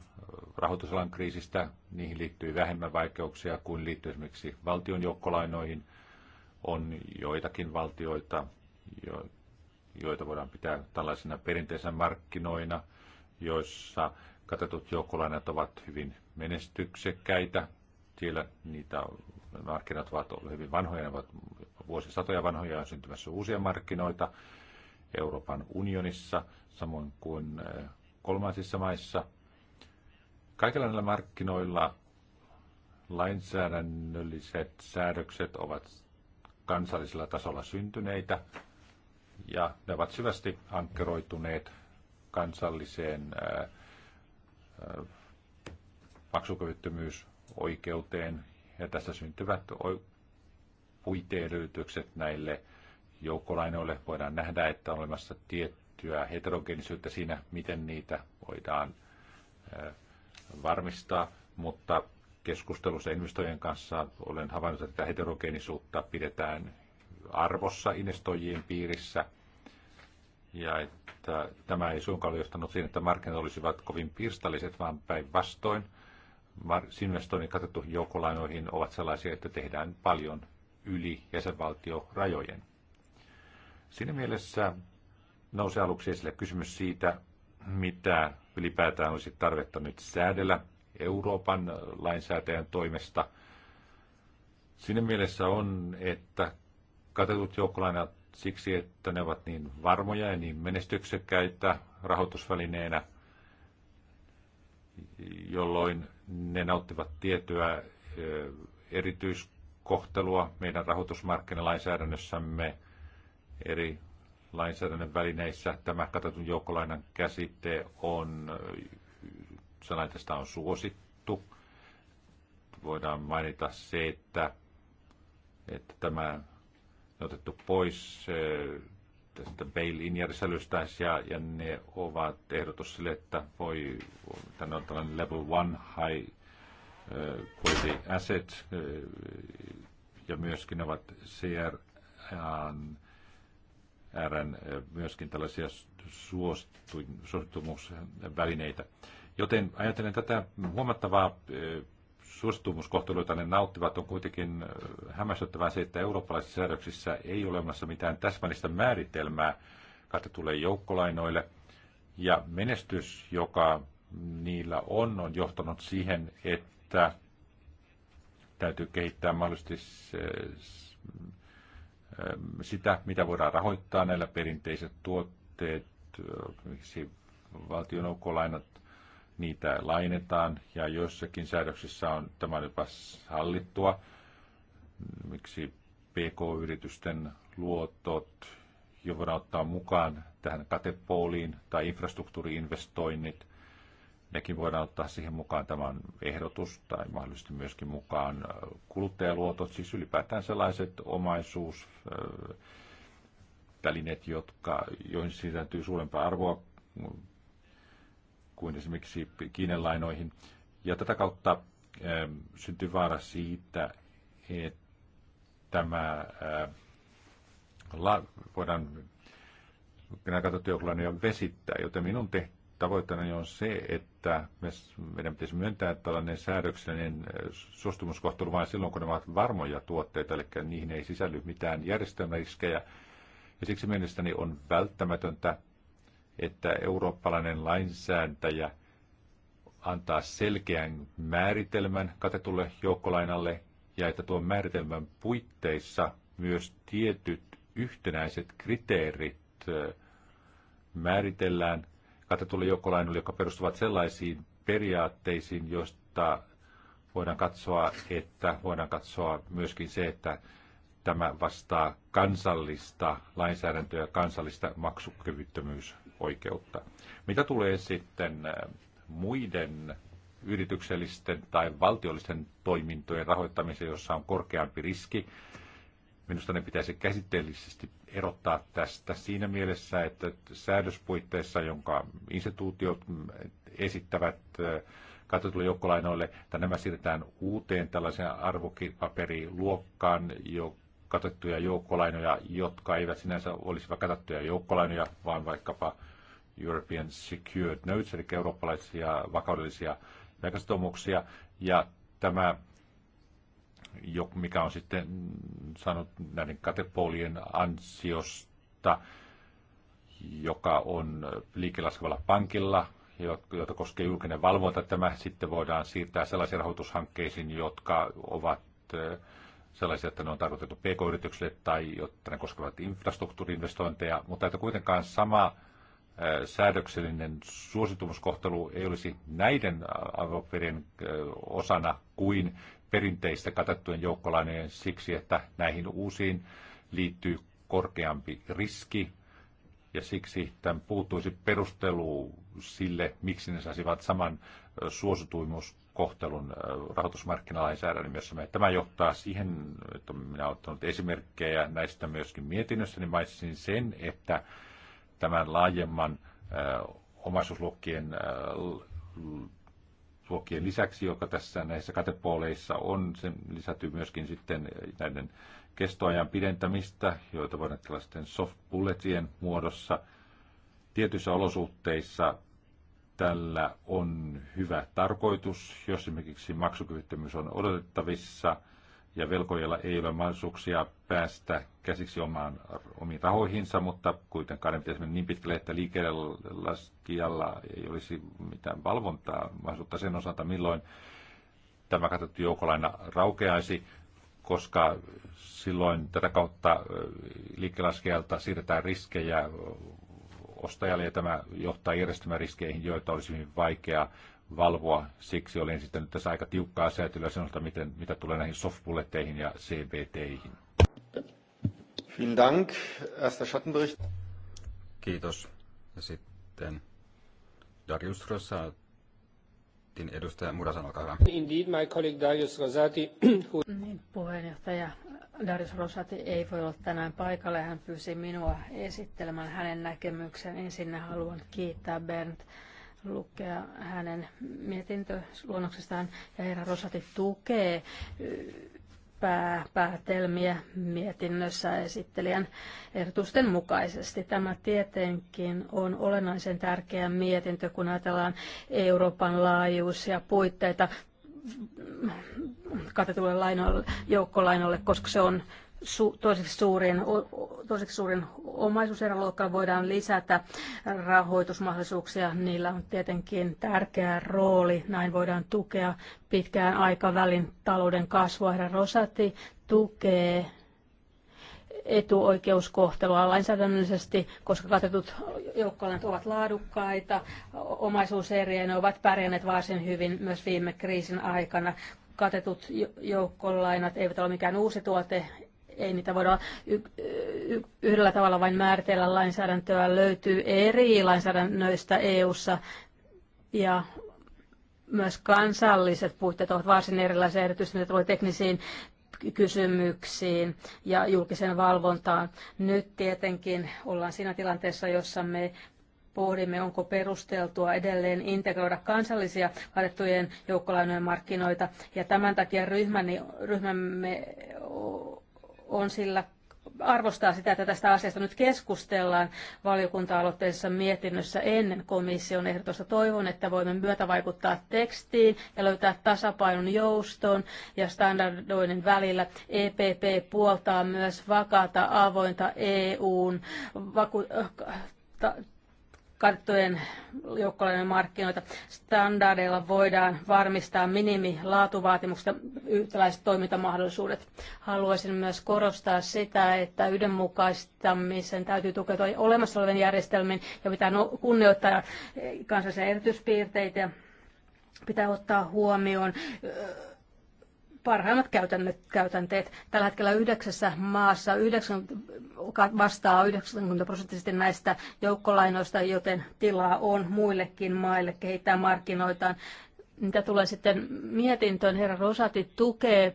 rahoitusalan kriisistä. Niihin liittyy vähemmän vaikeuksia kuin liittyy esimerkiksi valtion joukkolainoihin. On joitakin valtioita, joita voidaan pitää tällaisina perinteisenä markkinoina, joissa katetut joukkolainat ovat hyvin menestyksekkäitä. Siellä niitä markkinat ovat olleet hyvin vanhoja, ne ovat vuosisatoja vanhoja ja on syntymässä uusia markkinoita Euroopan unionissa, samoin kuin eh, kolmansissa maissa. Kaikilla näillä markkinoilla lainsäädännölliset säädökset ovat kansallisella tasolla syntyneitä ja ne ovat syvästi ankkeroituneet kansalliseen ää, ää, maksukyvyttömyysoikeuteen ja tässä syntyvät puiteedellytykset näille joukkolainoille. Voidaan nähdä, että on olemassa tiettyä heterogeenisyyttä siinä, miten niitä voidaan ää, varmistaa, mutta keskustelussa investoijien kanssa olen havainnut, että heterogeenisuutta pidetään arvossa investoijien piirissä ja että tämä ei suinkaan johtanut siihen, että markkinat olisivat kovin pirstalliset, vaan päinvastoin investoinnit katettu joukkolainoihin ovat sellaisia, että tehdään paljon yli jäsenvaltiorajojen. Siinä mielessä nousi aluksi esille kysymys siitä, mitä ylipäätään olisi tarvetta nyt säädellä Euroopan lainsäätäjän toimesta. Siinä mielessä on, että katetut joukkolainat siksi, että ne ovat niin varmoja ja niin menestyksekkäitä rahoitusvälineenä, jolloin ne nauttivat tiettyä erityiskohtelua meidän rahoitusmarkkinalainsäädännössämme eri lainsäädännön välineissä. Tämä katetun joukkolainan käsite on, sanan tästä on suosittu. Voidaan mainita se, että, että tämä otettu pois tästä bail-in järjestelystä ja, ja ne ovat ehdotus sille, että voi, tänne on tällainen level one high quality asset ja myöskin ne ovat CR RN myöskin tällaisia suostumusvälineitä. Joten ajattelen tätä huomattavaa suostumuskohteluita ne nauttivat, on kuitenkin äh, hämmästyttävää se, että eurooppalaisissa säädöksissä ei ole olemassa mitään täsmällistä määritelmää katetulle joukkolainoille. Ja menestys, joka niillä on, on johtanut siihen, että täytyy kehittää mahdollisesti äh, sitä, mitä voidaan rahoittaa näillä perinteiset tuotteet, äh, valtionoukkolainat, niitä lainetaan ja joissakin säädöksissä on tämä jopa hallittua. Miksi PK-yritysten luotot jo voidaan ottaa mukaan tähän katepooliin tai infrastruktuuriinvestoinnit. Nekin voidaan ottaa siihen mukaan tämän ehdotus tai mahdollisesti myöskin mukaan kuluttajaluotot, siis ylipäätään sellaiset omaisuus, välineet, jotka, joihin sisältyy suurempaa arvoa kuin esimerkiksi Kiinan lainoihin. Ja tätä kautta ähm, syntyy vaara siitä, että tämä äh, la, voidaan nämä ja vesittää, joten minun tehtävä tavoitteena on se, että meidän pitäisi myöntää tällainen säädöksellinen äh, suostumuskohtelu vain silloin, kun ne ovat varmoja tuotteita, eli niihin ei sisälly mitään järjestelmäriskejä. Ja siksi mielestäni on välttämätöntä että eurooppalainen lainsääntäjä antaa selkeän määritelmän katetulle joukkolainalle ja että tuon määritelmän puitteissa myös tietyt yhtenäiset kriteerit määritellään katetulle joukkolainalle, jotka perustuvat sellaisiin periaatteisiin, joista voidaan katsoa, että voidaan katsoa myöskin se, että tämä vastaa kansallista lainsäädäntöä ja kansallista maksukyvyttömyys oikeutta. Mitä tulee sitten äh, muiden yrityksellisten tai valtiollisten toimintojen rahoittamiseen, jossa on korkeampi riski, minusta ne pitäisi käsitteellisesti erottaa tästä siinä mielessä, että säädöspuitteissa, jonka instituutiot mm, esittävät äh, katsotulle joukkolainoille, että nämä siirretään uuteen tällaiseen arvopaperiluokkaan, jo katsottuja joukkolainoja, jotka eivät sinänsä olisi katsottuja joukkolainoja, vaan vaikkapa European Secured Notes, eli eurooppalaisia vakaudellisia velkasitoumuksia, ja tämä, mikä on sitten saanut näiden katepoolien ansiosta, joka on liikelaskevalla pankilla, jota koskee julkinen valvonta, tämä sitten voidaan siirtää sellaisiin rahoitushankkeisiin, jotka ovat sellaisia, että ne on tarkoitettu pk-yrityksille tai jotta ne koskevat infrastruktuurinvestointeja, mutta että kuitenkaan sama säädöksellinen suosituskohtelu ei olisi näiden avoperien osana kuin perinteistä katettujen joukkolainojen siksi, että näihin uusiin liittyy korkeampi riski ja siksi tämän puuttuisi perustelu sille, miksi ne saisivat saman suosituimuskohtelun rahoitusmarkkinalainsäädännön, jossa me. Tämä johtaa siihen, että minä olen ottanut esimerkkejä näistä myöskin mietinnössä, niin mainitsin sen, että tämän laajemman omaisuusluokkien luokkien lisäksi, joka tässä näissä katepooleissa on, se lisätyy myöskin sitten näiden kestoajan pidentämistä, joita voidaan tällaisten soft bulletien muodossa. Tietyissä olosuhteissa tällä on hyvä tarkoitus, jos esimerkiksi maksukyvyttömyys on odotettavissa ja velkojilla ei ole mahdollisuuksia päästä käsiksi omaan, omiin rahoihinsa, mutta kuitenkaan ei pitäisi mennä niin pitkälle, että liikelaskijalla ei olisi mitään valvontaa mahdollisuutta sen osalta, milloin tämä katsottu joukolaina raukeaisi, koska silloin tätä kautta liikelaskijalta siirretään riskejä ostajalle ja tämä johtaa järjestelmäriskeihin, joita olisi hyvin vaikea valvoa. Siksi olen sitten tässä aika tiukkaa säätelyä sanotaan, miten, mitä tulee näihin softbulletteihin ja CBTihin. Vielen Dank. Erster Schattenbericht. Kiitos. Ja sitten Darius Rosatin edustaja Murasan, olkaa hyvä. Indeed, my colleague Darius Rosati. Who... Niin, puheenjohtaja Darius Rosati ei voi olla tänään paikalla hän pyysi minua esittelemään hänen näkemyksen. Ensinnä haluan kiittää Bernd lukea hänen mietintöluonnoksestaan. Ja herra Rosati tukee pääpäätelmiä mietinnössä esittelijän ehdotusten mukaisesti. Tämä tietenkin on olennaisen tärkeä mietintö, kun ajatellaan Euroopan laajuus ja puitteita katetulle lainoille, joukkolainoille, koska se on toiseksi, suurin, toiseksi suurin omaisuuseräluokka voidaan lisätä rahoitusmahdollisuuksia. Niillä on tietenkin tärkeä rooli. Näin voidaan tukea pitkään aikavälin talouden kasvua. Herra Rosati tukee etuoikeuskohtelua lainsäädännöllisesti, koska katetut joukkolainat ovat laadukkaita, omaisuuseriä, ne ovat pärjänneet varsin hyvin myös viime kriisin aikana. Katetut joukkolainat eivät ole mikään uusi tuote, ei niitä voida yhdellä tavalla vain määritellä lainsäädäntöä. Löytyy eri lainsäädännöistä EU-ssa ja myös kansalliset puitteet ovat varsin erilaisia, erityisesti mitä tulee teknisiin kysymyksiin ja julkiseen valvontaan. Nyt tietenkin ollaan siinä tilanteessa, jossa me pohdimme, onko perusteltua edelleen integroida kansallisia katettujen joukkolainojen markkinoita. Ja tämän takia ryhmäni, ryhmämme on sillä arvostaa sitä, että tästä asiasta nyt keskustellaan valiokunta aloitteessa mietinnössä ennen komission ehdotusta. Toivon, että voimme myötävaikuttaa tekstiin ja löytää tasapainon jouston ja standardoinnin välillä. EPP puoltaa myös vakaata avointa EUn vaku- äh, karttojen joukkolainen markkinoita. Standardeilla voidaan varmistaa minimilaatuvaatimukset yhtäläiset toimintamahdollisuudet. Haluaisin myös korostaa sitä, että yhdenmukaistamisen täytyy tukeutua olemassa olevien järjestelmien ja pitää no- kunnioittaa kansallisia erityispiirteitä. Pitää ottaa huomioon parhaimmat käytänteet. Tällä hetkellä yhdeksässä maassa 9, vastaa 90 prosenttisesti näistä joukkolainoista, joten tilaa on muillekin maille kehittää markkinoitaan. Mitä tulee sitten mietintöön, herra Rosati tukee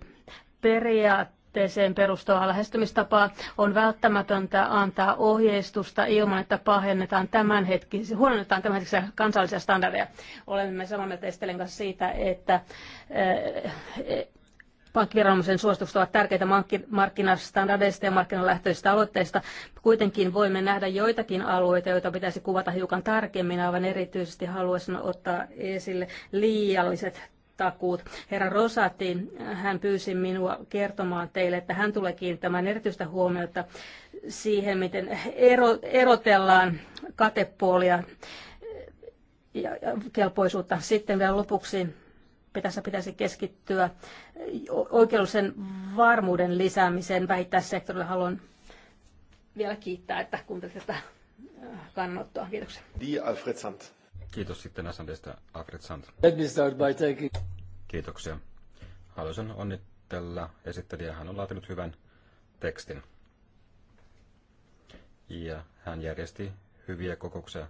periaatteessa periaatteeseen perustuvaa lähestymistapaa on välttämätöntä antaa ohjeistusta ilman, että pahennetaan tämän hetki, huononnetaan tämänhetkisiä kansallisia standardeja. Olemme samaa mieltä Estelen kanssa siitä, että eh, pankkiviranomaisen suositukset ovat tärkeitä markkinastandardeista ja markkinalähtöisistä aloitteista. Kuitenkin voimme nähdä joitakin alueita, joita pitäisi kuvata hiukan tarkemmin. Aivan erityisesti haluaisin ottaa esille liialliset takuut. Herra Rosati, hän pyysi minua kertomaan teille, että hän tulee kiinnittämään erityistä huomiota siihen, miten ero, erotellaan katepuolia ja kelpoisuutta. Sitten vielä lopuksi tässä pitäisi keskittyä oikeudellisen varmuuden lisäämiseen vähittäissektorille. Haluan vielä kiittää, että kuuntelit tätä äh, kannanottoa. Kiitoksia. Die Alfred Kiitos sitten SNDstä Alfred Sant. Let me start by taking... Kiitoksia. Haluaisin onnitella esittelijä. Hän on laatinut hyvän tekstin. Ja hän järjesti hyviä kokouksia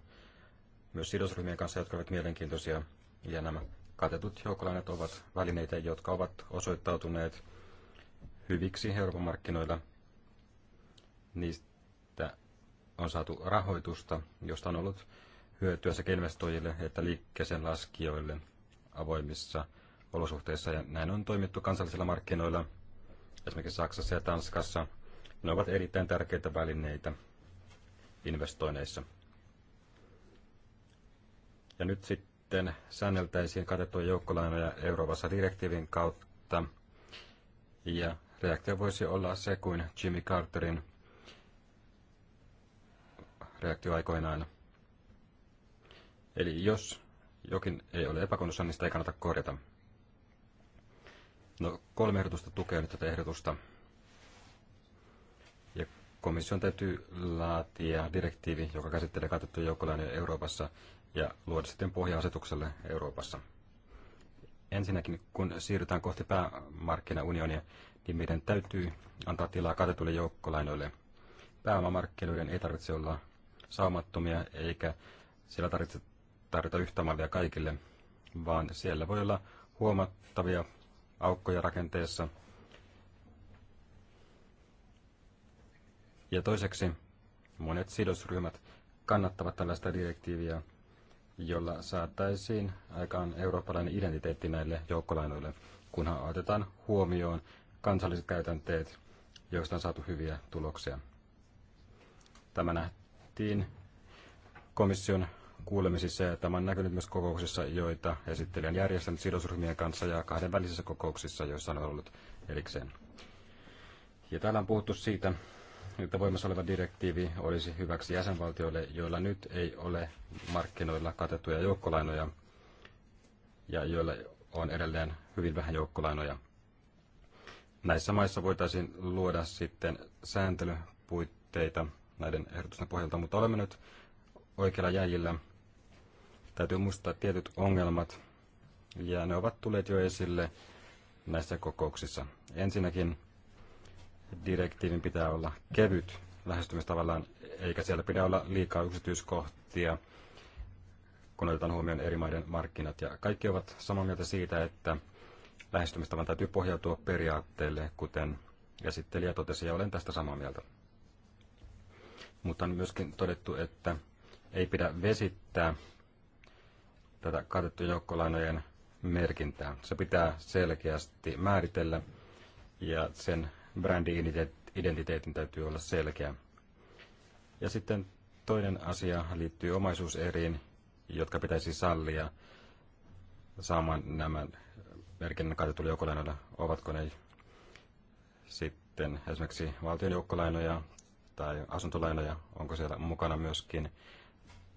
myös sidosryhmien kanssa, jotka olivat mielenkiintoisia. Ja nämä katetut joukkolainat ovat välineitä, jotka ovat osoittautuneet hyviksi Euroopan markkinoilla. Niistä on saatu rahoitusta, josta on ollut hyötyä sekä investoijille että liikkeeseen laskijoille avoimissa olosuhteissa. Ja näin on toimittu kansallisilla markkinoilla, esimerkiksi Saksassa ja Tanskassa. Ne ovat erittäin tärkeitä välineitä investoineissa. Ja nyt sitten sitten säänneltäisiin katettua joukkolainoja Euroopassa direktiivin kautta. Ja reaktio voisi olla se kuin Jimmy Carterin reaktio aikoinaan. Eli jos jokin ei ole epäkunnossa, niin sitä ei kannata korjata. No, kolme ehdotusta tukee nyt tätä ehdotusta. Ja komission täytyy laatia direktiivi, joka käsittelee katettuja joukkolainoja Euroopassa – ja luoda sitten pohja-asetukselle Euroopassa. Ensinnäkin, kun siirrytään kohti päämarkkinaunionia, niin meidän täytyy antaa tilaa katetulle joukkolainoille. Pääomamarkkinoiden ei tarvitse olla saumattomia, eikä siellä tarvitse tarjota yhtä mallia kaikille, vaan siellä voi olla huomattavia aukkoja rakenteessa. Ja toiseksi monet sidosryhmät kannattavat tällaista direktiiviä – jolla saattaisiin aikaan eurooppalainen identiteetti näille joukkolainoille, kunhan otetaan huomioon kansalliset käytänteet, joista on saatu hyviä tuloksia. Tämä nähtiin komission kuulemisissa ja tämä on näkynyt myös kokouksissa, joita esittelijän on järjestänyt sidosryhmien kanssa ja kahdenvälisissä kokouksissa, joissa on ollut erikseen. Ja täällä on puhuttu siitä, että voimassa oleva direktiivi olisi hyväksi jäsenvaltioille, joilla nyt ei ole markkinoilla katettuja joukkolainoja ja joilla on edelleen hyvin vähän joukkolainoja. Näissä maissa voitaisiin luoda sitten sääntelypuitteita näiden ehdotusten pohjalta, mutta olemme nyt oikeilla jäljillä. Täytyy muistaa tietyt ongelmat, ja ne ovat tulleet jo esille näissä kokouksissa. Ensinnäkin direktiivin pitää olla kevyt lähestymistavallaan, eikä siellä pidä olla liikaa yksityiskohtia, kun otetaan huomioon eri maiden markkinat. Ja kaikki ovat samaa mieltä siitä, että lähestymistavan täytyy pohjautua periaatteelle, kuten esittelijä totesi, ja olen tästä samaa mieltä. Mutta on myöskin todettu, että ei pidä vesittää tätä katettujen joukkolainojen merkintää. Se pitää selkeästi määritellä ja sen brändi-identiteetin täytyy olla selkeä. Ja sitten toinen asia liittyy omaisuuseriin, jotka pitäisi sallia saamaan nämä merkinnän katetulla joukkolainoilla. Ovatko ne sitten esimerkiksi valtion joukkolainoja tai asuntolainoja? Onko siellä mukana myöskin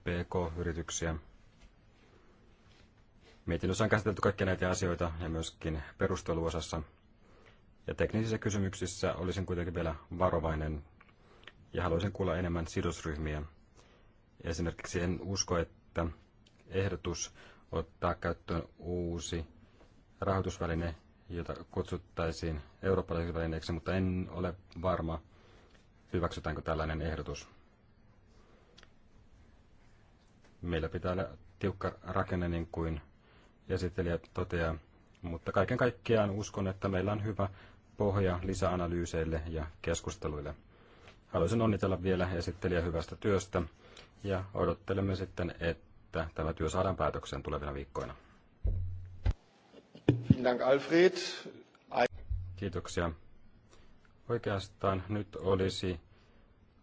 PK-yrityksiä? Mietinnössä on käsitelty kaikkia näitä asioita ja myöskin perusteluosassa – ja teknisissä kysymyksissä olisin kuitenkin vielä varovainen ja haluaisin kuulla enemmän sidosryhmiä. Esimerkiksi en usko, että ehdotus ottaa käyttöön uusi rahoitusväline, jota kutsuttaisiin eurooppalaiseksi välineeksi, mutta en ole varma, hyväksytäänkö tällainen ehdotus. Meillä pitää olla tiukka rakenne, niin kuin esittelijä toteaa, mutta kaiken kaikkiaan uskon, että meillä on hyvä pohja lisäanalyyseille ja keskusteluille. Haluaisin onnitella vielä esittelijä hyvästä työstä ja odottelemme sitten, että tämä työ saadaan päätökseen tulevina viikkoina. Alfred. Kiitoksia. Oikeastaan nyt olisi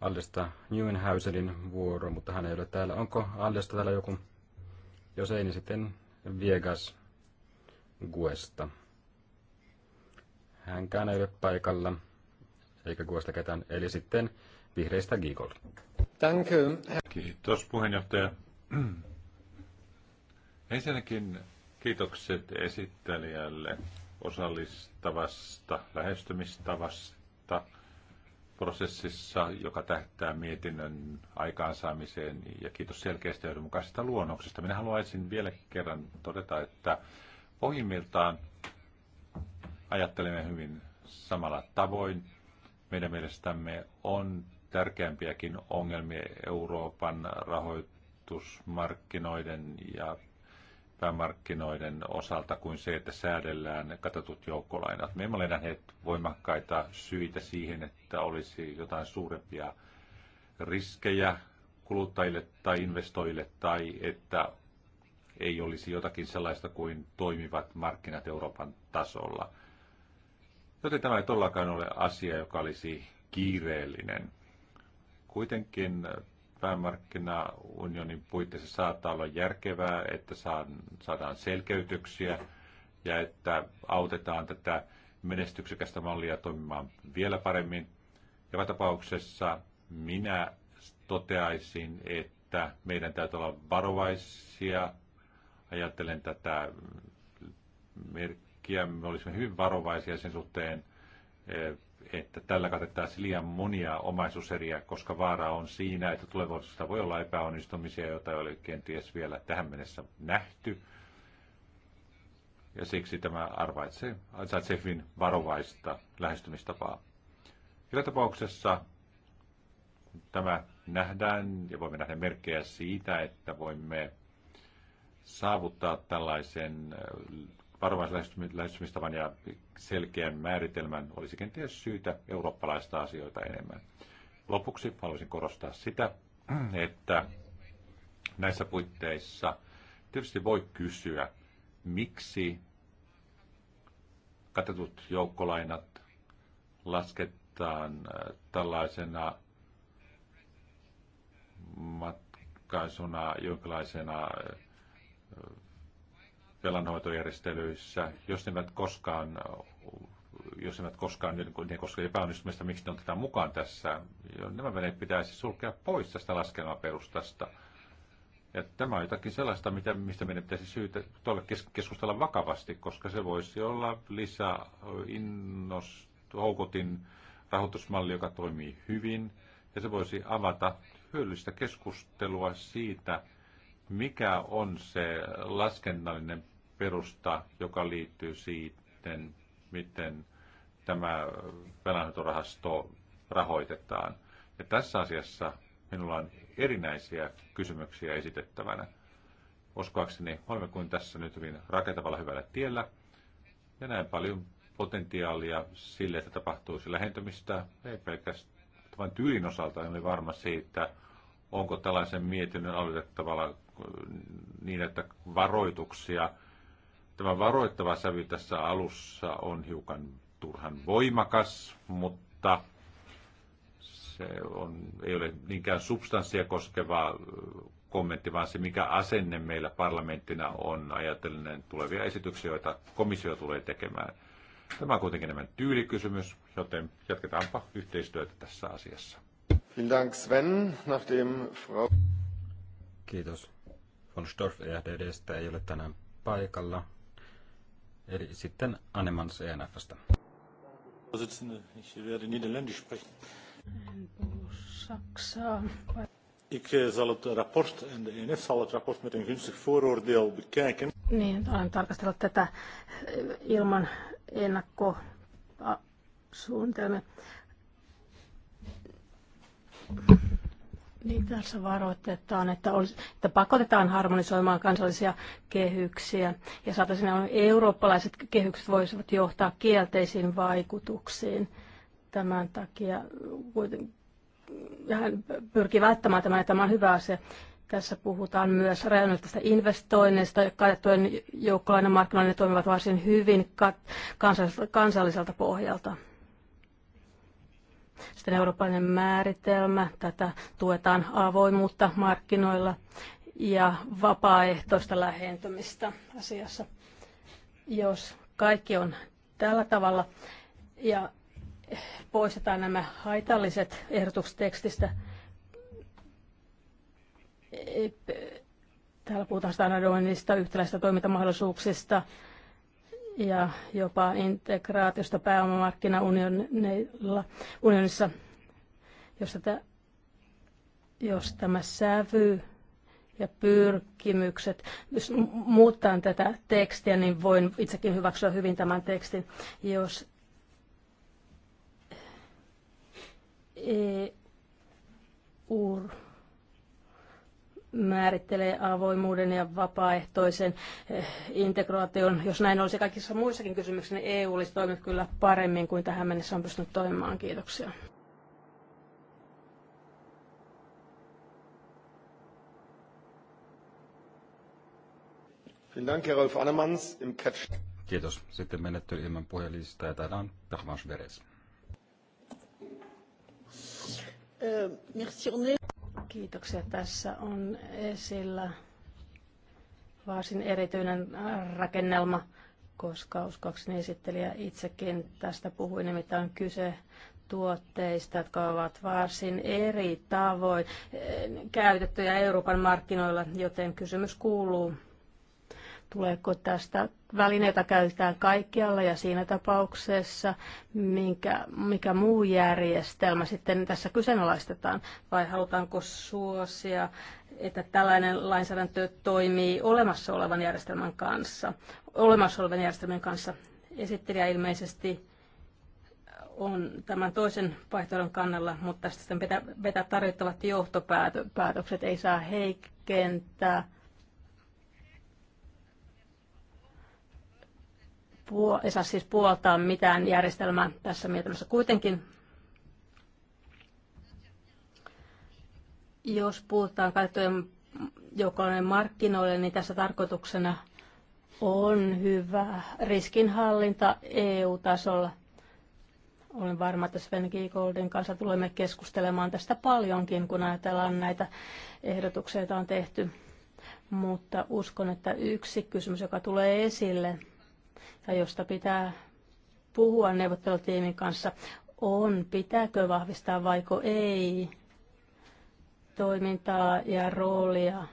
Allesta Newenhäuselin vuoro, mutta hän ei ole täällä. Onko Allesta täällä joku? Jos ei, niin sitten Viegas Guesta. Hänkään ei ole paikalla, eikä kuosta ketään. Eli sitten vihreistä Giegold. Thank you. Kiitos puheenjohtaja. Ensinnäkin kiitokset esittelijälle osallistavasta lähestymistavasta prosessissa, joka tähtää mietinnön aikaansaamiseen ja kiitos selkeästä ja johdonmukaisesta luonnoksesta. Minä haluaisin vielä kerran todeta, että pohjimmiltaan ajattelemme hyvin samalla tavoin. Meidän mielestämme on tärkeämpiäkin ongelmia Euroopan rahoitusmarkkinoiden ja päämarkkinoiden osalta kuin se, että säädellään katetut joukkolainat. Me emme ole nähneet voimakkaita syitä siihen, että olisi jotain suurempia riskejä kuluttajille tai investoijille tai että ei olisi jotakin sellaista kuin toimivat markkinat Euroopan tasolla – Joten tämä ei todellakaan ole asia, joka olisi kiireellinen. Kuitenkin päämarkkinaunionin puitteissa saattaa olla järkevää, että saadaan selkeytyksiä ja että autetaan tätä menestyksekästä mallia toimimaan vielä paremmin. Joka tapauksessa minä toteaisin, että meidän täytyy olla varovaisia. Ajattelen tätä merkkiä takia me olisimme hyvin varovaisia sen suhteen, eh, että tällä katettaisiin liian monia omaisuuseriä, koska vaara on siinä, että tulevaisuudessa voi olla epäonnistumisia, joita ei ole kenties vielä tähän mennessä nähty. Ja siksi tämä arvaitsee, ansaitsee hyvin varovaista lähestymistapaa. Joka tapauksessa tämä nähdään ja voimme nähdä merkkejä siitä, että voimme saavuttaa tällaisen varovaisen lähestymistavan ja selkeän määritelmän olisi kenties syytä eurooppalaista asioita enemmän. Lopuksi haluaisin korostaa sitä, että näissä puitteissa tietysti voi kysyä, miksi katetut joukkolainat lasketaan äh, tällaisena matkaisuna jonkinlaisena äh, velanhoitojärjestelyissä, jos ne eivät koskaan jos eivät koskaan, niin ne koska epäonnistumista, miksi ne otetaan mukaan tässä. Nämä veneet pitäisi sulkea pois tästä laskelmaperustasta. Ja tämä on jotakin sellaista, mitä, mistä meidän pitäisi syytä tuolle keskustella vakavasti, koska se voisi olla lisä innost, houkutin rahoitusmalli, joka toimii hyvin, ja se voisi avata hyödyllistä keskustelua siitä, mikä on se laskennallinen perusta, joka liittyy siihen, miten tämä velanhoitorahasto rahoitetaan. Ja tässä asiassa minulla on erinäisiä kysymyksiä esitettävänä. Uskoakseni olemme kuin tässä nyt hyvin rakentavalla hyvällä tiellä ja näin paljon potentiaalia sille, että tapahtuisi lähentymistä, ei pelkästään vain tyylin osalta, en ole varma siitä, onko tällaisen mietinnön aloitettavalla mm, niin, että varoituksia – Tämä varoittava sävy tässä alussa on hiukan turhan voimakas, mutta se on, ei ole niinkään substanssia koskeva kommentti, vaan se, mikä asenne meillä parlamenttina on ajatellen tulevia esityksiä, joita komissio tulee tekemään. Tämä on kuitenkin enemmän tyylikysymys, joten jatketaanpa yhteistyötä tässä asiassa. Frau... Kiitos. Von Storff ei ole tänään paikalla. Eli sitten Anemans ENFstä. Ik eh, zal het rapport en de ENF zal het rapport met een gunstig vooroordeel bekijken. Niin, olen tarkastellut tätä eh, ilman ennakkosuunnitelmia. Niin tässä varoitetaan, että, olisi, että pakotetaan harmonisoimaan kansallisia kehyksiä ja saataisiin eurooppalaiset kehykset voisivat johtaa kielteisiin vaikutuksiin. Tämän takia hän pyrkii välttämään tämän, että tämä on hyvä asia. Tässä puhutaan myös rajoinnollisista investoinneista, katettujen joukkolainen markkinoinnin toimivat varsin hyvin kansalliselta pohjalta. Sitten eurooppalainen määritelmä, tätä tuetaan avoimuutta markkinoilla ja vapaaehtoista lähentymistä asiassa. Jos kaikki on tällä tavalla ja poistetaan nämä haitalliset ehdotukset tekstistä, täällä puhutaan standardoinnista, yhtäläistä toimintamahdollisuuksista, ja jopa integraatiosta pääomamarkkinaunionilla unionissa, jos, jos tämä sävy ja pyrkimykset. Jos muuttaa tätä tekstiä, niin voin itsekin hyväksyä hyvin tämän tekstin. Jos EU määrittelee avoimuuden ja vapaaehtoisen eh, integraation. Jos näin olisi kaikissa muissakin kysymyksissä, niin EU olisi toiminut kyllä paremmin kuin tähän mennessä on pystynyt toimimaan. Kiitoksia. Kiitos. Sitten menettely ilman puhelista ja täällä on Perhmas Beres. Euh, Kiitoksia. Tässä on esillä varsin erityinen rakennelma, koska uskoakseni esittelijä itsekin tästä puhui, nimittäin kyse tuotteista, jotka ovat varsin eri tavoin käytettyjä Euroopan markkinoilla, joten kysymys kuuluu, Tuleeko tästä välineitä käytetään kaikkialla ja siinä tapauksessa, minkä, mikä muu järjestelmä sitten tässä kyseenalaistetaan vai halutaanko suosia, että tällainen lainsäädäntö toimii olemassa olevan järjestelmän kanssa, olemassa olevan järjestelmän kanssa. Esittelijä ilmeisesti on tämän toisen vaihtoehdon kannalla, mutta sitten vetää tarvittavat johtopäätökset ei saa heikentää puol- ei saa siis puoltaa mitään järjestelmää tässä mietinnössä kuitenkin. Jos puhutaan käyttöjen joukkojen markkinoille, niin tässä tarkoituksena on hyvä riskinhallinta EU-tasolla. Olen varma, että Sven Goldin kanssa tulemme keskustelemaan tästä paljonkin, kun ajatellaan näitä ehdotuksia, joita on tehty. Mutta uskon, että yksi kysymys, joka tulee esille, tai josta pitää puhua neuvottelutiimin kanssa, on pitääkö vahvistaa vaiko ei toimintaa ja roolia,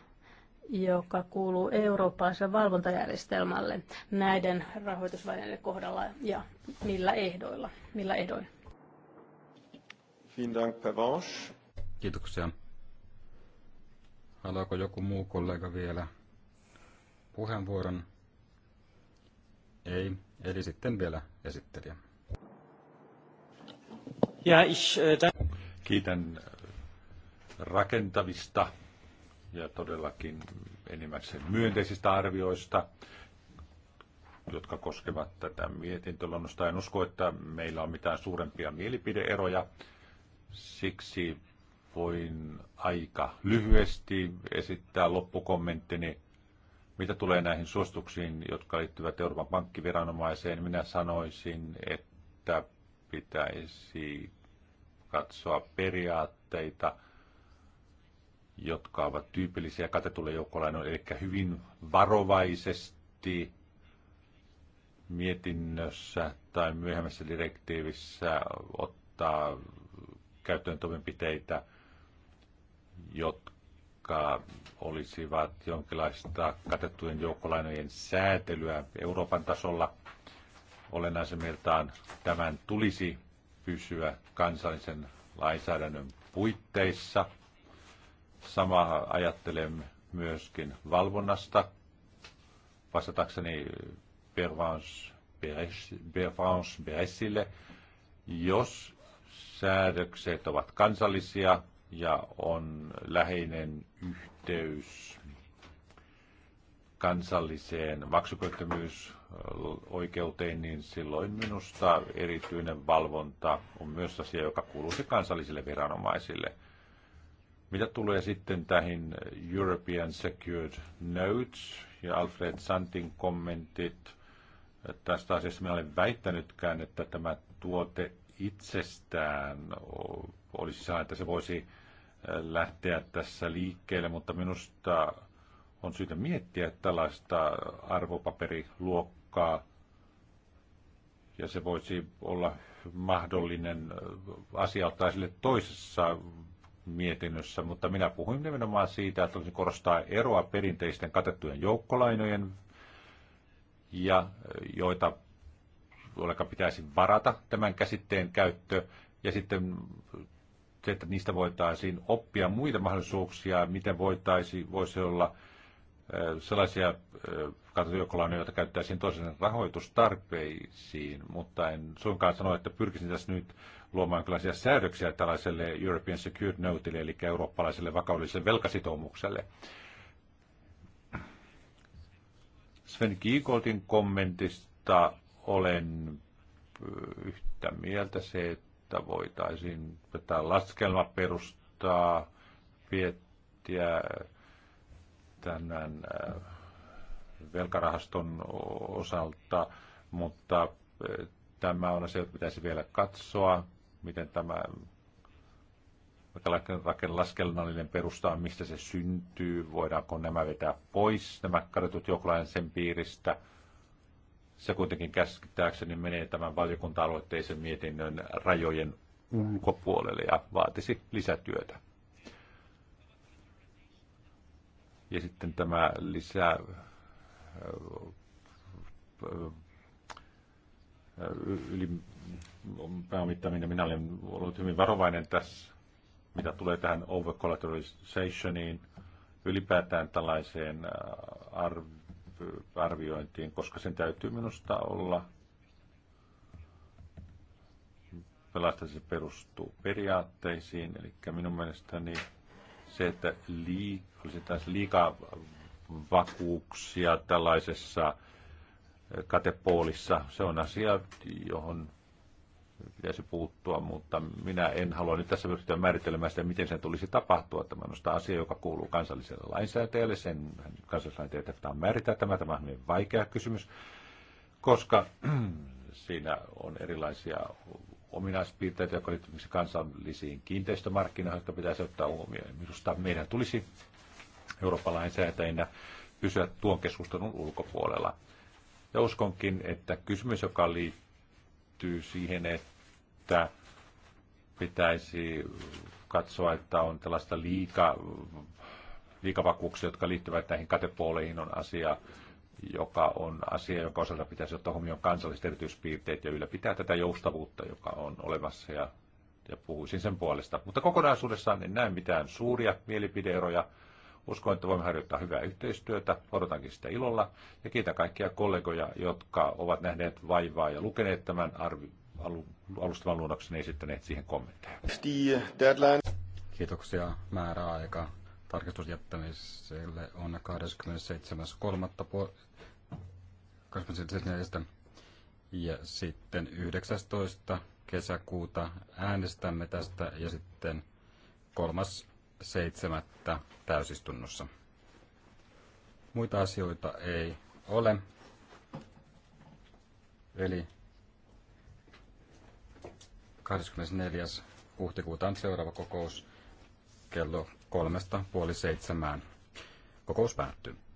joka kuuluu eurooppalaiselle valvontajärjestelmälle näiden rahoitusvälineiden kohdalla ja millä ehdoilla, millä ehdoin. Kiitoksia. Haluaako joku muu kollega vielä puheenvuoron? Ei, eli sitten vielä esittelijä. Ja ich, äh, Kiitän äh, rakentavista ja todellakin enimmäkseen myönteisistä arvioista, jotka koskevat tätä mietintöluonnosta. En usko, että meillä on mitään suurempia mielipideeroja. Siksi voin aika lyhyesti esittää loppukommenttini. Mitä tulee näihin suostuksiin, jotka liittyvät Euroopan pankkiviranomaiseen, minä sanoisin, että pitäisi katsoa periaatteita, jotka ovat tyypillisiä katetulle joukkolainoille, eli hyvin varovaisesti mietinnössä tai myöhemmässä direktiivissä ottaa käyttöön toimenpiteitä, jotka jotka olisivat jonkinlaista katettujen joukkolainojen säätelyä Euroopan tasolla. Olennaisemmiltaan tämän tulisi pysyä kansallisen lainsäädännön puitteissa. Samaa ajattelen myöskin valvonnasta. Vastatakseni Bervance Beresille, jos säädökset ovat kansallisia, ja on läheinen yhteys kansalliseen maksukyvyttömyysoikeuteen, niin silloin minusta erityinen valvonta on myös asia, joka kuuluu se kansallisille viranomaisille. Mitä tulee sitten tähän European Secured Notes ja Alfred Santin kommentit tästä asiasta, minä olen väittänytkään, että tämä tuote itsestään olisi sellainen, että se voisi lähteä tässä liikkeelle, mutta minusta on syytä miettiä tällaista arvopaperiluokkaa, ja se voisi olla mahdollinen äh, asia ottaa sille toisessa mietinnössä, mutta minä puhuin nimenomaan siitä, että olisin korostaa eroa perinteisten katettujen joukkolainojen ja äh, joita jolleka pitäisi varata tämän käsitteen käyttö, ja sitten se, että niistä voitaisiin oppia muita mahdollisuuksia, miten voitaisiin, voisi olla sellaisia katsojoukkolainoja, joita käyttäisiin toisen rahoitustarpeisiin, mutta en suinkaan sano, että pyrkisin tässä nyt luomaan kyllä säädöksiä tällaiselle European Secured Noteille, eli eurooppalaiselle vakaudelliselle velkasitoumukselle. Sven Kiikoltin kommentista olen yhtä mieltä se, että että voitaisiin tätä laskelma perustaa, viettiä tämän äh, velkarahaston osalta, mutta äh, tämä on asia, että pitäisi vielä katsoa, miten tämä laskelmallinen perusta on, mistä se syntyy, voidaanko nämä vetää pois, nämä kadotut joukkolaisen piiristä – se kuitenkin käsittääkseni menee tämän valiokunta-aloitteisen mietinnön rajojen ulkopuolelle ja vaatisi lisätyötä. Ja sitten tämä lisää yli pääomittaminen. Minä olen ollut hyvin varovainen tässä, mitä tulee tähän over collateralizationiin, ylipäätään tällaiseen arvioon arviointiin, koska sen täytyy minusta olla pelasta se perustuu periaatteisiin, eli minun mielestäni se, että lii, olisi taas liikaa vakuuksia tällaisessa katepoolissa, se on asia, johon pitäisi puuttua, mutta minä en halua nyt tässä pystyä määrittelemään sitä, miten sen tulisi tapahtua. Tämä on asia, joka kuuluu kansalliselle lainsäätäjälle. Sen kansallisen tehtävä on määrittää tämä. Tämä on hyvin vaikea kysymys, koska siinä on erilaisia ominaispiirteitä, jotka liittyvät kansallisiin kiinteistömarkkinoihin, jotka pitäisi ottaa huomioon. Minusta meidän tulisi Euroopan lainsäätäjinä pysyä tuon keskustelun ulkopuolella. Ja uskonkin, että kysymys, joka liittyy siihen, että että pitäisi katsoa, että on tällaista liika, liikavakuuksia, jotka liittyvät näihin katepooleihin, on asia, joka on asia, jonka osalta pitäisi ottaa huomioon kansalliset erityispiirteet ja ylläpitää tätä joustavuutta, joka on olemassa ja, ja puhuisin sen puolesta. Mutta kokonaisuudessaan en näe mitään suuria mielipideeroja. Uskon, että voimme harjoittaa hyvää yhteistyötä, odotankin sitä ilolla ja kiitän kaikkia kollegoja, jotka ovat nähneet vaivaa ja lukeneet tämän arvi, alustavan luonnoksen esittäneet siihen kommentteja. Kiitoksia määräaika. Tarkistusjättämiselle on 27.3. 27.4. Ja sitten 19. kesäkuuta äänestämme tästä ja sitten 3.7. täysistunnossa. Muita asioita ei ole. Eli 24. huhtikuuta on seuraava kokous kello kolmesta puoli seitsemään. Kokous päättyy.